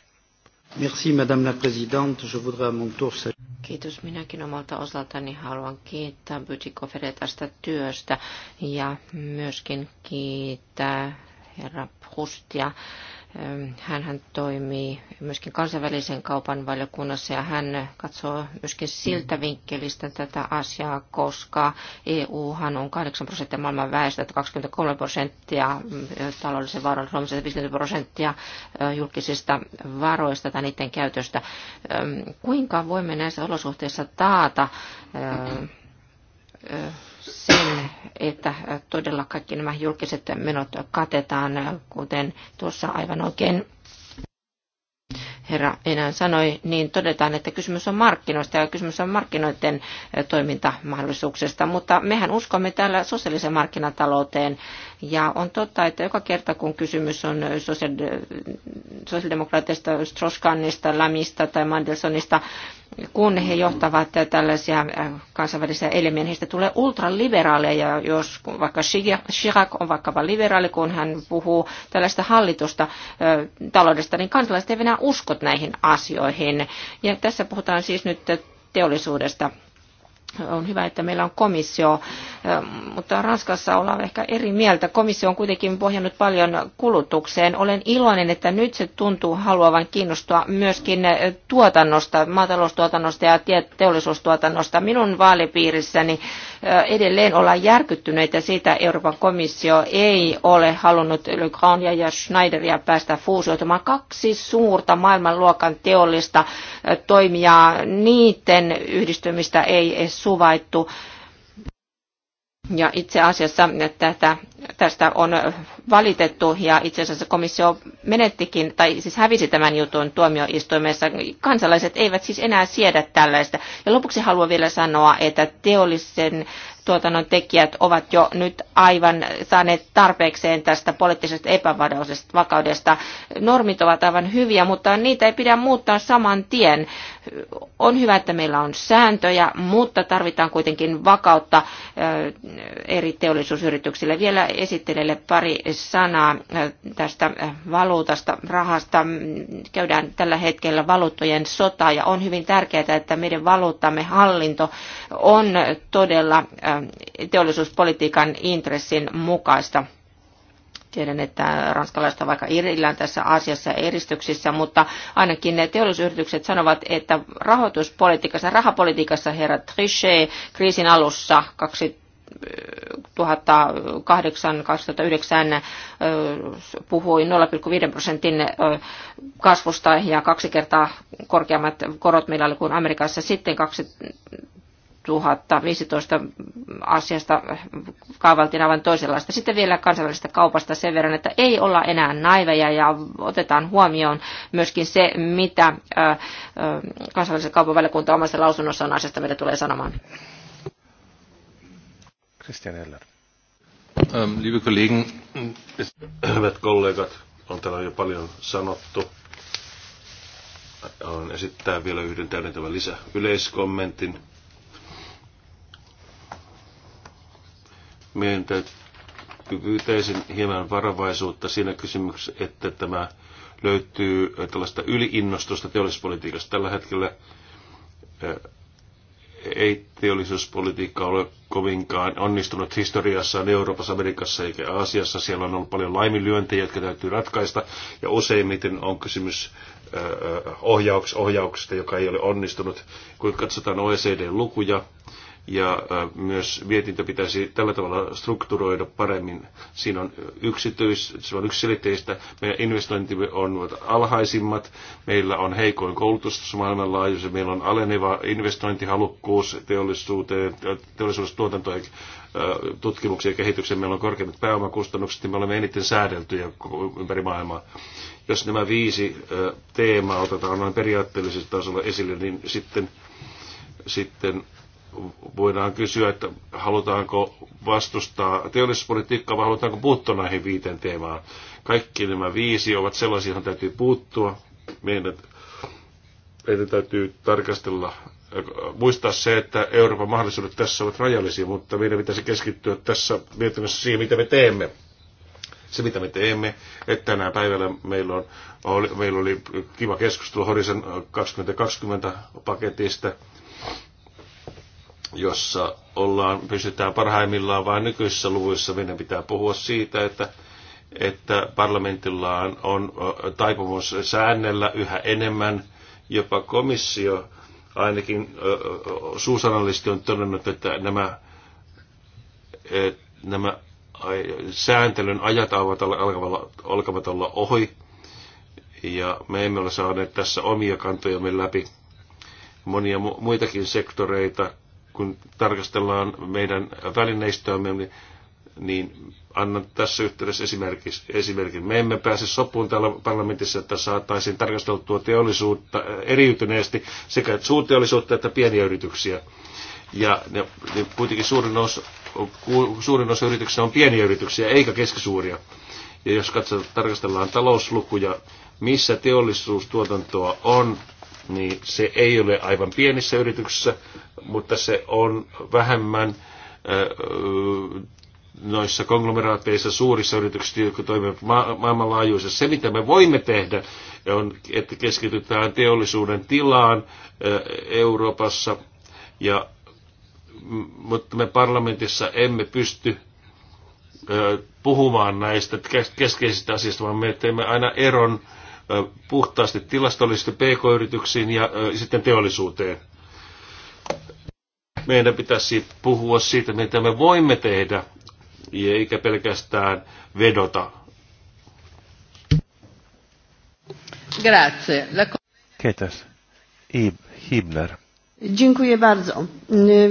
Merci, Madame la Présidente. Je voudrais à mon tour Kiitos. Minäkin omalta osaltani haluan kiittää Bytikoferia tästä työstä ja myöskin kiittää herra Hustia Ehm, hän toimii myöskin kansainvälisen kaupan valiokunnassa ja hän katsoo myöskin siltä vinkkelistä tätä asiaa, koska EU on 8 prosenttia maailman väestöstä, 23 prosenttia mm, taloudellisen varan, Suomessa 50 prosenttia julkisista varoista tai niiden käytöstä. Ehm, kuinka voimme näissä olosuhteissa taata sen, että todella kaikki nämä julkiset menot katetaan, kuten tuossa aivan oikein herra enää sanoi, niin todetaan, että kysymys on markkinoista ja kysymys on markkinoiden toimintamahdollisuuksista. Mutta mehän uskomme täällä sosiaalisen markkinatalouteen ja on totta, että joka kerta kun kysymys on sosiaalidemokraateista, Stroskannista, Lamista tai Mandelsonista, kun he johtavat tällaisia äh, kansainvälisiä elimiä, heistä tulee ultraliberaaleja, ja jos vaikka Chirac on vaikkapa liberaali, kun hän puhuu tällaista hallitusta äh, taloudesta, niin kansalaiset eivät enää usko näihin asioihin. Ja tässä puhutaan siis nyt teollisuudesta on hyvä, että meillä on komissio, mutta Ranskassa ollaan ehkä eri mieltä. Komissio on kuitenkin pohjannut paljon kulutukseen. Olen iloinen, että nyt se tuntuu haluavan kiinnostua myöskin tuotannosta, maataloustuotannosta ja teollisuustuotannosta. Minun vaalipiirissäni edelleen ollaan järkyttyneitä siitä, Euroopan komissio ei ole halunnut Le Grandia ja Schneideria päästä fuusioitumaan. Kaksi suurta maailmanluokan teollista toimijaa, niiden yhdistymistä ei edes suvaittu. Ja itse asiassa tätä, tästä on valitettu ja itse asiassa komissio menettikin, tai siis hävisi tämän jutun tuomioistuimessa. Kansalaiset eivät siis enää siedä tällaista. Ja lopuksi haluan vielä sanoa, että teollisen tuotannon tekijät ovat jo nyt aivan saaneet tarpeekseen tästä poliittisesta vakaudesta. Normit ovat aivan hyviä, mutta niitä ei pidä muuttaa saman tien. On hyvä, että meillä on sääntöjä, mutta tarvitaan kuitenkin vakautta eri teollisuusyrityksille. Vielä esittelijälle pari sanaa tästä valuutasta, rahasta. Käydään tällä hetkellä valuuttojen sotaa ja on hyvin tärkeää, että meidän valuuttamme hallinto on todella teollisuuspolitiikan intressin mukaista. Tiedän, että ranskalaiset vaikka irillään tässä asiassa eristyksissä, mutta ainakin ne teollisuusyritykset sanovat, että rahoituspolitiikassa, rahapolitiikassa herra Trichet kriisin alussa 2008-2009 puhui 0,5 prosentin kasvusta ja kaksi kertaa korkeammat korot meillä oli kuin Amerikassa. Sitten 2015 asiasta kaavaltiin aivan toisenlaista. Sitten vielä kansainvälisestä kaupasta sen verran, että ei olla enää naiveja ja otetaan huomioon myöskin se, mitä kansainvälisen kaupan välikunta omassa lausunnossaan asiasta meille tulee sanomaan. Christian Eller. Ähm, liebe Kollegen, hyvät kollegat, on täällä jo paljon sanottu on esittää vielä yhden täydentävän lisäyleiskommentin. yleiskommentin meidän täytyy pyytäisin hieman varovaisuutta siinä kysymyksessä, että tämä löytyy tällaista yliinnostusta teollisuuspolitiikasta. Tällä hetkellä eh, ei teollisuuspolitiikka ole kovinkaan onnistunut historiassaan Euroopassa, Amerikassa eikä Aasiassa. Siellä on ollut paljon laiminlyöntejä, jotka täytyy ratkaista, ja useimmiten on kysymys eh, eh, ohjauks, ohjauksesta, joka ei ole onnistunut. Kun katsotaan OECDn lukuja, ja myös mietintö pitäisi tällä tavalla strukturoida paremmin. Siinä on, yksityis, se on yksiselitteistä, meidän investointimme on alhaisimmat, meillä on heikoin koulutus maailmanlaajuisesti, meillä on aleneva investointihalukkuus teollisuuteen, teollisuustuotantoon e-, tutkimuksen ja kehityksen, meillä on korkeimmat pääomakustannukset ja me olemme eniten säädeltyjä ympäri maailmaa. Jos nämä viisi teemaa otetaan noin periaatteellisella tasolla esille, niin sitten, sitten voidaan kysyä, että halutaanko vastustaa teollisuuspolitiikkaa vai halutaanko puuttua näihin viiteen teemaan. Kaikki nämä viisi ovat sellaisia, joihin täytyy puuttua. Meidän, meidän täytyy tarkastella, muistaa se, että Euroopan mahdollisuudet tässä ovat rajallisia, mutta meidän pitäisi keskittyä tässä mietinnössä siihen, mitä me teemme se mitä me teemme, että tänään päivällä meillä, on, oli, meillä oli kiva keskustelu horisen 2020 paketista, jossa ollaan, pysytään parhaimmillaan vain nykyisissä luvuissa. Meidän pitää puhua siitä, että, että parlamentilla on taipumus säännellä yhä enemmän. Jopa komissio ainakin suusanallisesti on todennut, että nämä, että nämä sääntelyn ajat alkavat olla ohi. Ja me emme ole saaneet tässä omia kantojamme läpi monia muitakin sektoreita kun tarkastellaan meidän välineistöämme, niin, niin annan tässä yhteydessä esimerkin. Me emme pääse sopuun täällä parlamentissa, että saataisiin tarkasteltua teollisuutta äh, eriytyneesti sekä suurteollisuutta että pieniä yrityksiä. Ja ne, ne kuitenkin suurin osa, suurin osa yrityksistä on pieniä yrityksiä eikä keskisuuria. Ja jos katsotaan, tarkastellaan talouslukuja, missä teollisuustuotantoa on niin se ei ole aivan pienissä yrityksissä, mutta se on vähemmän noissa konglomeraateissa, suurissa yrityksissä, jotka toimivat ma- maailmanlaajuisesti. Se, mitä me voimme tehdä, on, että keskitytään teollisuuden tilaan Euroopassa, ja, mutta me parlamentissa emme pysty puhumaan näistä keskeisistä asioista, vaan me teemme aina eron puhtaasti tilastollisesti pk-yrityksiin ja sitten teollisuuteen. Meidän pitäisi puhua siitä, mitä me voimme tehdä, eikä pelkästään vedota. Grazie. La... Kiitos. Hibner. Dziękuję bardzo.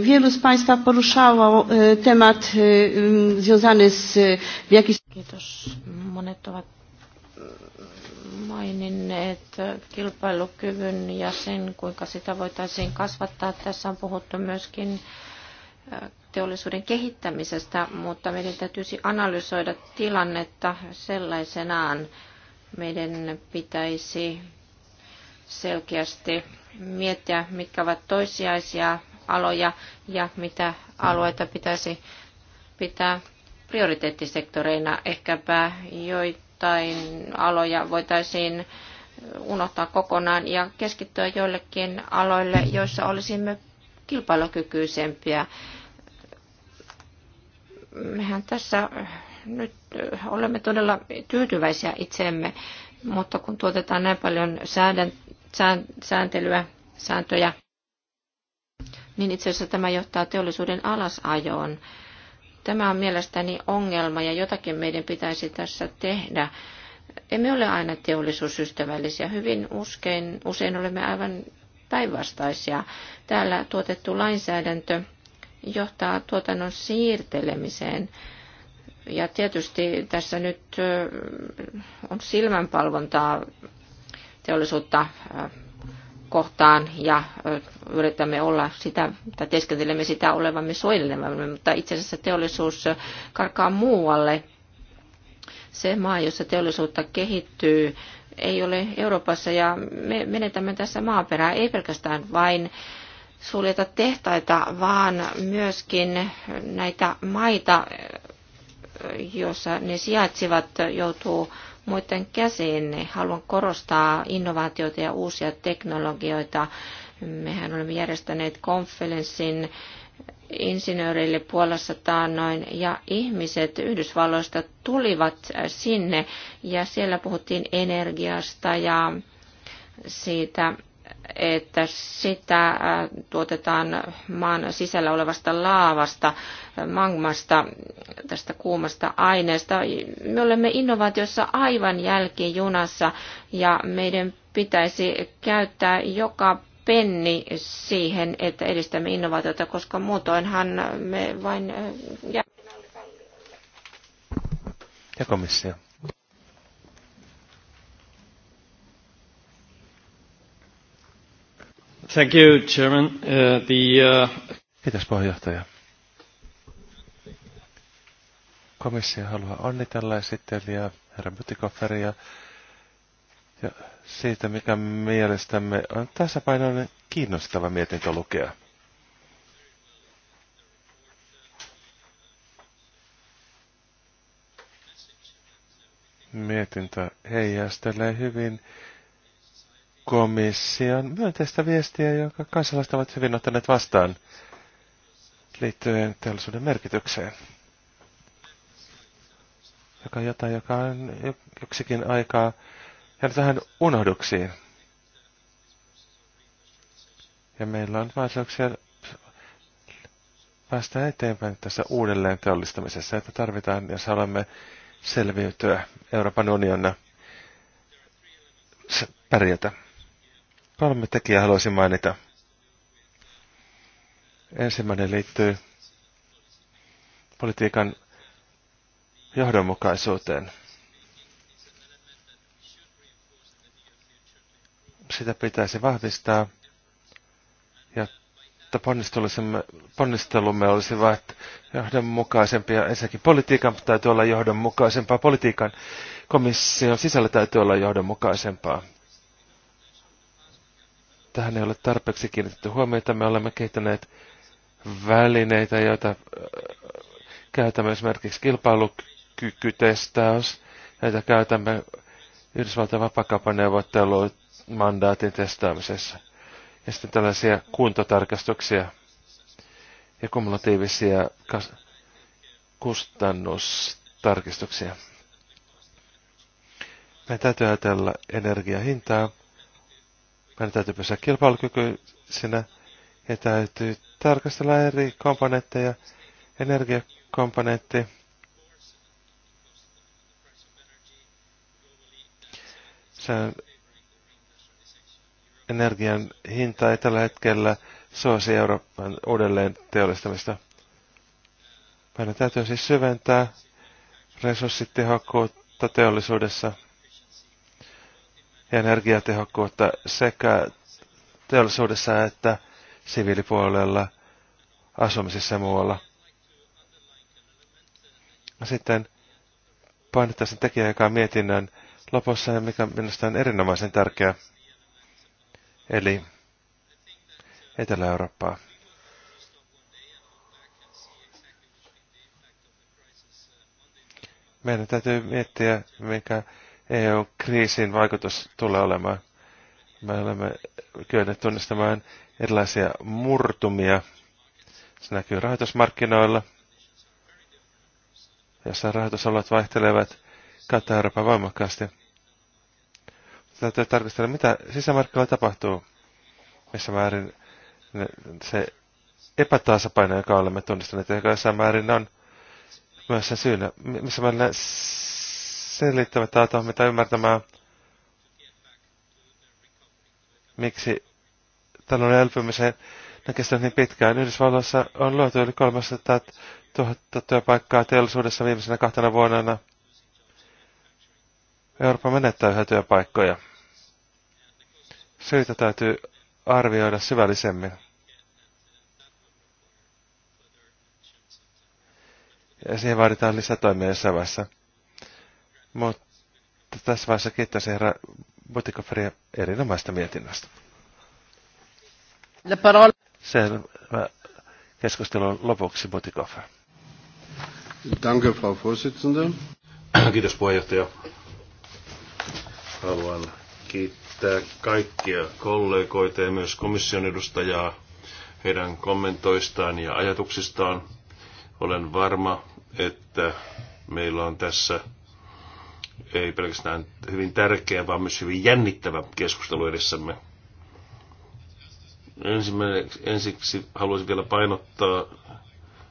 Wielu z Państwa poruszało e, temat e, związany z w jakiś... Kiitos. Monet ovat maininneet kilpailukyvyn ja sen, kuinka sitä voitaisiin kasvattaa. Tässä on puhuttu myöskin teollisuuden kehittämisestä, mutta meidän täytyisi analysoida tilannetta sellaisenaan. Meidän pitäisi selkeästi miettiä, mitkä ovat toisiaisia aloja ja mitä alueita pitäisi pitää prioriteettisektoreina. Ehkäpä joit joitain aloja voitaisiin unohtaa kokonaan ja keskittyä joillekin aloille, joissa olisimme kilpailukykyisempiä. Mehän tässä nyt olemme todella tyytyväisiä itsemme, mutta kun tuotetaan näin paljon säädän, sään, sääntelyä, sääntöjä, niin itse asiassa tämä johtaa teollisuuden alasajoon. Tämä on mielestäni ongelma ja jotakin meidän pitäisi tässä tehdä. Emme ole aina teollisuusystävällisiä. Hyvin uskein, usein olemme aivan päinvastaisia. Täällä tuotettu lainsäädäntö johtaa tuotannon siirtelemiseen. Ja tietysti tässä nyt on silmänpalvontaa teollisuutta kohtaan ja yritämme olla sitä, tai teeskentelemme sitä olevamme suojelemme, mutta itse asiassa teollisuus karkaa muualle. Se maa, jossa teollisuutta kehittyy, ei ole Euroopassa ja me menetämme tässä maaperää, ei pelkästään vain suljeta tehtaita, vaan myöskin näitä maita, joissa ne sijaitsivat, joutuu muiden käsiin. Niin haluan korostaa innovaatioita ja uusia teknologioita. Mehän olemme järjestäneet konferenssin insinööreille Puolassa taannoin ja ihmiset Yhdysvalloista tulivat sinne ja siellä puhuttiin energiasta ja siitä, että sitä äh, tuotetaan maan sisällä olevasta laavasta, magmasta, tästä kuumasta aineesta. Me olemme innovaatiossa aivan jälkijunassa ja meidän pitäisi käyttää joka penni siihen, että edistämme innovaatiota, koska muutoinhan me vain... Äh, ja komissio. Thank you, Chairman. Uh, the, uh... Kiitos puheenjohtaja. Komissio haluaa onnitella esittelijää, herra Butikofferia, ja siitä, mikä mielestämme on tasapainoinen kiinnostava mietintö lukea. Mietintö heijastelee hyvin komission myönteistä viestiä, jonka kansalaiset ovat hyvin ottaneet vastaan liittyen teollisuuden merkitykseen, joka on jotain, joka on yksikin aikaa jäänyt vähän unohduksiin. Ja meillä on vaikeuksia päästä eteenpäin tässä uudelleen teollistamisessa, että tarvitaan, jos haluamme selviytyä Euroopan unionina pärjätä. Kolme tekijää haluaisin mainita. Ensimmäinen liittyy politiikan johdonmukaisuuteen. Sitä pitäisi vahvistaa, että ponnistelumme, ponnistelumme vain johdonmukaisempia. Ensinnäkin politiikan täytyy olla johdonmukaisempaa, politiikan komission sisällä täytyy olla johdonmukaisempaa tähän ei ole tarpeeksi kiinnitetty huomiota. Me olemme kehittäneet välineitä, joita äh, käytämme esimerkiksi kilpailukykytestaus, joita käytämme Yhdysvaltain vapakaupaneuvotteluun mandaatin testaamisessa. Ja sitten tällaisia kuntotarkastuksia ja kumulatiivisia kustannustarkistuksia. Meidän täytyy ajatella energiahintaa, meidän täytyy pysyä kilpailukykyisinä ja täytyy tarkastella eri komponentteja, energiakomponentti, sen energian hinta ei tällä hetkellä suosi Euroopan uudelleen teollistamista. Meidän täytyy siis syventää resurssitehokkuutta teollisuudessa – ja energiatehokkuutta sekä teollisuudessa että siviilipuolella, asumisessa ja muualla. Sitten painottaisin tekijän, joka on mietinnön lopussa ja mikä minusta on erinomaisen tärkeä, eli Etelä-Eurooppaa. Meidän täytyy miettiä, mikä EU-kriisin vaikutus tulee olemaan. Me olemme kyenneet tunnistamaan erilaisia murtumia. Se näkyy rahoitusmarkkinoilla, jossa rahoitusolot vaihtelevat kautta Euroopan voimakkaasti. Täytyy tarkastella, mitä sisämarkkinoilla tapahtuu, missä määrin se epätasapaino, joka olemme tunnistaneet, joka jossain määrin on myös sen syynä, missä määrin selittävät taitavat mitä ymmärtämään, miksi talon elpymiseen on kestänyt niin pitkään. Yhdysvalloissa on luotu yli 300 000 työpaikkaa teollisuudessa viimeisenä kahtena vuonna. Eurooppa menettää yhä työpaikkoja. Syitä täytyy arvioida syvällisemmin. Ja siihen vaaditaan lisätoimia jossain vaiheessa. Mutta tässä vaiheessa se herra Butikoferia erinomaista mietinnöstä. Selvä keskustelun lopuksi Butikofer. Danke, Frau Vorsitzende. Kiitos puheenjohtaja. Haluan kiittää kaikkia kollegoita ja myös komission edustajaa heidän kommentoistaan ja ajatuksistaan. Olen varma, että meillä on tässä ei pelkästään hyvin tärkeä, vaan myös hyvin jännittävä keskustelu edessämme. ensiksi haluaisin vielä painottaa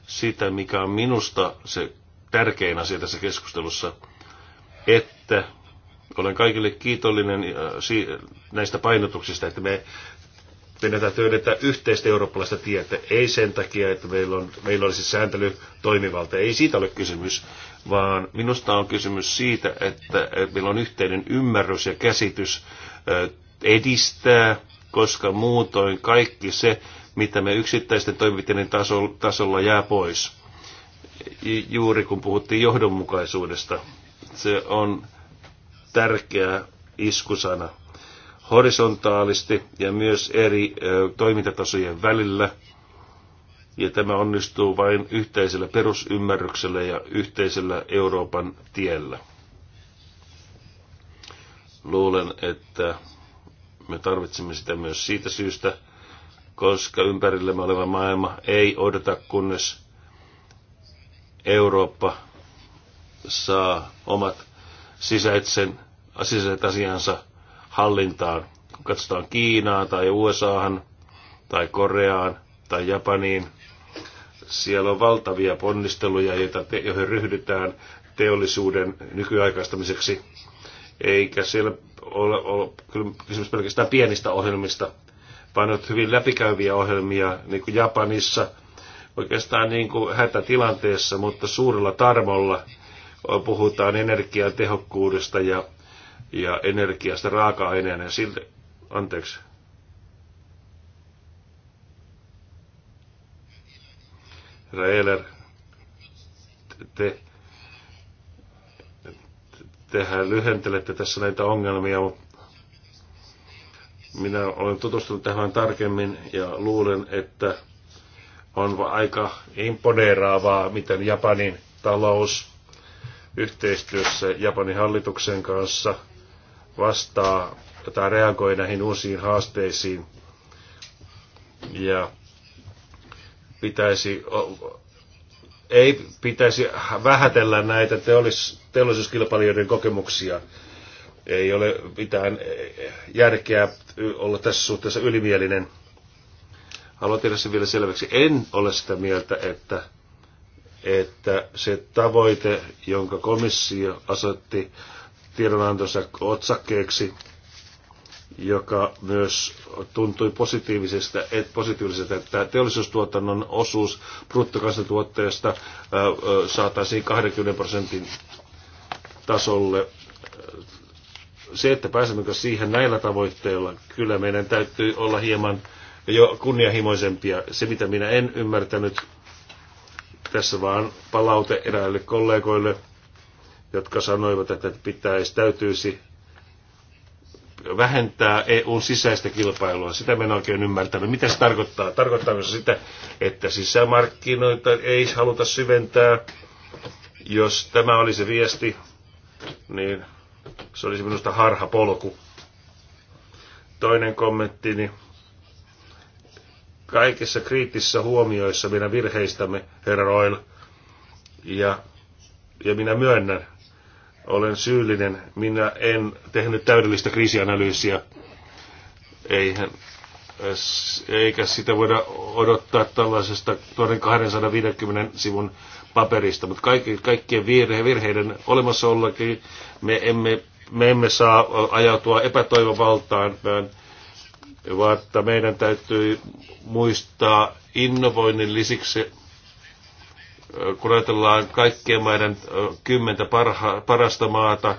sitä, mikä on minusta se tärkein asia tässä keskustelussa, että olen kaikille kiitollinen äh, näistä painotuksista, että me meidän täytyy yrittää yhteistä eurooppalaista tietä, ei sen takia, että meillä, on, meillä olisi sääntely toimivalta, ei siitä ole kysymys, vaan minusta on kysymys siitä, että meillä on yhteinen ymmärrys ja käsitys edistää, koska muutoin kaikki se, mitä me yksittäisten toimenpiteiden tasolla jää pois. Juuri kun puhuttiin johdonmukaisuudesta, se on tärkeä iskusana horisontaalisti ja myös eri toimintatasojen välillä. Ja tämä onnistuu vain yhteisellä perusymmärryksellä ja yhteisellä Euroopan tiellä. Luulen, että me tarvitsemme sitä myös siitä syystä, koska ympärillämme oleva maailma ei odota, kunnes Eurooppa saa omat sisäisen, sisäiset asiansa hallintaan. Kun katsotaan Kiinaa tai USAhan tai Koreaan tai Japaniin, siellä on valtavia ponnisteluja, joita te, joihin ryhdytään teollisuuden nykyaikaistamiseksi. Eikä siellä ole, ole kyllä kysymys pelkästään pienistä ohjelmista, vaan on hyvin läpikäyviä ohjelmia, niin kuin Japanissa, oikeastaan niin kuin hätätilanteessa, mutta suurella tarmolla puhutaan energiatehokkuudesta ja ja energiasta raaka-aineena ja sille anteeksi. Herra te, tehän lyhentelette tässä näitä ongelmia, mutta minä olen tutustunut tähän tarkemmin ja luulen, että on aika imponeeraavaa, miten Japanin talous yhteistyössä Japanin hallituksen kanssa vastaa tai reagoi näihin uusiin haasteisiin ja pitäisi, ei pitäisi vähätellä näitä teollis, teollisuuskilpailijoiden kokemuksia. Ei ole mitään järkeä olla tässä suhteessa ylimielinen. Haluan tehdä sen vielä selväksi. En ole sitä mieltä, että että se tavoite, jonka komissio asetti tiedonantonsa otsakkeeksi, joka myös tuntui positiivisesta, että positiivisesta, että teollisuustuotannon osuus bruttokansantuotteesta saataisiin 20 prosentin tasolle. Se, että pääsemmekö siihen näillä tavoitteilla, kyllä meidän täytyy olla hieman jo kunnianhimoisempia. Se, mitä minä en ymmärtänyt, tässä vaan palaute eräille kollegoille, jotka sanoivat, että pitäisi, täytyisi vähentää EUn sisäistä kilpailua. Sitä me en oikein ymmärtänyt. Mitä se tarkoittaa? Tarkoittaako se sitä, että sisämarkkinoita ei haluta syventää? Jos tämä oli se viesti, niin se olisi minusta harha polku. Toinen kommenttini. Niin kaikissa kriittisissä huomioissa meidän virheistämme, herra Roil, ja, ja minä myönnän, olen syyllinen, minä en tehnyt täydellistä kriisianalyysiä, Eihän, eikä sitä voida odottaa tällaisesta 1250 sivun paperista, mutta kaikki, kaikkien virhe, virheiden olemassaollakin me emme, me emme saa ajautua epätoivovaltaan, vaan vaikka meidän täytyy muistaa innovoinnin lisiksi, kun ajatellaan kaikkien maiden kymmentä parha, parasta maata,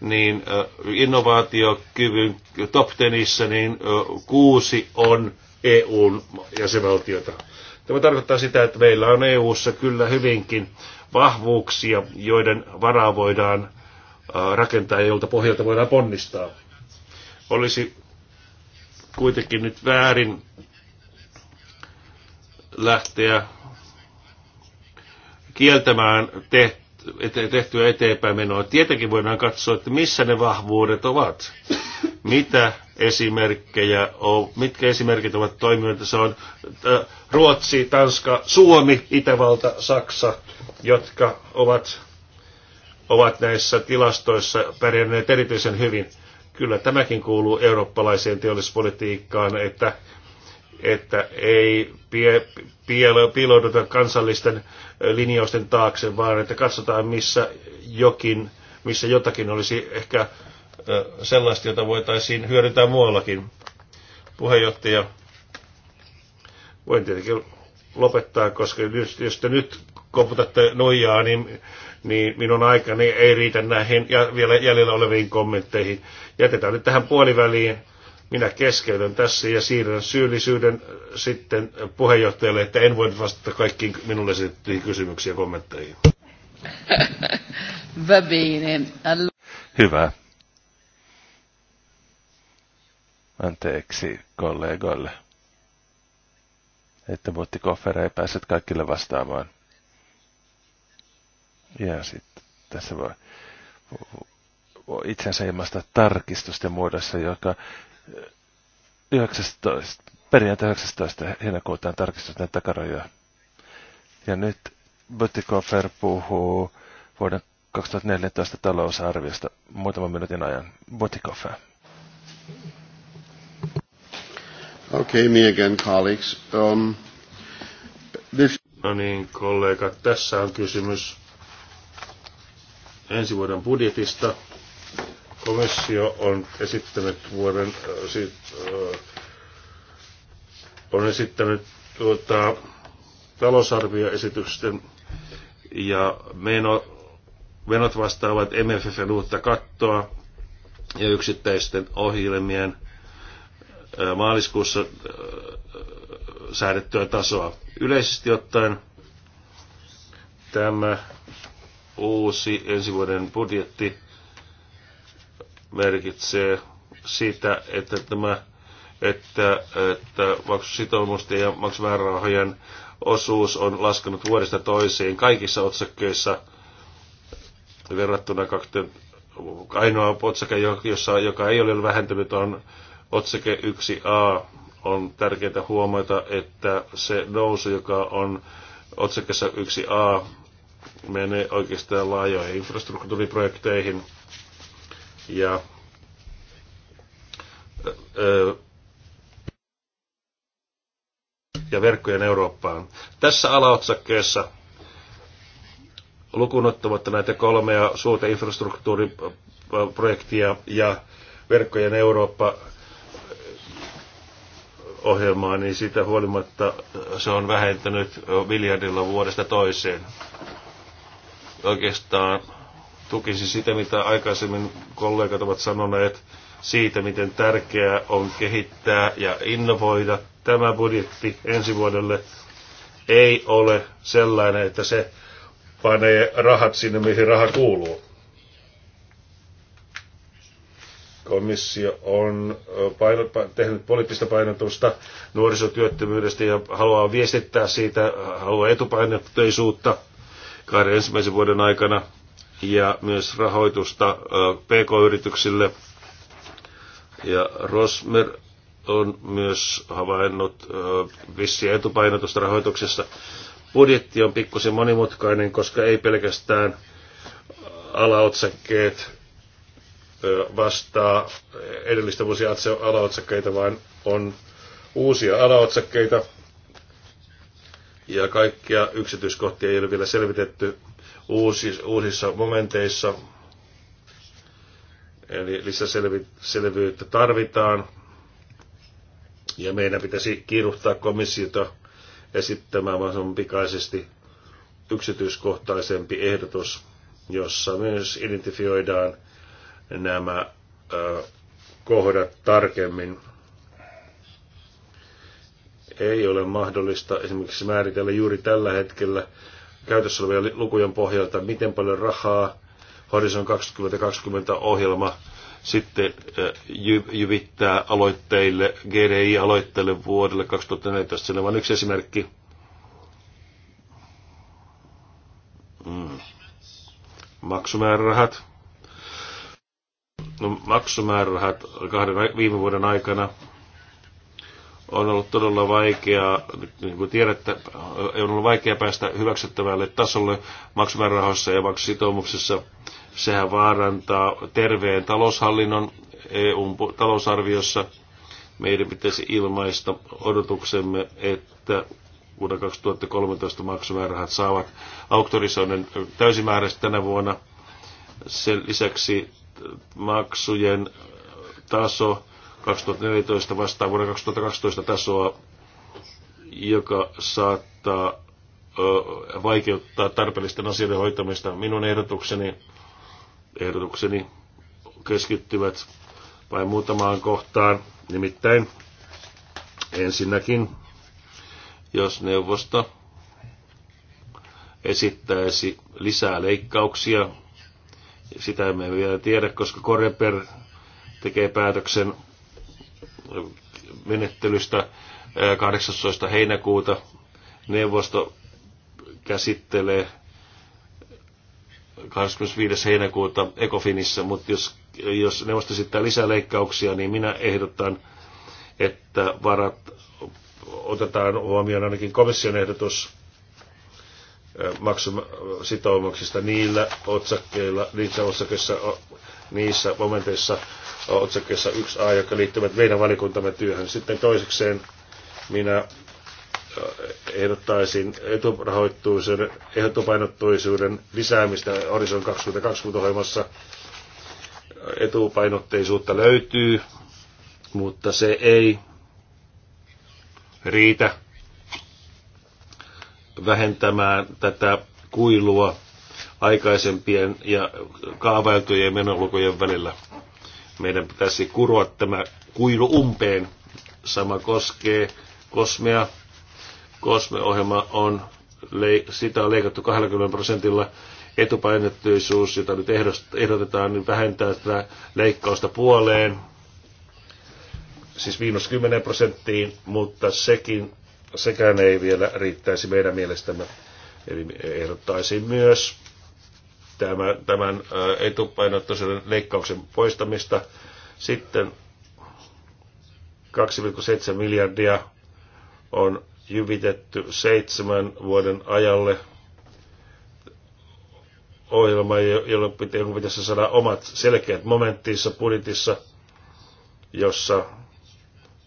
niin innovaatiokyvyn top tenissä niin kuusi on EUn jäsenvaltiota. Tämä tarkoittaa sitä, että meillä on EUssa kyllä hyvinkin vahvuuksia, joiden varaa voidaan rakentaa ja jolta pohjalta voidaan ponnistaa. Olisi kuitenkin nyt väärin lähteä kieltämään tehtyä eteenpäin menoa. Tietenkin voidaan katsoa, että missä ne vahvuudet ovat. Mitä esimerkkejä on, mitkä esimerkit ovat toimijoita. Se on Ruotsi, Tanska, Suomi, Itävalta, Saksa, jotka ovat, ovat näissä tilastoissa pärjänneet erityisen hyvin – Kyllä tämäkin kuuluu eurooppalaiseen teollispolitiikkaan, että, että ei pie, pie, piilouduta kansallisten linjausten taakse, vaan että katsotaan, missä, jokin, missä jotakin olisi ehkä sellaista, jota voitaisiin hyödyntää muuallakin. Puheenjohtaja, voin tietenkin lopettaa, koska jos te nyt koputatte nojaa, niin niin minun aikani ei riitä näihin ja vielä jäljellä oleviin kommentteihin. Jätetään nyt tähän puoliväliin. Minä keskeytän tässä ja siirrän syyllisyyden sitten puheenjohtajalle, että en voi vastata kaikkiin minulle esitettyihin kysymyksiin ja kommentteihin. [laughs] Hyvä. Anteeksi kollegoille, että Bottikoffera ei päässyt kaikille vastaamaan. Ja sitten tässä voi, voi itsensä ilmaista tarkistusten muodossa, joka 19, perjantai 19. heinäkuuta on tarkistusten takarajoja. Ja nyt Butikofer puhuu vuoden 2014 talousarviosta muutaman minuutin ajan. Butikofer. Okay, me again, colleagues. Um, this... No niin, kollegat, tässä on kysymys ensi vuoden budjetista. Komissio on esittänyt vuoden, äh, äh, on esittänyt tuota, talousarvioesitysten ja meno, menot vastaavat MFFn uutta kattoa ja yksittäisten ohjelmien äh, maaliskuussa äh, säädettyä tasoa. Yleisesti ottaen tämä uusi ensi vuoden budjetti merkitsee sitä, että tämä että, että maksusitoumusten ja maksumäärärahojen osuus on laskenut vuodesta toiseen kaikissa otsakkeissa verrattuna 20, ainoa otsake, jossa, joka ei ole vähentynyt, on otsake 1a. On tärkeää huomata, että se nousu, joka on otsakessa 1a, mene oikeastaan laajoihin infrastruktuuriprojekteihin ja ja verkkojen Eurooppaan. Tässä alaotsakkeessa lukunottamatta näitä kolmea suurta infrastruktuuriprojektia ja verkkojen Eurooppa ohjelmaa, niin siitä huolimatta se on vähentynyt miljardilla vuodesta toiseen. Oikeastaan tukisi sitä, mitä aikaisemmin kollegat ovat sanoneet siitä, miten tärkeää on kehittää ja innovoida. Tämä budjetti ensi vuodelle ei ole sellainen, että se panee rahat sinne, mihin raha kuuluu. Komissio on paino, tehnyt poliittista painotusta nuorisotyöttömyydestä ja haluaa viestittää siitä, haluaa etupainotteisuutta – kahden ensimmäisen vuoden aikana ja myös rahoitusta PK-yrityksille. Ja Rosmer on myös havainnut vissiä etupainotusta rahoituksessa. Budjetti on pikkusen monimutkainen, koska ei pelkästään alaotsakkeet vastaa edellistä vuosia alaotsakkeita, vaan on uusia alaotsakkeita, ja kaikkia yksityiskohtia ei ole vielä selvitetty uusissa, uusissa momenteissa. Eli lisäselvyyttä tarvitaan ja meidän pitäisi kiiruhtaa komissiota esittämään mahdollisimman pikaisesti yksityiskohtaisempi ehdotus, jossa myös identifioidaan nämä ö, kohdat tarkemmin ei ole mahdollista esimerkiksi määritellä juuri tällä hetkellä käytössä olevia lukujen pohjalta, miten paljon rahaa Horizon 2020 ohjelma sitten eh, jyvittää aloitteille, GDI-aloitteille vuodelle 2014. Siinä vain yksi esimerkki. Mm. Maksumäärärahat. No, maksumäärärahat kahden viime vuoden aikana on ollut todella vaikeaa, niin kuin tiedätte, on ollut vaikea päästä hyväksyttävälle tasolle maksumäärärahoissa ja maksusitoumuksissa. Sehän vaarantaa terveen taloushallinnon eu talousarviossa. Meidän pitäisi ilmaista odotuksemme, että vuonna 2013 maksumäärärahat saavat auktorisoinnin täysimääräisesti tänä vuonna. Sen lisäksi maksujen taso 2014 vastaan vuoden 2012 tasoa, joka saattaa vaikeuttaa tarpeellisten asioiden hoitamista. Minun ehdotukseni, ehdotukseni keskittyvät vain muutamaan kohtaan. Nimittäin ensinnäkin, jos neuvosto esittäisi lisää leikkauksia, sitä emme vielä tiedä, koska Koreper tekee päätöksen menettelystä 18. heinäkuuta. Neuvosto käsittelee 25. heinäkuuta Ecofinissa, mutta jos, jos neuvosto esittää lisää leikkauksia, niin minä ehdotan, että varat otetaan huomioon ainakin komission ehdotus maksusitoumuksista niillä otsakkeilla, niissä otsakkeissa, niissä momenteissa, otsakkeessa 1a, joka liittyvät meidän valikuntamme työhön. Sitten toisekseen minä äh, ehdottaisin eturahoittuisuuden, etupainottuisuuden lisäämistä Horizon 2020-ohjelmassa. Etupainotteisuutta löytyy, mutta se ei riitä vähentämään tätä kuilua aikaisempien ja kaavailtujen menolukujen välillä. Meidän pitäisi kuroa tämä kuilu umpeen. Sama koskee Kosmea. Kosme-ohjelma on, sitä on leikattu 20 prosentilla. etupainettuisuus, jota nyt ehdotetaan, niin vähentää tätä leikkausta puoleen, siis miinus 10 prosenttiin, mutta sekin, sekään ei vielä riittäisi meidän mielestämme. Eli ehdottaisin myös tämän, tämän etupainottoisen leikkauksen poistamista. Sitten 2,7 miljardia on jyvitetty seitsemän vuoden ajalle ohjelma, jolla pitäisi saada omat selkeät momenttiissa budjetissa, jossa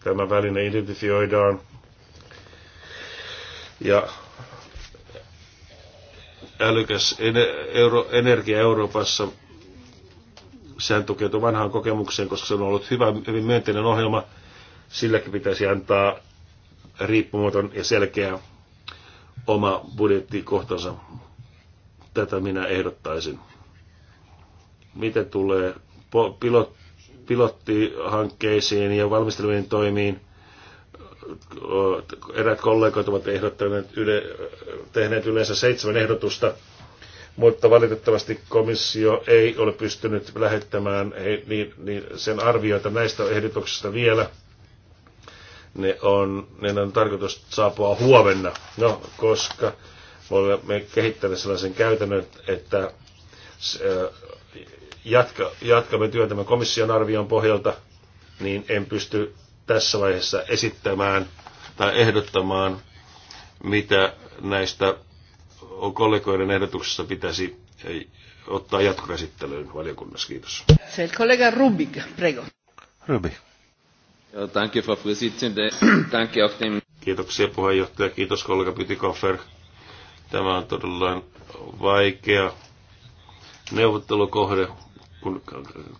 tämä väline identifioidaan. Ja älykäs energia Euroopassa. Sehän tukeutuu vanhaan kokemukseen, koska se on ollut hyvä, hyvin myönteinen ohjelma. Silläkin pitäisi antaa riippumaton ja selkeä oma budjettikohtansa. Tätä minä ehdottaisin. Miten tulee pilot, pilottihankkeisiin ja valmisteluihin toimiin, eräät kollegoit ovat ehdottaneet yle, tehneet yleensä seitsemän ehdotusta, mutta valitettavasti komissio ei ole pystynyt lähettämään he, niin, niin sen arvioita näistä ehdotuksista vielä. Ne on, ne on tarkoitus saapua huomenna, no, koska me olemme kehittäneet sellaisen käytännön, että äh, jatka, jatkamme työtämme komission arvion pohjalta, niin en pysty tässä vaiheessa esittämään tai ehdottamaan, mitä näistä kollegoiden ehdotuksista pitäisi eh, ottaa jatkokäsittelyyn valiokunnassa. Kiitos. Se kollega Rubik, prego. Rubik. Danke, Kiitoksia puheenjohtaja, kiitos kollega Pytikoffer. Tämä on todella vaikea neuvottelukohde, kun,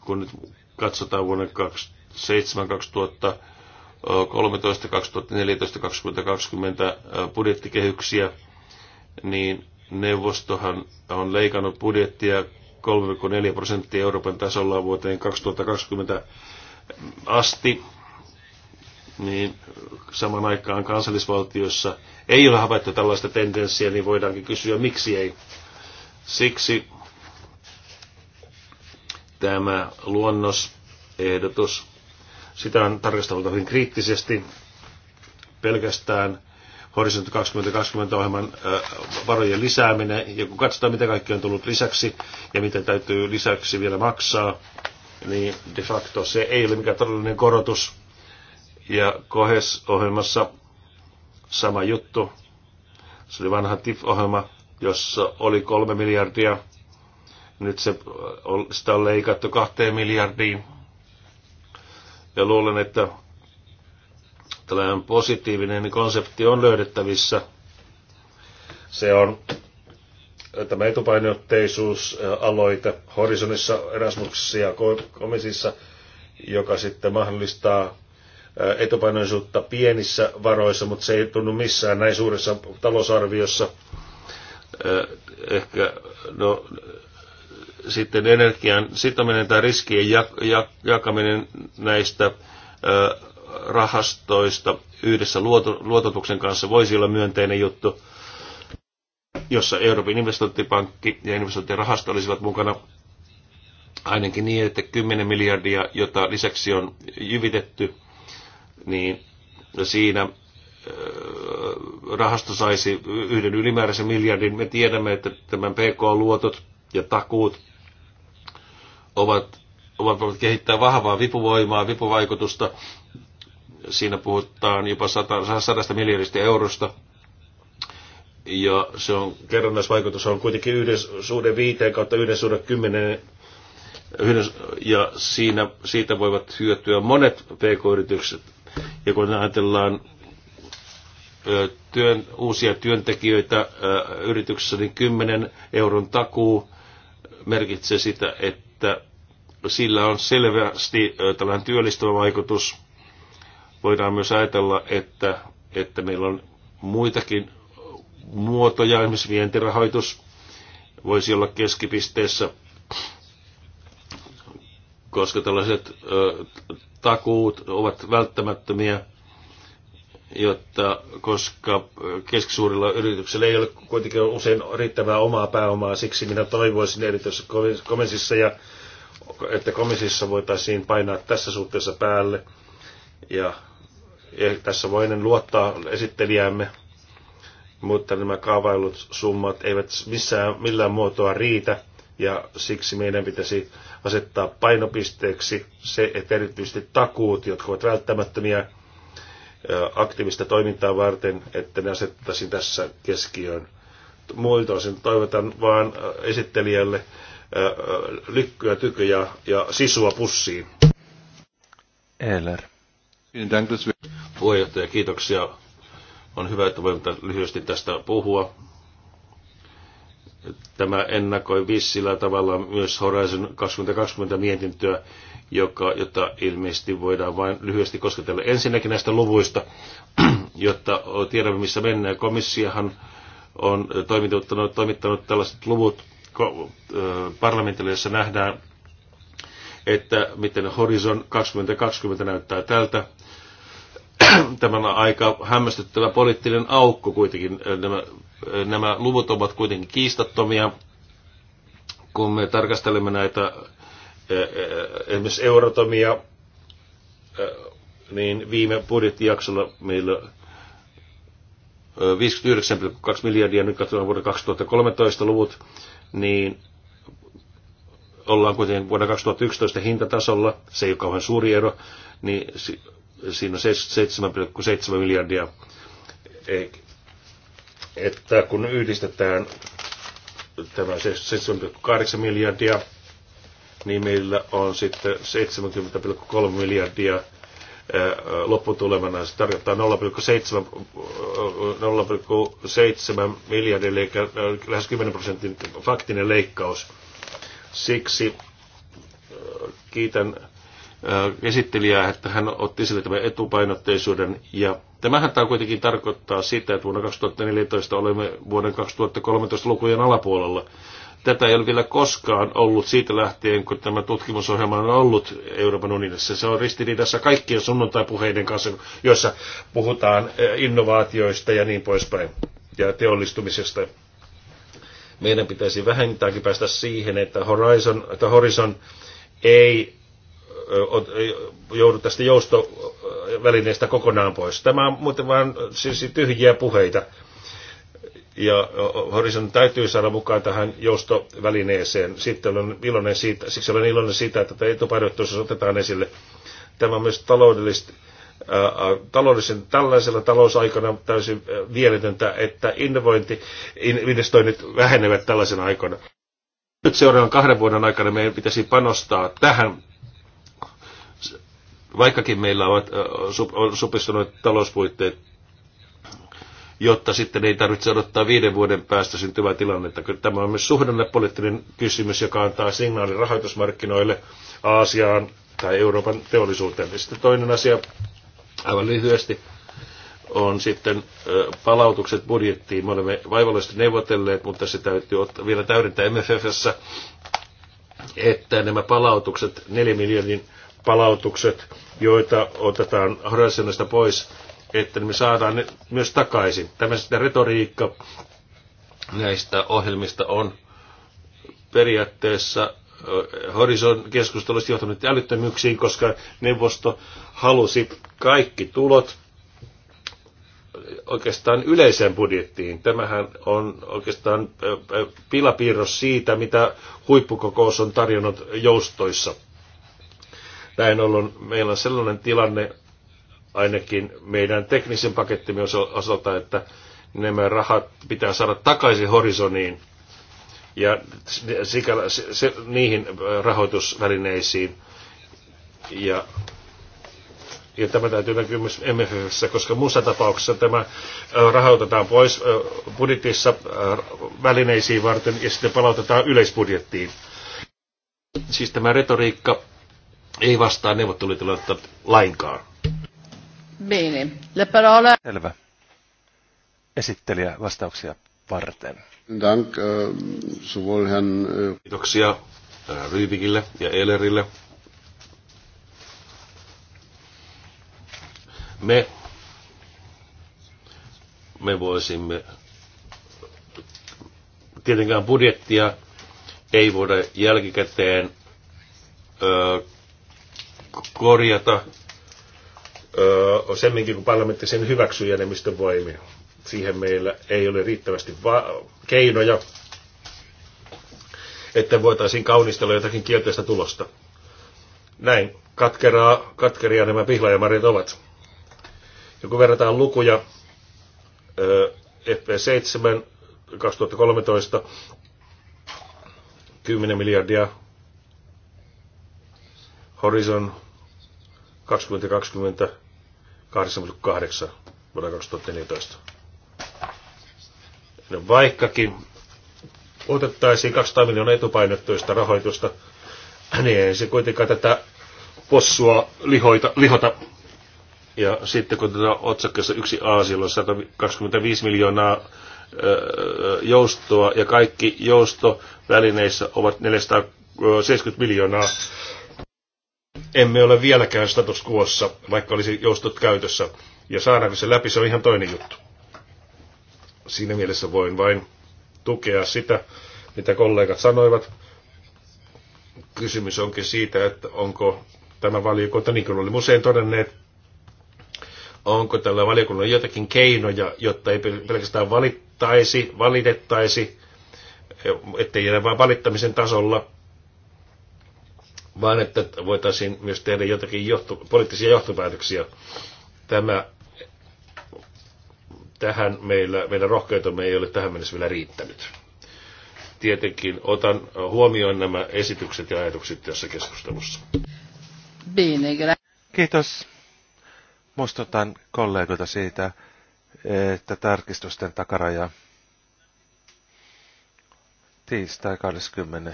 kun nyt katsotaan vuonna 2007-2000 13, 2014, 2020 budjettikehyksiä, niin neuvostohan on leikannut budjettia 3,4 prosenttia Euroopan tasolla vuoteen 2020 asti, niin saman aikaan kansallisvaltiossa ei ole havaittu tällaista tendenssiä, niin voidaankin kysyä, miksi ei. Siksi tämä luonnosehdotus sitä on tarkasteltu hyvin kriittisesti pelkästään Horisontti 2020 ohjelman varojen lisääminen. Ja kun katsotaan, mitä kaikki on tullut lisäksi ja mitä täytyy lisäksi vielä maksaa, niin de facto se ei ole mikään todellinen korotus. Ja Kohes-ohjelmassa sama juttu. Se oli vanha TIF-ohjelma, jossa oli kolme miljardia. Nyt se, sitä on leikattu kahteen miljardiin. Ja luulen, että tällainen positiivinen konsepti on löydettävissä. Se on tämä etupainotteisuusaloite Horizonissa, Erasmuksessa ja komisissa, joka sitten mahdollistaa etupainoisuutta pienissä varoissa, mutta se ei tunnu missään näin suuressa talousarviossa. Ehkä, no, sitten energian sitominen tai riskien jakaminen näistä rahastoista yhdessä luototuksen kanssa voisi olla myönteinen juttu, jossa Euroopan investointipankki ja investointirahasto olisivat mukana ainakin niin, että 10 miljardia, jota lisäksi on jyvitetty, niin siinä rahasto saisi yhden ylimääräisen miljardin. Me tiedämme, että tämän PK-luotot ja takuut ovat, ovat voivat kehittää vahvaa vipuvoimaa, vipuvaikutusta. Siinä puhutaan jopa 100, miljardista eurosta. Ja se on, kerrannaisvaikutus on kuitenkin yhden suhde viiteen kautta yhden suhde kymmenen ja siinä, siitä voivat hyötyä monet pk-yritykset. Ja kun ajatellaan työn, uusia työntekijöitä yrityksessä, niin 10 euron takuu merkitsee sitä, että että sillä on selvästi tällainen työllistävä vaikutus. Voidaan myös ajatella, että, että meillä on muitakin muotoja, esimerkiksi vientirahoitus voisi olla keskipisteessä, koska tällaiset ö, takuut ovat välttämättömiä – jotta, koska keskisuurilla yrityksillä ei ole kuitenkin usein riittävää omaa pääomaa, siksi minä toivoisin erityisesti komisissa ja että komisissa voitaisiin painaa tässä suhteessa päälle. Ja, ja tässä voinen luottaa esittelijäämme, mutta nämä kaavailut summat eivät missään, millään muotoa riitä ja siksi meidän pitäisi asettaa painopisteeksi se, että erityisesti takuut, jotka ovat välttämättömiä, aktiivista toimintaa varten, että ne asettaisiin tässä keskiöön. Muilta osin toivotan vaan esittelijälle lykkyä, tykyjä ja sisua pussiin. Eller. Puheenjohtaja, kiitoksia. On hyvä, että voimme lyhyesti tästä puhua. Tämä ennakoi vissillä tavalla myös Horizon 2020 mietintöä, joka, jota ilmeisesti voidaan vain lyhyesti kosketella. Ensinnäkin näistä luvuista, [clears throat] jotta tiedämme, missä mennään. Komissiohan on toimittanut, toimittanut tällaiset luvut parlamentille, jossa nähdään, että miten Horizon 2020 näyttää tältä. [clears throat] Tämä on aika hämmästyttävä poliittinen aukko kuitenkin. Nämä, nämä luvut ovat kuitenkin kiistattomia, kun me tarkastelemme näitä esimerkiksi Eurotomia, niin viime budjettijaksolla meillä 59,2 miljardia, nyt katsotaan vuoden 2013 luvut, niin ollaan kuitenkin vuonna 2011 hintatasolla, se ei ole kauhean suuri ero, niin siinä on 7,7 miljardia. Että kun yhdistetään tämä 7,8 miljardia nimillä niin on sitten 70,3 miljardia äh, lopputulemana. Se tarkoittaa 0,7, 0,7 äh, miljardia, eli lähes 10 prosentin faktinen leikkaus. Siksi äh, kiitän esittelijää, että hän otti sille tämän etupainotteisuuden. Ja tämähän tämä kuitenkin tarkoittaa sitä, että vuonna 2014 olemme vuoden 2013 lukujen alapuolella. Tätä ei ole vielä koskaan ollut siitä lähtien, kun tämä tutkimusohjelma on ollut Euroopan unionissa. Se on ristiriidassa kaikkien sunnuntai-puheiden kanssa, joissa puhutaan eh, innovaatioista ja niin poispäin ja teollistumisesta. Meidän pitäisi vähintäänkin päästä siihen, että Horizon, että Horizon ei eh, joudu tästä joustovälineestä eh, kokonaan pois. Tämä on muuten vain siis tyhjiä puheita ja Horizon täytyy saada mukaan tähän joustovälineeseen. Sitten olen iloinen siitä, siksi olen iloinen siitä, että tämä etupainotteisuus otetaan esille. Tämä on myös taloudellisesti, taloudellisen, tällaisella talousaikana täysin vieletöntä, että innovointi, investoinnit vähenevät tällaisena aikana. Nyt seuraavan kahden vuoden aikana meidän pitäisi panostaa tähän vaikkakin meillä on supistuneet talouspuitteet, jotta sitten ei tarvitse odottaa viiden vuoden päästä syntyvää tilannetta. Kyllä tämä on myös suhdannepoliittinen kysymys, joka antaa signaali rahoitusmarkkinoille Aasiaan tai Euroopan teollisuuteen. Ja sitten toinen asia, aivan lyhyesti, on sitten palautukset budjettiin. Me olemme vaivallisesti neuvotelleet, mutta se täytyy ottaa, vielä täydentää MFFssä, että nämä palautukset, 4 miljardin palautukset, joita otetaan horisontista pois, että me saadaan ne myös takaisin. Tämmöistä retoriikka näistä ohjelmista on periaatteessa Horizon keskustelusta johtanut älyttömyyksiin, koska neuvosto halusi kaikki tulot oikeastaan yleiseen budjettiin. Tämähän on oikeastaan pilapiirros siitä, mitä huippukokous on tarjonnut joustoissa. Näin ollen meillä on sellainen tilanne, ainakin meidän teknisen pakettimme osalta, että nämä rahat pitää saada takaisin horisoniin ja sikälä, se, se, niihin rahoitusvälineisiin. Ja, ja tämä täytyy näkyä myös MFFssä, koska muussa tapauksessa tämä rahoitetaan pois budjetissa välineisiin varten ja sitten palautetaan yleisbudjettiin. Siis tämä retoriikka ei vastaa neuvottelutilannetta lainkaan. Bene. La parola... Selvä. Esittelijä vastauksia varten. Dank, äh, hän, äh... Kiitoksia äh, ja Elerille. Me, me voisimme tietenkään budjettia ei voida jälkikäteen ö, äh, korjata semminkin kun parlamentti sen hyväksyy enemmistön voimia. Siihen meillä ei ole riittävästi keinoja, että voitaisiin kaunistella jotakin kielteistä tulosta. Näin katkeraa, katkeria nämä pihlajamarit ovat. Ja kun verrataan lukuja FP7 2013, 10 miljardia, Horizon 2020 8,8 vuonna 2014. No vaikkakin otettaisiin 200 miljoonaa etupainottuista rahoitusta, niin ei se kuitenkaan tätä possua lihoita, lihota. Ja sitten kun tätä otsakkeessa yksi A, silloin 125 miljoonaa joustoa ja kaikki joustovälineissä ovat 470 miljoonaa emme ole vieläkään status quoissa, vaikka olisi joustot käytössä. Ja saadaanko se läpi, se on ihan toinen juttu. Siinä mielessä voin vain tukea sitä, mitä kollegat sanoivat. Kysymys onkin siitä, että onko tämä valiokunta, niin kuin olimme usein todenneet, onko tällä valiokunnalla jotakin keinoja, jotta ei pelkästään valittaisi, valitettaisi, ettei jää vain valittamisen tasolla, vaan että voitaisiin myös tehdä jotakin johto, poliittisia johtopäätöksiä. Tämä, tähän meillä, meidän rohkeutumme ei ole tähän mennessä vielä riittänyt. Tietenkin otan huomioon nämä esitykset ja ajatukset tässä keskustelussa. Kiitos. Muistutan kollegoita siitä, että tarkistusten takaraja tiistai 20.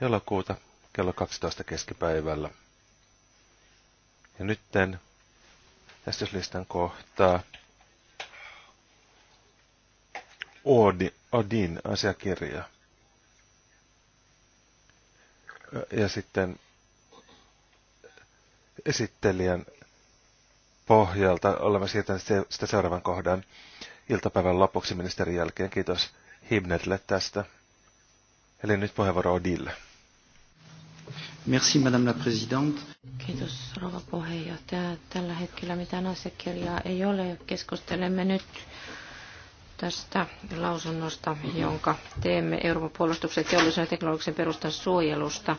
elokuuta kello 12 keskipäivällä. Ja nytten esityslistan kohtaa Odin asiakirja. Ja sitten esittelijän pohjalta olemme siirtäneet sitä seuraavan kohdan iltapäivän lopuksi ministerin jälkeen. Kiitos Hibnetle tästä. Eli nyt puheenvuoro Odille. Merci, Madame la Présidente. Kiitos, rouva puheenjohtaja. Tällä hetkellä mitään asiakirjaa ei ole. Keskustelemme nyt tästä lausunnosta, jonka teemme Euroopan puolustuksen teollisen ja teknologisen perustan suojelusta.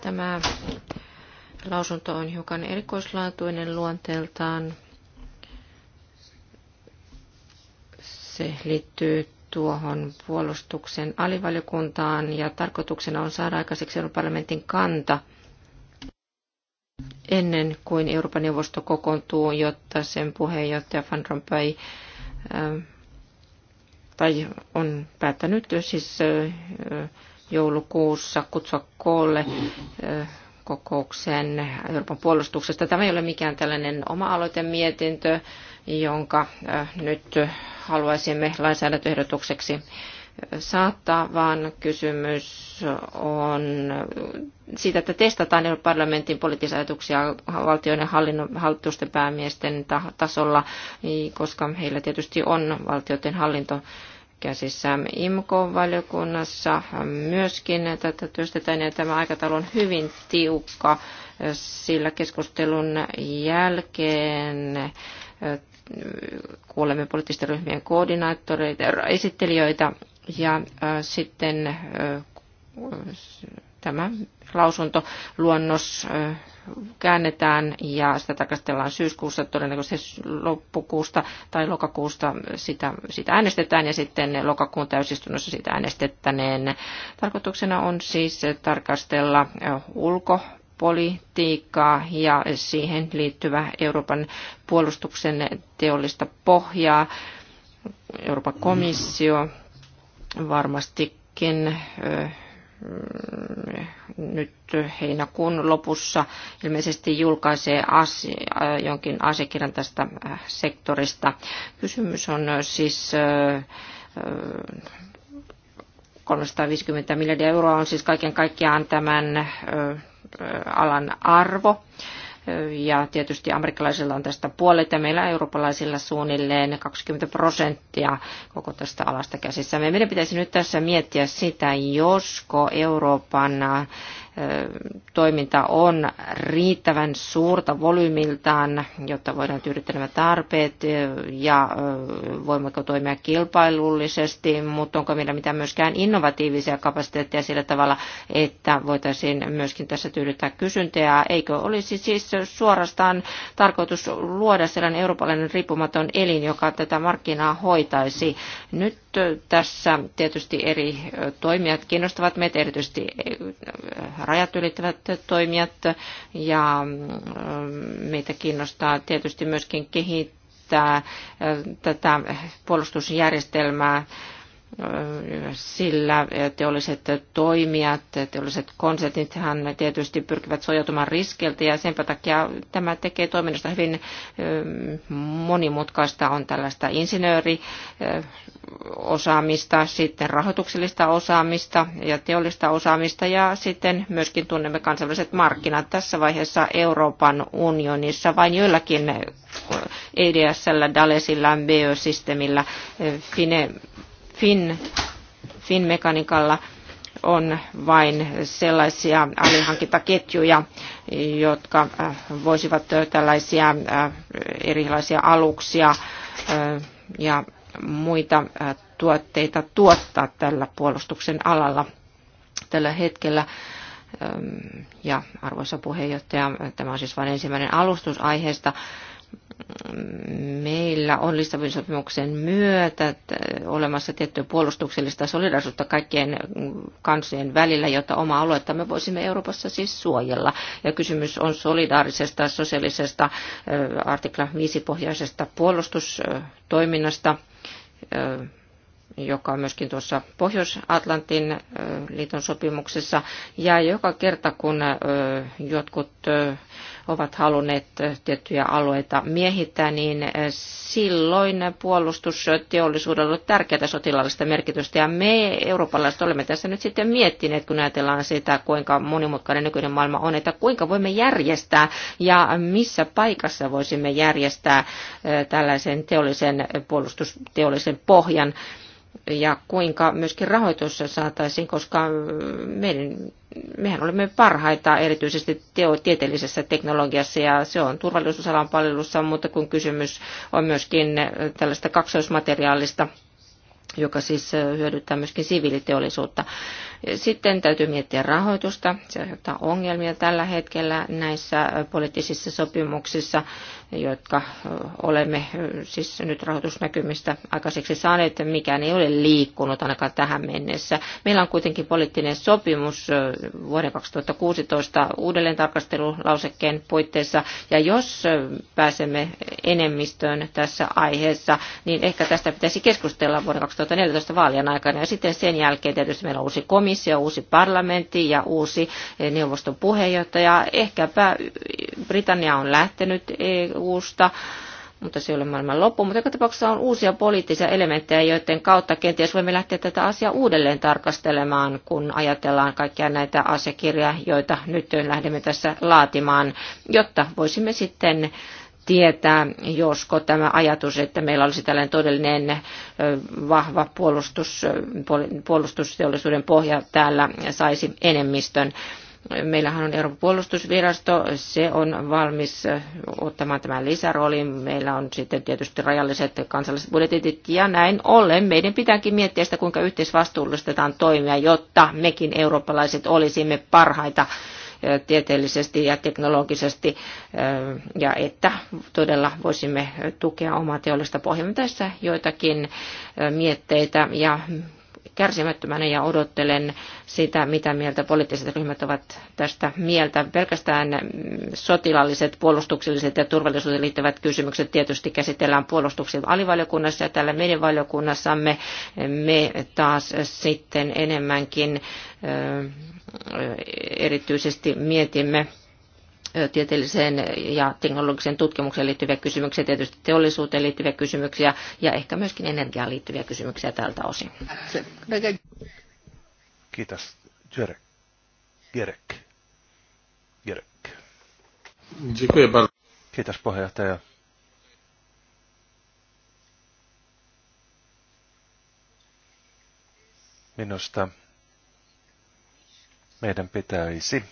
Tämä lausunto on hiukan erikoislaatuinen luonteeltaan. Se liittyy tuohon puolustuksen alivaliokuntaan ja tarkoituksena on saada aikaiseksi Euroopan parlamentin kanta ennen kuin Euroopan neuvosto kokoontuu, jotta sen puheenjohtaja Van Rompuy ähm, tai on päättänyt siis äh, joulukuussa kutsua koolle äh, kokouksen Euroopan puolustuksesta. Tämä ei ole mikään tällainen oma-aloitemietintö, mietintö jonka nyt haluaisimme lainsäädäntöehdotukseksi saattaa, vaan kysymys on siitä, että testataan parlamentin poliittisia ajatuksia valtioiden hallinnon, hallitusten päämiesten tasolla, koska heillä tietysti on valtioiden hallinto käsissä IMKO-valiokunnassa myöskin tätä työstetään ja tämä aikataulu on hyvin tiukka, sillä keskustelun jälkeen kuulemme poliittisten ryhmien koordinaattoreita, esittelijöitä ja äh, sitten äh, tämä lausuntoluonnos äh, käännetään ja sitä tarkastellaan syyskuussa, todennäköisesti loppukuusta tai lokakuusta sitä, sitä äänestetään ja sitten lokakuun täysistunnossa sitä äänestettäneen. Tarkoituksena on siis tarkastella ulko politiikkaa ja siihen liittyvä Euroopan puolustuksen teollista pohjaa. Euroopan komissio varmastikin nyt heinäkuun lopussa ilmeisesti julkaisee asia, jonkin asiakirjan tästä sektorista. Kysymys on siis 350 miljardia euroa on siis kaiken kaikkiaan tämän alan arvo. Ja tietysti amerikkalaisilla on tästä puolet ja meillä eurooppalaisilla suunnilleen 20 prosenttia koko tästä alasta käsissä. Meidän pitäisi nyt tässä miettiä sitä, josko Euroopan toiminta on riittävän suurta volyymiltaan, jotta voidaan tyydyttää nämä tarpeet ja voimmeko toimia kilpailullisesti, mutta onko meillä mitään myöskään innovatiivisia kapasiteetteja sillä tavalla, että voitaisiin myöskin tässä tyydyttää kysyntää. Eikö olisi siis suorastaan tarkoitus luoda sellainen eurooppalainen riippumaton elin, joka tätä markkinaa hoitaisi? Nyt tässä tietysti eri toimijat kiinnostavat meitä, erityisesti rajat ylittävät toimijat ja mm, meitä kiinnostaa tietysti myöskin kehittää tätä puolustusjärjestelmää sillä teolliset toimijat, teolliset konsernithan tietysti pyrkivät suojautumaan riskeiltä ja sen takia tämä tekee toiminnasta hyvin monimutkaista. On tällaista insinööriosaamista, sitten rahoituksellista osaamista ja teollista osaamista ja sitten myöskin tunnemme kansainväliset markkinat. Tässä vaiheessa Euroopan unionissa vain joillakin EDSL, Dalesilla, BÖ-systeemillä, Fine Fin, mekanikalla on vain sellaisia alihankintaketjuja, jotka äh, voisivat tällaisia äh, erilaisia aluksia äh, ja muita tuotteita tuottaa tällä puolustuksen alalla tällä hetkellä. Ähm, ja arvoisa puheenjohtaja, tämä on siis vain ensimmäinen alustus aiheesta meillä on Lissabonin sopimuksen myötä olemassa tiettyä puolustuksellista solidaisuutta kaikkien kansojen välillä, jota oma aluetta me voisimme Euroopassa siis suojella. Ja kysymys on solidaarisesta, sosiaalisesta, artikla 5 pohjaisesta puolustustoiminnasta, joka on myöskin tuossa Pohjois-Atlantin liiton sopimuksessa. Ja joka kerta, kun jotkut ovat halunneet tiettyjä alueita miehittää, niin silloin puolustusteollisuudella on tärkeää sotilaallista merkitystä. Ja me eurooppalaiset olemme tässä nyt sitten miettineet, kun ajatellaan sitä, kuinka monimutkainen nykyinen maailma on, että kuinka voimme järjestää ja missä paikassa voisimme järjestää tällaisen teollisen puolustusteollisen pohjan ja kuinka myöskin rahoitus saataisiin, koska meidän, mehän olemme parhaita erityisesti teo, tieteellisessä teknologiassa ja se on turvallisuusalan palvelussa, mutta kun kysymys on myöskin tällaista kaksoismateriaalista, joka siis hyödyttää myöskin siviiliteollisuutta. Sitten täytyy miettiä rahoitusta. Se aiheuttaa ongelmia tällä hetkellä näissä poliittisissa sopimuksissa jotka olemme siis nyt rahoitusnäkymistä aikaiseksi saaneet, että mikään ei ole liikkunut ainakaan tähän mennessä. Meillä on kuitenkin poliittinen sopimus vuoden 2016 uudelleen tarkastelulausekkeen puitteissa, ja jos pääsemme enemmistöön tässä aiheessa, niin ehkä tästä pitäisi keskustella vuoden 2014 vaalien aikana, ja sitten sen jälkeen tietysti meillä on uusi komissio, uusi parlamentti ja uusi e, neuvoston puheenjohtaja. Ehkäpä Britannia on lähtenyt e uusta, e mutta se ei ole maailman loppu. Mutta joka tapauksessa on uusia poliittisia elementtejä, joiden kautta kenties voimme lähteä tätä asiaa uudelleen tarkastelemaan, kun ajatellaan kaikkia näitä asiakirjoja, joita nyt lähdemme tässä laatimaan, jotta voisimme sitten tietää, josko tämä ajatus, että meillä olisi tällainen todellinen vahva puolustus, puolustusteollisuuden pohja täällä saisi enemmistön. Meillähän on Euroopan puolustusvirasto, se on valmis ottamaan tämän lisäroolin. Meillä on sitten tietysti rajalliset kansalliset budjetit ja näin ollen. Meidän pitääkin miettiä sitä, kuinka yhteisvastuullistetaan toimia, jotta mekin eurooppalaiset olisimme parhaita tieteellisesti ja teknologisesti ja että todella voisimme tukea omaa teollista pohjamme. Tässä joitakin mietteitä ja kärsimättömänä ja odottelen sitä, mitä mieltä poliittiset ryhmät ovat tästä mieltä. Pelkästään sotilalliset, puolustukselliset ja turvallisuuteen liittyvät kysymykset tietysti käsitellään puolustuksen alivaliokunnassa ja täällä meidän valiokunnassamme me taas sitten enemmänkin erityisesti mietimme tieteelliseen ja teknologiseen tutkimukseen liittyviä kysymyksiä, tietysti teollisuuteen liittyviä kysymyksiä ja ehkä myöskin energiaan liittyviä kysymyksiä tältä osin. Kiitos. Jörek. Jerek. Jerek. Kiitos puheenjohtaja. Minusta meidän pitäisi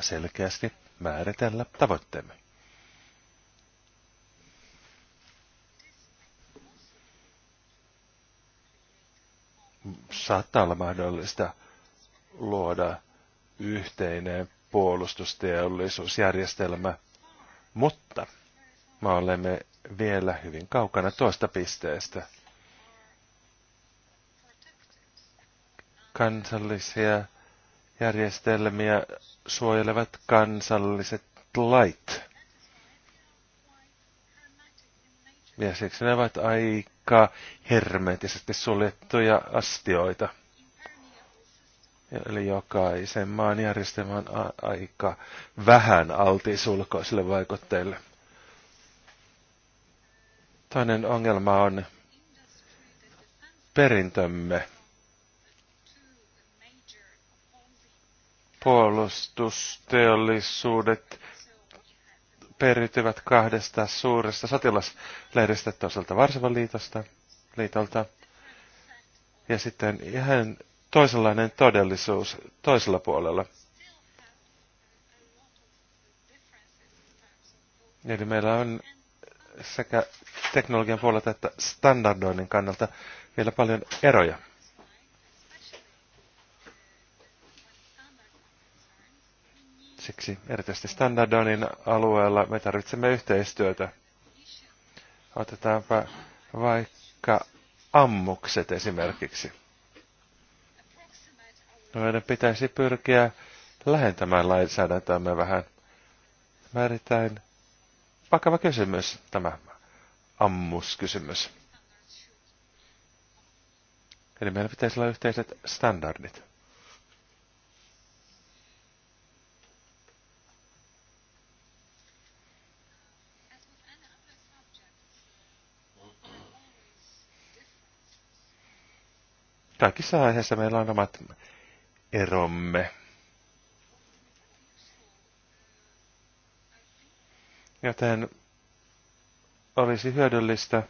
selkeästi määritellä tavoitteemme. Saattaa olla mahdollista luoda yhteinen puolustusteollisuusjärjestelmä, mutta me olemme vielä hyvin kaukana tuosta pisteestä. Kansallisia järjestelmiä suojelevat kansalliset lait. Ja siksi ne ovat aika hermetisesti suljettuja astioita. Eli jokaisen maan järjestelmä on aika vähän altis ulkoisille vaikutteille. Toinen ongelma on perintömme puolustusteollisuudet periytyvät kahdesta suuresta sotilasleiristä, toiselta Varsovan liitosta, liitolta, ja sitten ihan toisenlainen todellisuus toisella puolella. Eli meillä on sekä teknologian puolelta että standardoinnin kannalta vielä paljon eroja. Siksi erityisesti standardoinnin alueella me tarvitsemme yhteistyötä. Otetaanpa vaikka ammukset esimerkiksi. Meidän pitäisi pyrkiä lähentämään lainsäädäntöämme vähän. Tämä erittäin vakava kysymys, tämä ammuskysymys. Eli meillä pitäisi olla yhteiset standardit. Kaikissa aiheissa meillä on omat eromme. Joten olisi hyödyllistä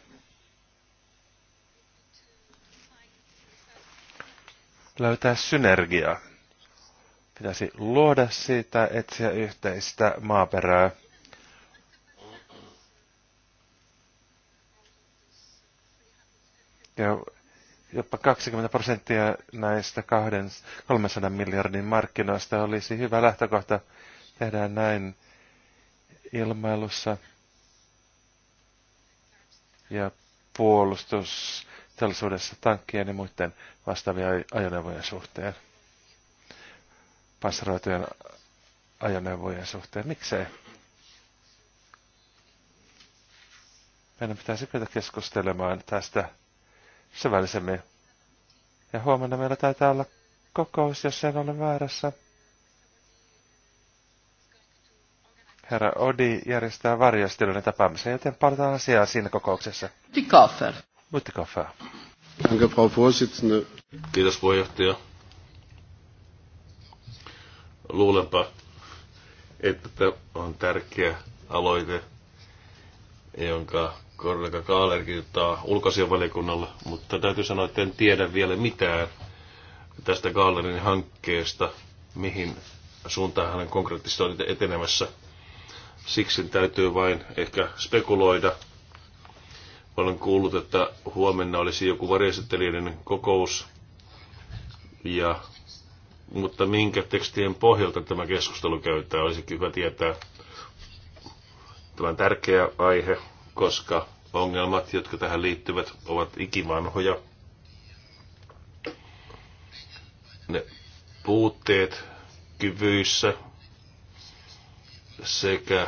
löytää synergiaa. Pitäisi luoda siitä, etsiä yhteistä maaperää. Ja jopa 20 prosenttia näistä kahden, 300 miljardin markkinoista olisi hyvä lähtökohta. tehdä näin ilmailussa ja puolustusteollisuudessa tankkien ja muiden vastaavia ajoneuvojen suhteen. Passaroitujen ajoneuvojen suhteen. Miksei? Meidän pitäisi kyetä keskustelemaan tästä syvällisemmin. Ja huomenna meillä taitaa olla kokous, jos en ole väärässä. Herra Odi järjestää varjostelun tapaamisen, joten palataan asiaa siinä kokouksessa. Tikaffer. Muttikaffer. Danke, Frau Vorsitzende. Kiitos, puheenjohtaja. Luulenpa, että on tärkeä aloite, jonka kollega Kaaler kirjoittaa ulkoasianvaliokunnalle, mutta täytyy sanoa, että en tiedä vielä mitään tästä Kaalerin hankkeesta, mihin suuntaan hän konkreettisesti on etenemässä. Siksi täytyy vain ehkä spekuloida. Olen kuullut, että huomenna olisi joku varjesittelijöiden kokous, ja, mutta minkä tekstien pohjalta tämä keskustelu käytää, olisikin hyvä tietää. Tämä on tärkeä aihe koska ongelmat, jotka tähän liittyvät, ovat ikivanhoja. Ne puutteet kyvyissä sekä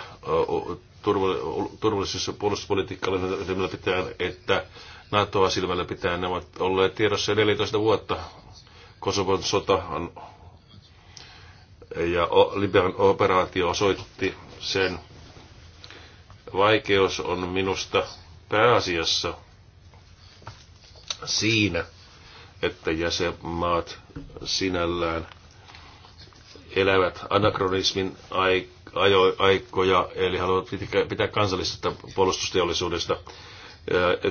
turvallisuus- ja puolustuspolitiikalla silmällä pitää, että NATOa silmällä pitää. Ne ovat olleet tiedossa 14 vuotta. Kosovon sota ja Libyan operaatio osoitti sen, vaikeus on minusta pääasiassa siinä, että jäsenmaat sinällään elävät anakronismin aikoja, eli haluavat pitää kansallisesta puolustusteollisuudesta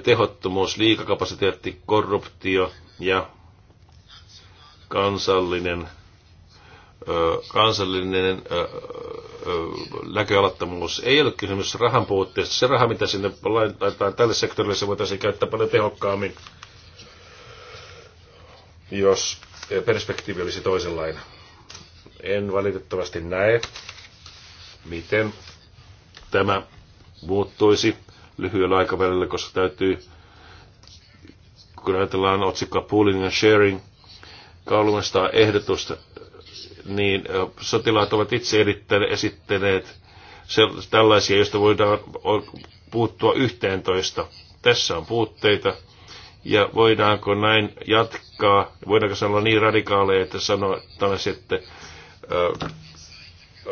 tehottomuus, liikakapasiteetti, korruptio ja kansallinen kansallinen näköalattomuus ei ole kysymys rahan puutteesta. Se raha, mitä sinne laitetaan tälle sektorille, se voitaisiin käyttää paljon tehokkaammin, jos perspektiivi olisi toisenlainen. En valitettavasti näe, miten tämä muuttuisi lyhyellä aikavälillä, koska täytyy, kun ajatellaan otsikkoa pooling and sharing, kaulumasta ehdotusta, niin sotilaat ovat itse esittäneet tällaisia, joista voidaan puuttua toista. Tässä on puutteita. Ja voidaanko näin jatkaa, voidaanko sanoa niin radikaaleja, että sanotaan sitten,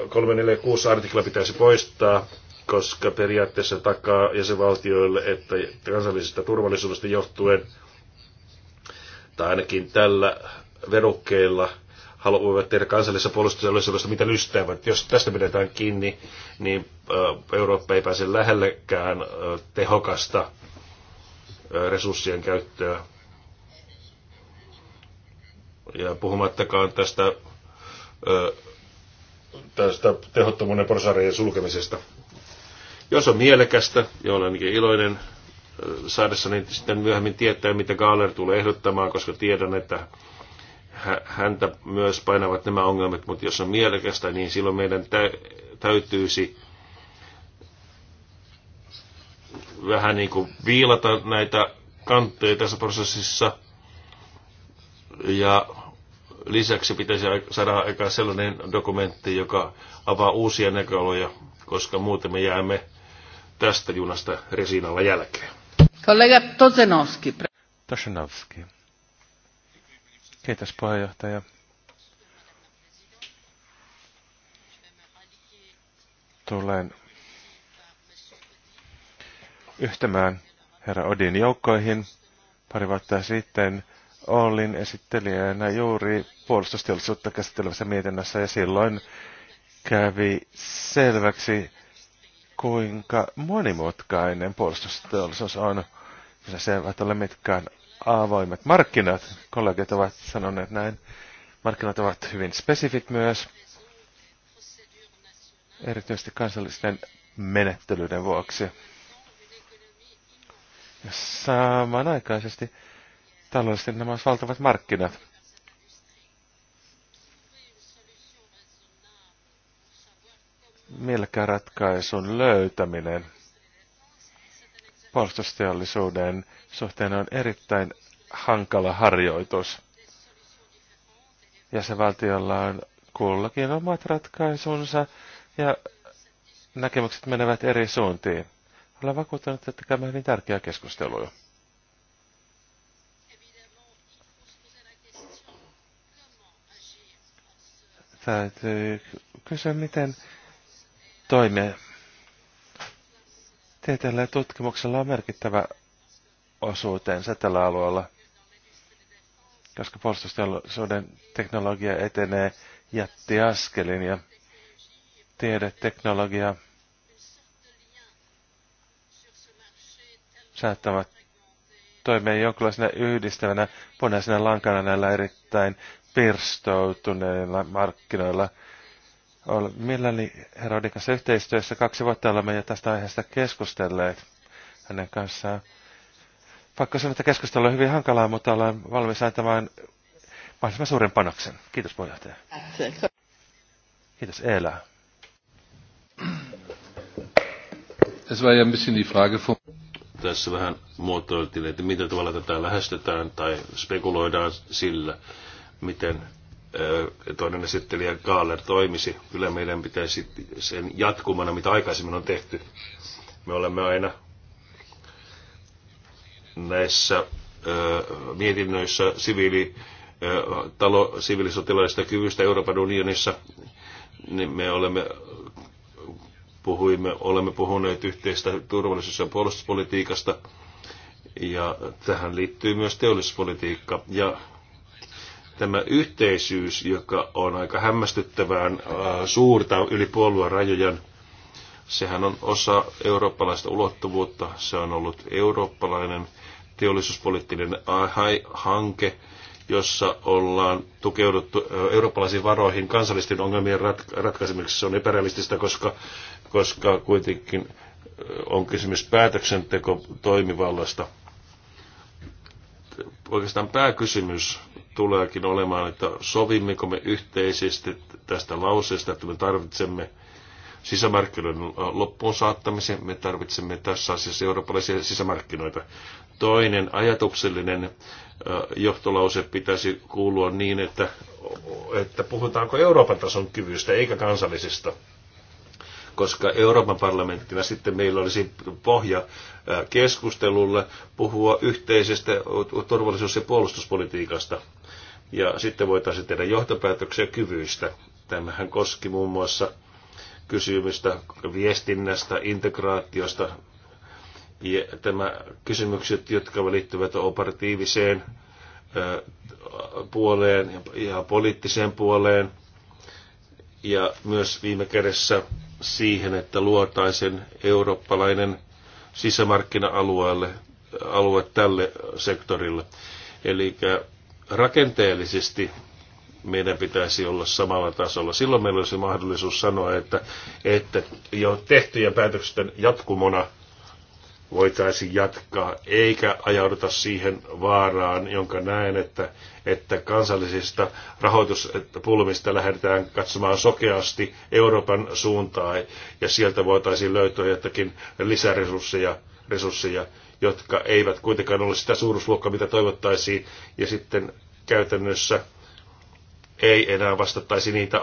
346 artikla pitäisi poistaa, koska periaatteessa takaa jäsenvaltioille, että kansallisesta turvallisuudesta johtuen, tai ainakin tällä verukkeella – haluavat tehdä kansallisessa puolustusteollisuudessa, mitä lystävät. Jos tästä pidetään kiinni, niin Eurooppa ei pääse lähellekään tehokasta resurssien käyttöä. Ja puhumattakaan tästä, tästä tehottomuuden porsareiden sulkemisesta. Jos on mielekästä, ja olen ainakin iloinen niin sitten myöhemmin tietää, mitä Gaaler tulee ehdottamaan, koska tiedän, että häntä myös painavat nämä ongelmat, mutta jos on mielekästä, niin silloin meidän täytyisi vähän niin kuin viilata näitä kantteja tässä prosessissa. Ja lisäksi pitäisi saada aika sellainen dokumentti, joka avaa uusia näköaloja, koska muuten me jäämme tästä junasta resinalla jälkeen. Kollega Tosenowski. Tosenovski. Kiitos puheenjohtaja. Tulen yhtymään herra Odin joukkoihin. Pari vuotta sitten olin esittelijänä juuri puolustusteollisuutta käsittelevässä mietinnässä ja silloin kävi selväksi, kuinka monimutkainen puolustusteollisuus on. Se eivät ole mitkään avoimet markkinat. Kollegat ovat sanoneet näin. Markkinat ovat hyvin spesifit myös, erityisesti kansallisten menettelyiden vuoksi. Samanaikaisesti taloudellisesti nämä ovat valtavat markkinat. Mielekkään ratkaisun löytäminen puolustusteollisuuden suhteen on erittäin hankala harjoitus. Jäsenvaltiolla on kullakin omat ratkaisunsa ja näkemykset menevät eri suuntiin. Olen vakuuttunut, että tämä on hyvin tärkeä keskustelu. Täytyy kysyä, miten toimia Tieteellä ja tutkimuksella on merkittävä osuutensa tällä alueella, koska puolustusteollisuuden teknologia etenee jättiaskelin ja tiedeteknologia saattavat toimia jonkinlaisena yhdistävänä punaisena lankana näillä erittäin pirstoutuneilla markkinoilla – olen mielelläni Herodin kanssa yhteistyössä. Kaksi vuotta olemme jo tästä aiheesta keskustelleet hänen kanssaan. Pakko sanoa, että keskustelu on hyvin hankalaa, mutta olen valmis antamaan mahdollisimman suuren panoksen. Kiitos puheenjohtaja. Kiitos Eela. Es war ja ein bisschen die niin Frage von tässä vähän muotoiltiin, että miten tavalla tätä lähestytään tai spekuloidaan sillä, miten toinen esittelijä Gaaler toimisi. Kyllä meidän pitäisi sen jatkumana, mitä aikaisemmin on tehty. Me olemme aina näissä mietinnöissä siviili, talo, siviilisotilaista kyvystä Euroopan unionissa, niin me olemme, puhuimme, olemme puhuneet yhteistä turvallisuus- ja puolustuspolitiikasta, ja tähän liittyy myös teollisuuspolitiikka. Ja tämä yhteisyys, joka on aika hämmästyttävään äh, suurta yli puolueen rajojen, sehän on osa eurooppalaista ulottuvuutta. Se on ollut eurooppalainen teollisuuspoliittinen hanke, jossa ollaan tukeuduttu äh, eurooppalaisiin varoihin kansallisten ongelmien ratkaisemiseksi. Se on epärealistista, koska, koska kuitenkin äh, on kysymys päätöksenteko toimivallasta. Oikeastaan pääkysymys tuleekin olemaan, että sovimmeko me yhteisesti tästä lauseesta, että me tarvitsemme sisämarkkinoiden loppuun saattamisen. Me tarvitsemme tässä asiassa eurooppalaisia sisämarkkinoita. Toinen ajatuksellinen johtolause pitäisi kuulua niin, että, että puhutaanko Euroopan tason kyvystä eikä kansallisista. Koska Euroopan parlamenttina sitten meillä olisi pohja keskustelulle puhua yhteisestä turvallisuus- ja puolustuspolitiikasta – ja sitten voitaisiin tehdä johtopäätöksiä kyvyistä. Tämähän koski muun muassa kysymystä viestinnästä, integraatiosta, ja tämä kysymykset, jotka liittyvät operatiiviseen puoleen ja poliittiseen puoleen, ja myös viime kädessä siihen, että luotaisen eurooppalainen sisämarkkina-alue tälle sektorille. Eli rakenteellisesti meidän pitäisi olla samalla tasolla. Silloin meillä olisi mahdollisuus sanoa, että, että jo tehtyjen päätösten jatkumona voitaisiin jatkaa, eikä ajauduta siihen vaaraan, jonka näen, että, että kansallisista rahoituspulmista lähdetään katsomaan sokeasti Euroopan suuntaan, ja sieltä voitaisiin löytyä jotakin lisäresursseja, resursseja, jotka eivät kuitenkaan ole sitä suuruusluokkaa, mitä toivottaisiin, ja sitten käytännössä ei enää vastattaisi niitä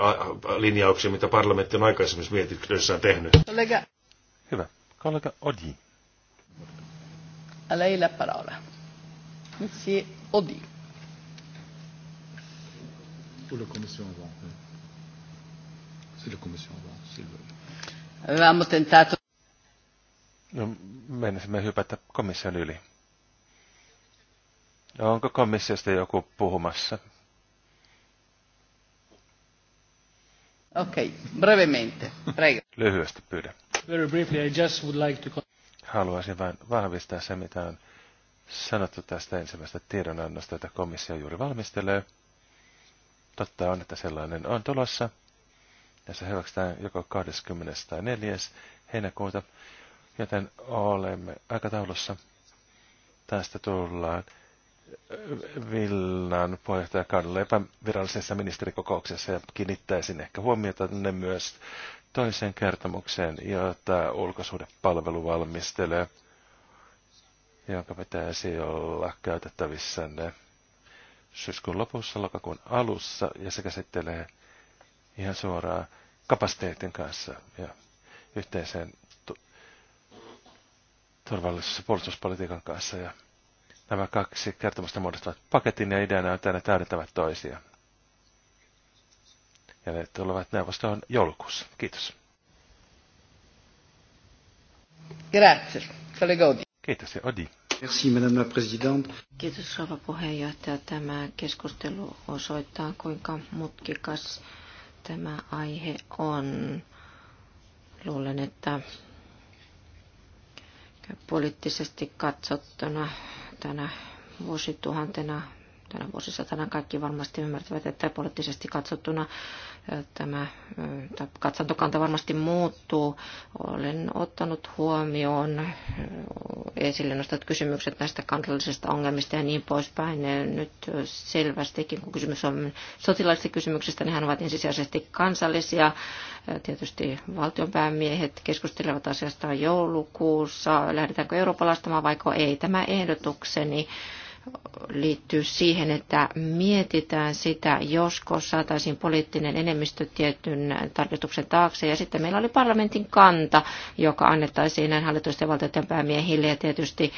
linjauksia, mitä parlamentti on aikaisemmissa mietinnöissään tehnyt. Kollega. Hyvä. Kollega Odi. A lei la parola. Monsieur Odi. Ou la commission avant. C'est la commission Avevamo tentato No, menisimme hypätä komission yli. Onko komissiosta joku puhumassa? Okei, okay. brevemente. Prego. Lyhyesti pyydän. Very briefly, I just would like to... Haluaisin vain vahvistaa se, mitä on sanottu tästä ensimmäisestä tiedonannosta, jota komissio juuri valmistelee. Totta on, että sellainen on tulossa. Ja se hyväksytään joko 24. heinäkuuta joten olemme aikataulussa. Tästä tullaan Vilnan puheenjohtajakaudella epävirallisessa ministerikokouksessa ja kiinnittäisin ehkä huomiota ne myös toiseen kertomukseen, jota ulkosuhdepalvelu valmistelee, jonka pitäisi olla ne syyskuun lopussa, lokakuun alussa, ja se käsittelee ihan suoraan kapasiteetin kanssa ja yhteisen turvallisuus- ja puolustuspolitiikan kanssa. Ja nämä kaksi kertomusta muodostavat paketin ja ideana on, että ne täydentävät toisia. Ja ne tulevat neuvostoon joulukuussa. Kiitos. Grazie. Collega Kiitos ja Odi. Merci, Madame la Présidente. Kiitos rouva puheenjohtaja. Tämä keskustelu osoittaa, kuinka mutkikas tämä aihe on. Luulen, että poliittisesti katsottuna tänä vuosituhantena tänä vuosisatana kaikki varmasti ymmärtävät, että poliittisesti katsottuna tämä katsantokanta varmasti muuttuu. Olen ottanut huomioon esille nostat kysymykset näistä kansallisista ongelmista ja niin poispäin. Ja nyt selvästikin, kun kysymys on sotilaallisista kysymyksistä, niin hän ovat ensisijaisesti kansallisia. Tietysti valtionpäämiehet keskustelevat asiasta joulukuussa. Lähdetäänkö eurooppalaistamaan vaiko ei? Tämä ehdotukseni liittyy siihen, että mietitään sitä, josko saataisiin poliittinen enemmistö tietyn tarkoituksen taakse. Ja sitten meillä oli parlamentin kanta, joka annettaisiin näin hallitusten valtioiden päämiehille ja tietysti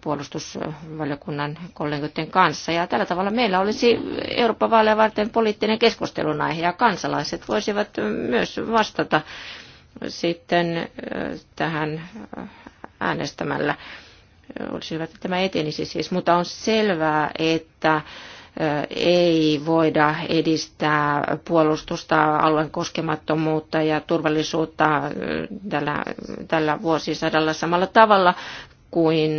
puolustusvaliokunnan kollegoiden kanssa. Ja tällä tavalla meillä olisi Euroopan vaaleja varten poliittinen keskustelun aihe ja kansalaiset voisivat myös vastata sitten tähän äänestämällä. Olisi hyvä, että tämä etenisi siis, mutta on selvää, että ei voida edistää puolustusta, alueen koskemattomuutta ja turvallisuutta tällä, tällä vuosisadalla samalla tavalla kuin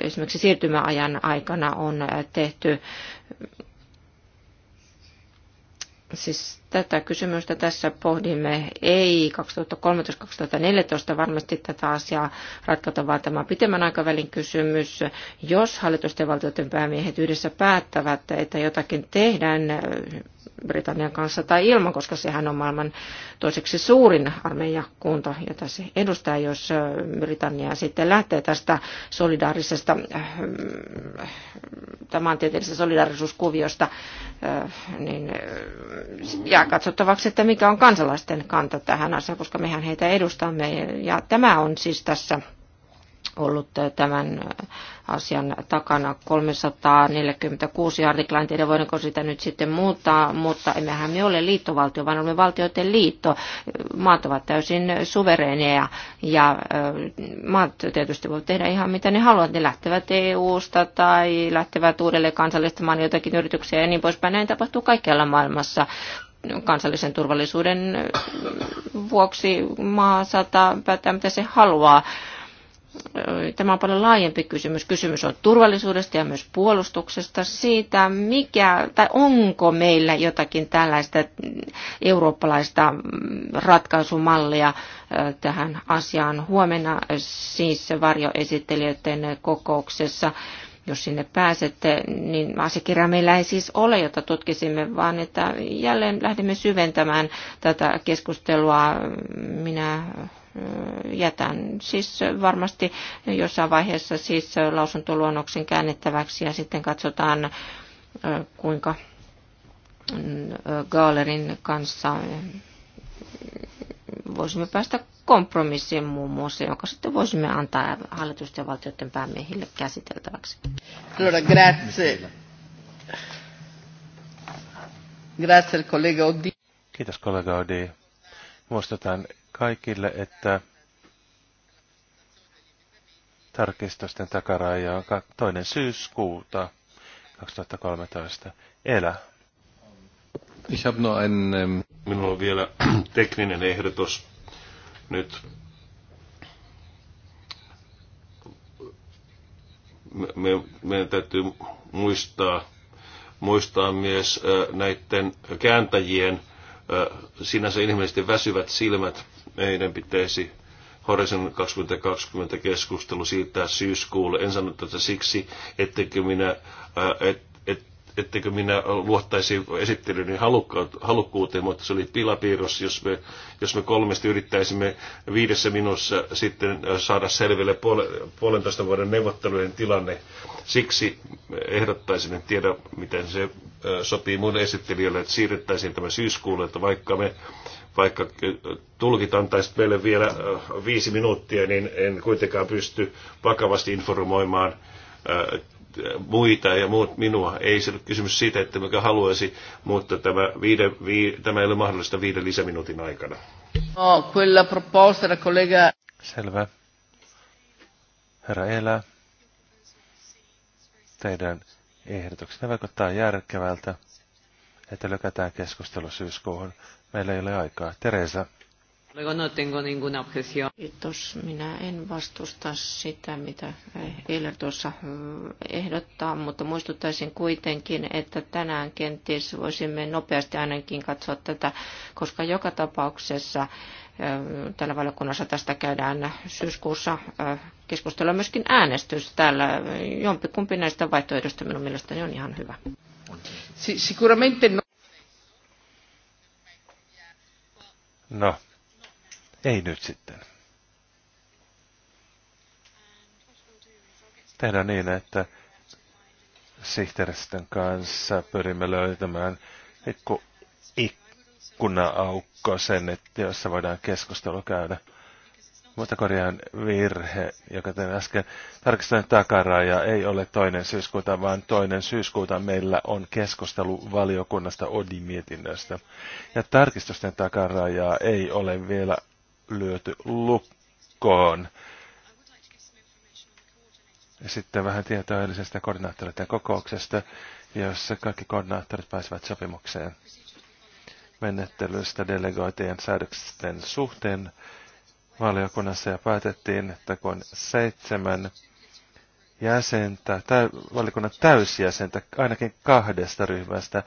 esimerkiksi siirtymäajan aikana on tehty Siis tätä kysymystä tässä pohdimme ei 2013-2014 varmasti tätä asiaa ratkota, vaan tämä on pitemmän aikavälin kysymys. Jos hallitusten ja valtioiden päämiehet yhdessä päättävät, että jotakin tehdään Britannian kanssa tai ilman, koska sehän on maailman toiseksi suurin armeijakunta, jota se edustaa, jos Britannia sitten lähtee tästä solidaarisesta tämän tieteellisestä solidaarisuuskuviosta, niin jää katsottavaksi, että mikä on kansalaisten kanta tähän asiaan, koska mehän heitä edustamme. Ja tämä on siis tässä ollut tämän asian takana 346 artiklaan. Tiedä, voidaanko sitä nyt sitten muuttaa, mutta emmehän me ole liittovaltio, vaan olemme valtioiden liitto. Maat ovat täysin suvereeneja ja maat tietysti voivat tehdä ihan mitä ne haluavat. Ne lähtevät EU-sta tai lähtevät uudelleen kansallistamaan jotakin yrityksiä ja niin poispäin. Näin tapahtuu kaikkialla maailmassa kansallisen turvallisuuden vuoksi maa saattaa päättää, mitä se haluaa Tämä on paljon laajempi kysymys. Kysymys on turvallisuudesta ja myös puolustuksesta, siitä mikä tai onko meillä jotakin tällaista eurooppalaista ratkaisumallia tähän asiaan huomenna siis varjoesittelijöiden kokouksessa jos sinne pääsette, niin asiakirja meillä ei siis ole, jota tutkisimme, vaan että jälleen lähdemme syventämään tätä keskustelua. Minä jätän siis varmasti jossain vaiheessa siis lausuntoluonnoksen käännettäväksi ja sitten katsotaan kuinka mm, Gaalerin kanssa mm, voisimme päästä kompromissiin muun muassa, jonka sitten voisimme antaa hallitusten ja valtioiden päämiehille käsiteltäväksi. Allora, grazie. Grazie, kollega Odi. Kiitos, kollega Odi. Muistetaan kaikille, että tarkistusten takaraja on toinen syyskuuta 2013. Elä. Ich ähm, Minulla on vielä [clears throat] tekninen ehdotus nyt. Me, meidän täytyy muistaa, muistaa myös äh, näiden kääntäjien äh, sinänsä inhimillisesti väsyvät silmät meidän pitäisi Horizon 2020 keskustelu siirtää syyskuulle. En sano tätä siksi, ettekö minä, äh, et, et, ettekö minä luottaisi esittelyni halukkuuteen, mutta se oli pilapiirros, jos me, jos me kolmesti yrittäisimme viidessä minuussa sitten äh, saada selville puole, puolentoista vuoden neuvottelujen tilanne. Siksi ehdottaisin, en tiedä miten se äh, sopii mun esittelijöille, että siirrettäisiin tämä syyskuulle, että vaikka me vaikka tulkit antaisivat meille vielä viisi minuuttia, niin en kuitenkaan pysty vakavasti informoimaan muita ja muut minua. Ei se ole kysymys siitä, että mikä haluaisi, mutta tämä, viide, vii, tämä ei ole mahdollista viiden lisäminuutin aikana. No, quella proposta la collega... Selvä. Herra Elä, teidän ehdotuksenne vaikuttaa järkevältä, että lykätään keskustelu syyskuuhun. Meillä ei ole aikaa. Teresa. No Kiitos. Minä en vastusta sitä, mitä Eiler tuossa ehdottaa, mutta muistuttaisin kuitenkin, että tänään kenties voisimme nopeasti ainakin katsoa tätä, koska joka tapauksessa tällä valiokunnassa tästä käydään syyskuussa keskustella myöskin äänestys täällä. Jompikumpi näistä vaihtoehdosta minun mielestäni on ihan hyvä. Si- sicuramente no. No, ei nyt sitten. Tehdään niin, että sihteeristön kanssa pyrimme löytämään pikku ikkuna-aukko sen, että jossa voidaan keskustelu käydä. Mutta korjaan virhe, joka tein äsken. Tarkistan ja ei ole toinen syyskuuta, vaan toinen syyskuuta meillä on keskustelu valiokunnasta ODI-mietinnöstä. Ja tarkistusten takarajaa ei ole vielä lyöty lukkoon. Ja sitten vähän tietoa edellisestä koordinaattoreiden kokouksesta, jossa kaikki koordinaattorit pääsevät sopimukseen menettelystä delegoitien säädösten suhteen valiokunnassa ja päätettiin, että kun seitsemän jäsentä, täy, valiokunnan täysjäsentä, ainakin kahdesta ryhmästä,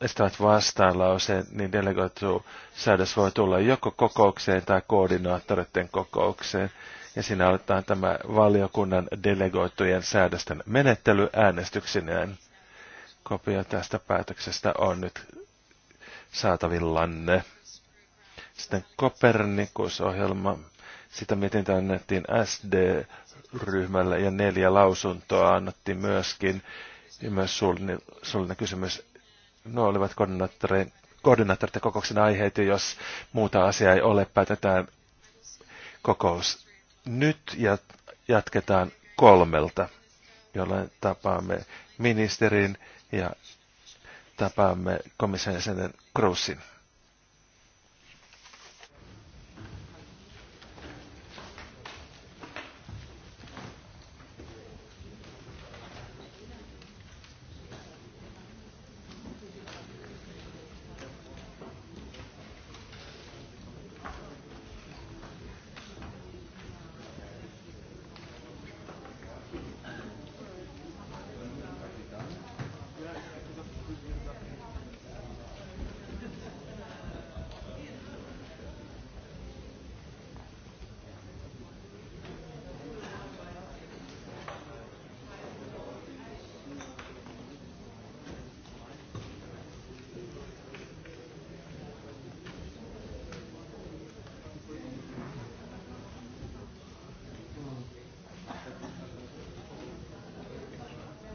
estävät vastaanlauseen, niin delegoitu säädös voi tulla joko kokoukseen tai koordinaattoreiden kokoukseen. Ja siinä aletaan tämä valiokunnan delegoitujen säädösten menettely äänestyksineen. Kopio tästä päätöksestä on nyt saatavillanne. Sitten Kopernikus-ohjelma. Sitä mietintä annettiin SD-ryhmälle ja neljä lausuntoa annettiin myöskin. Ja myös suullinen, kysymys. No olivat koordinaattorien koordinaattoreiden kokouksen aiheet, ja jos muuta asiaa ei ole, päätetään kokous nyt ja jatketaan kolmelta, jolloin tapaamme ministerin ja tapaamme komission jäsenen Kruusin.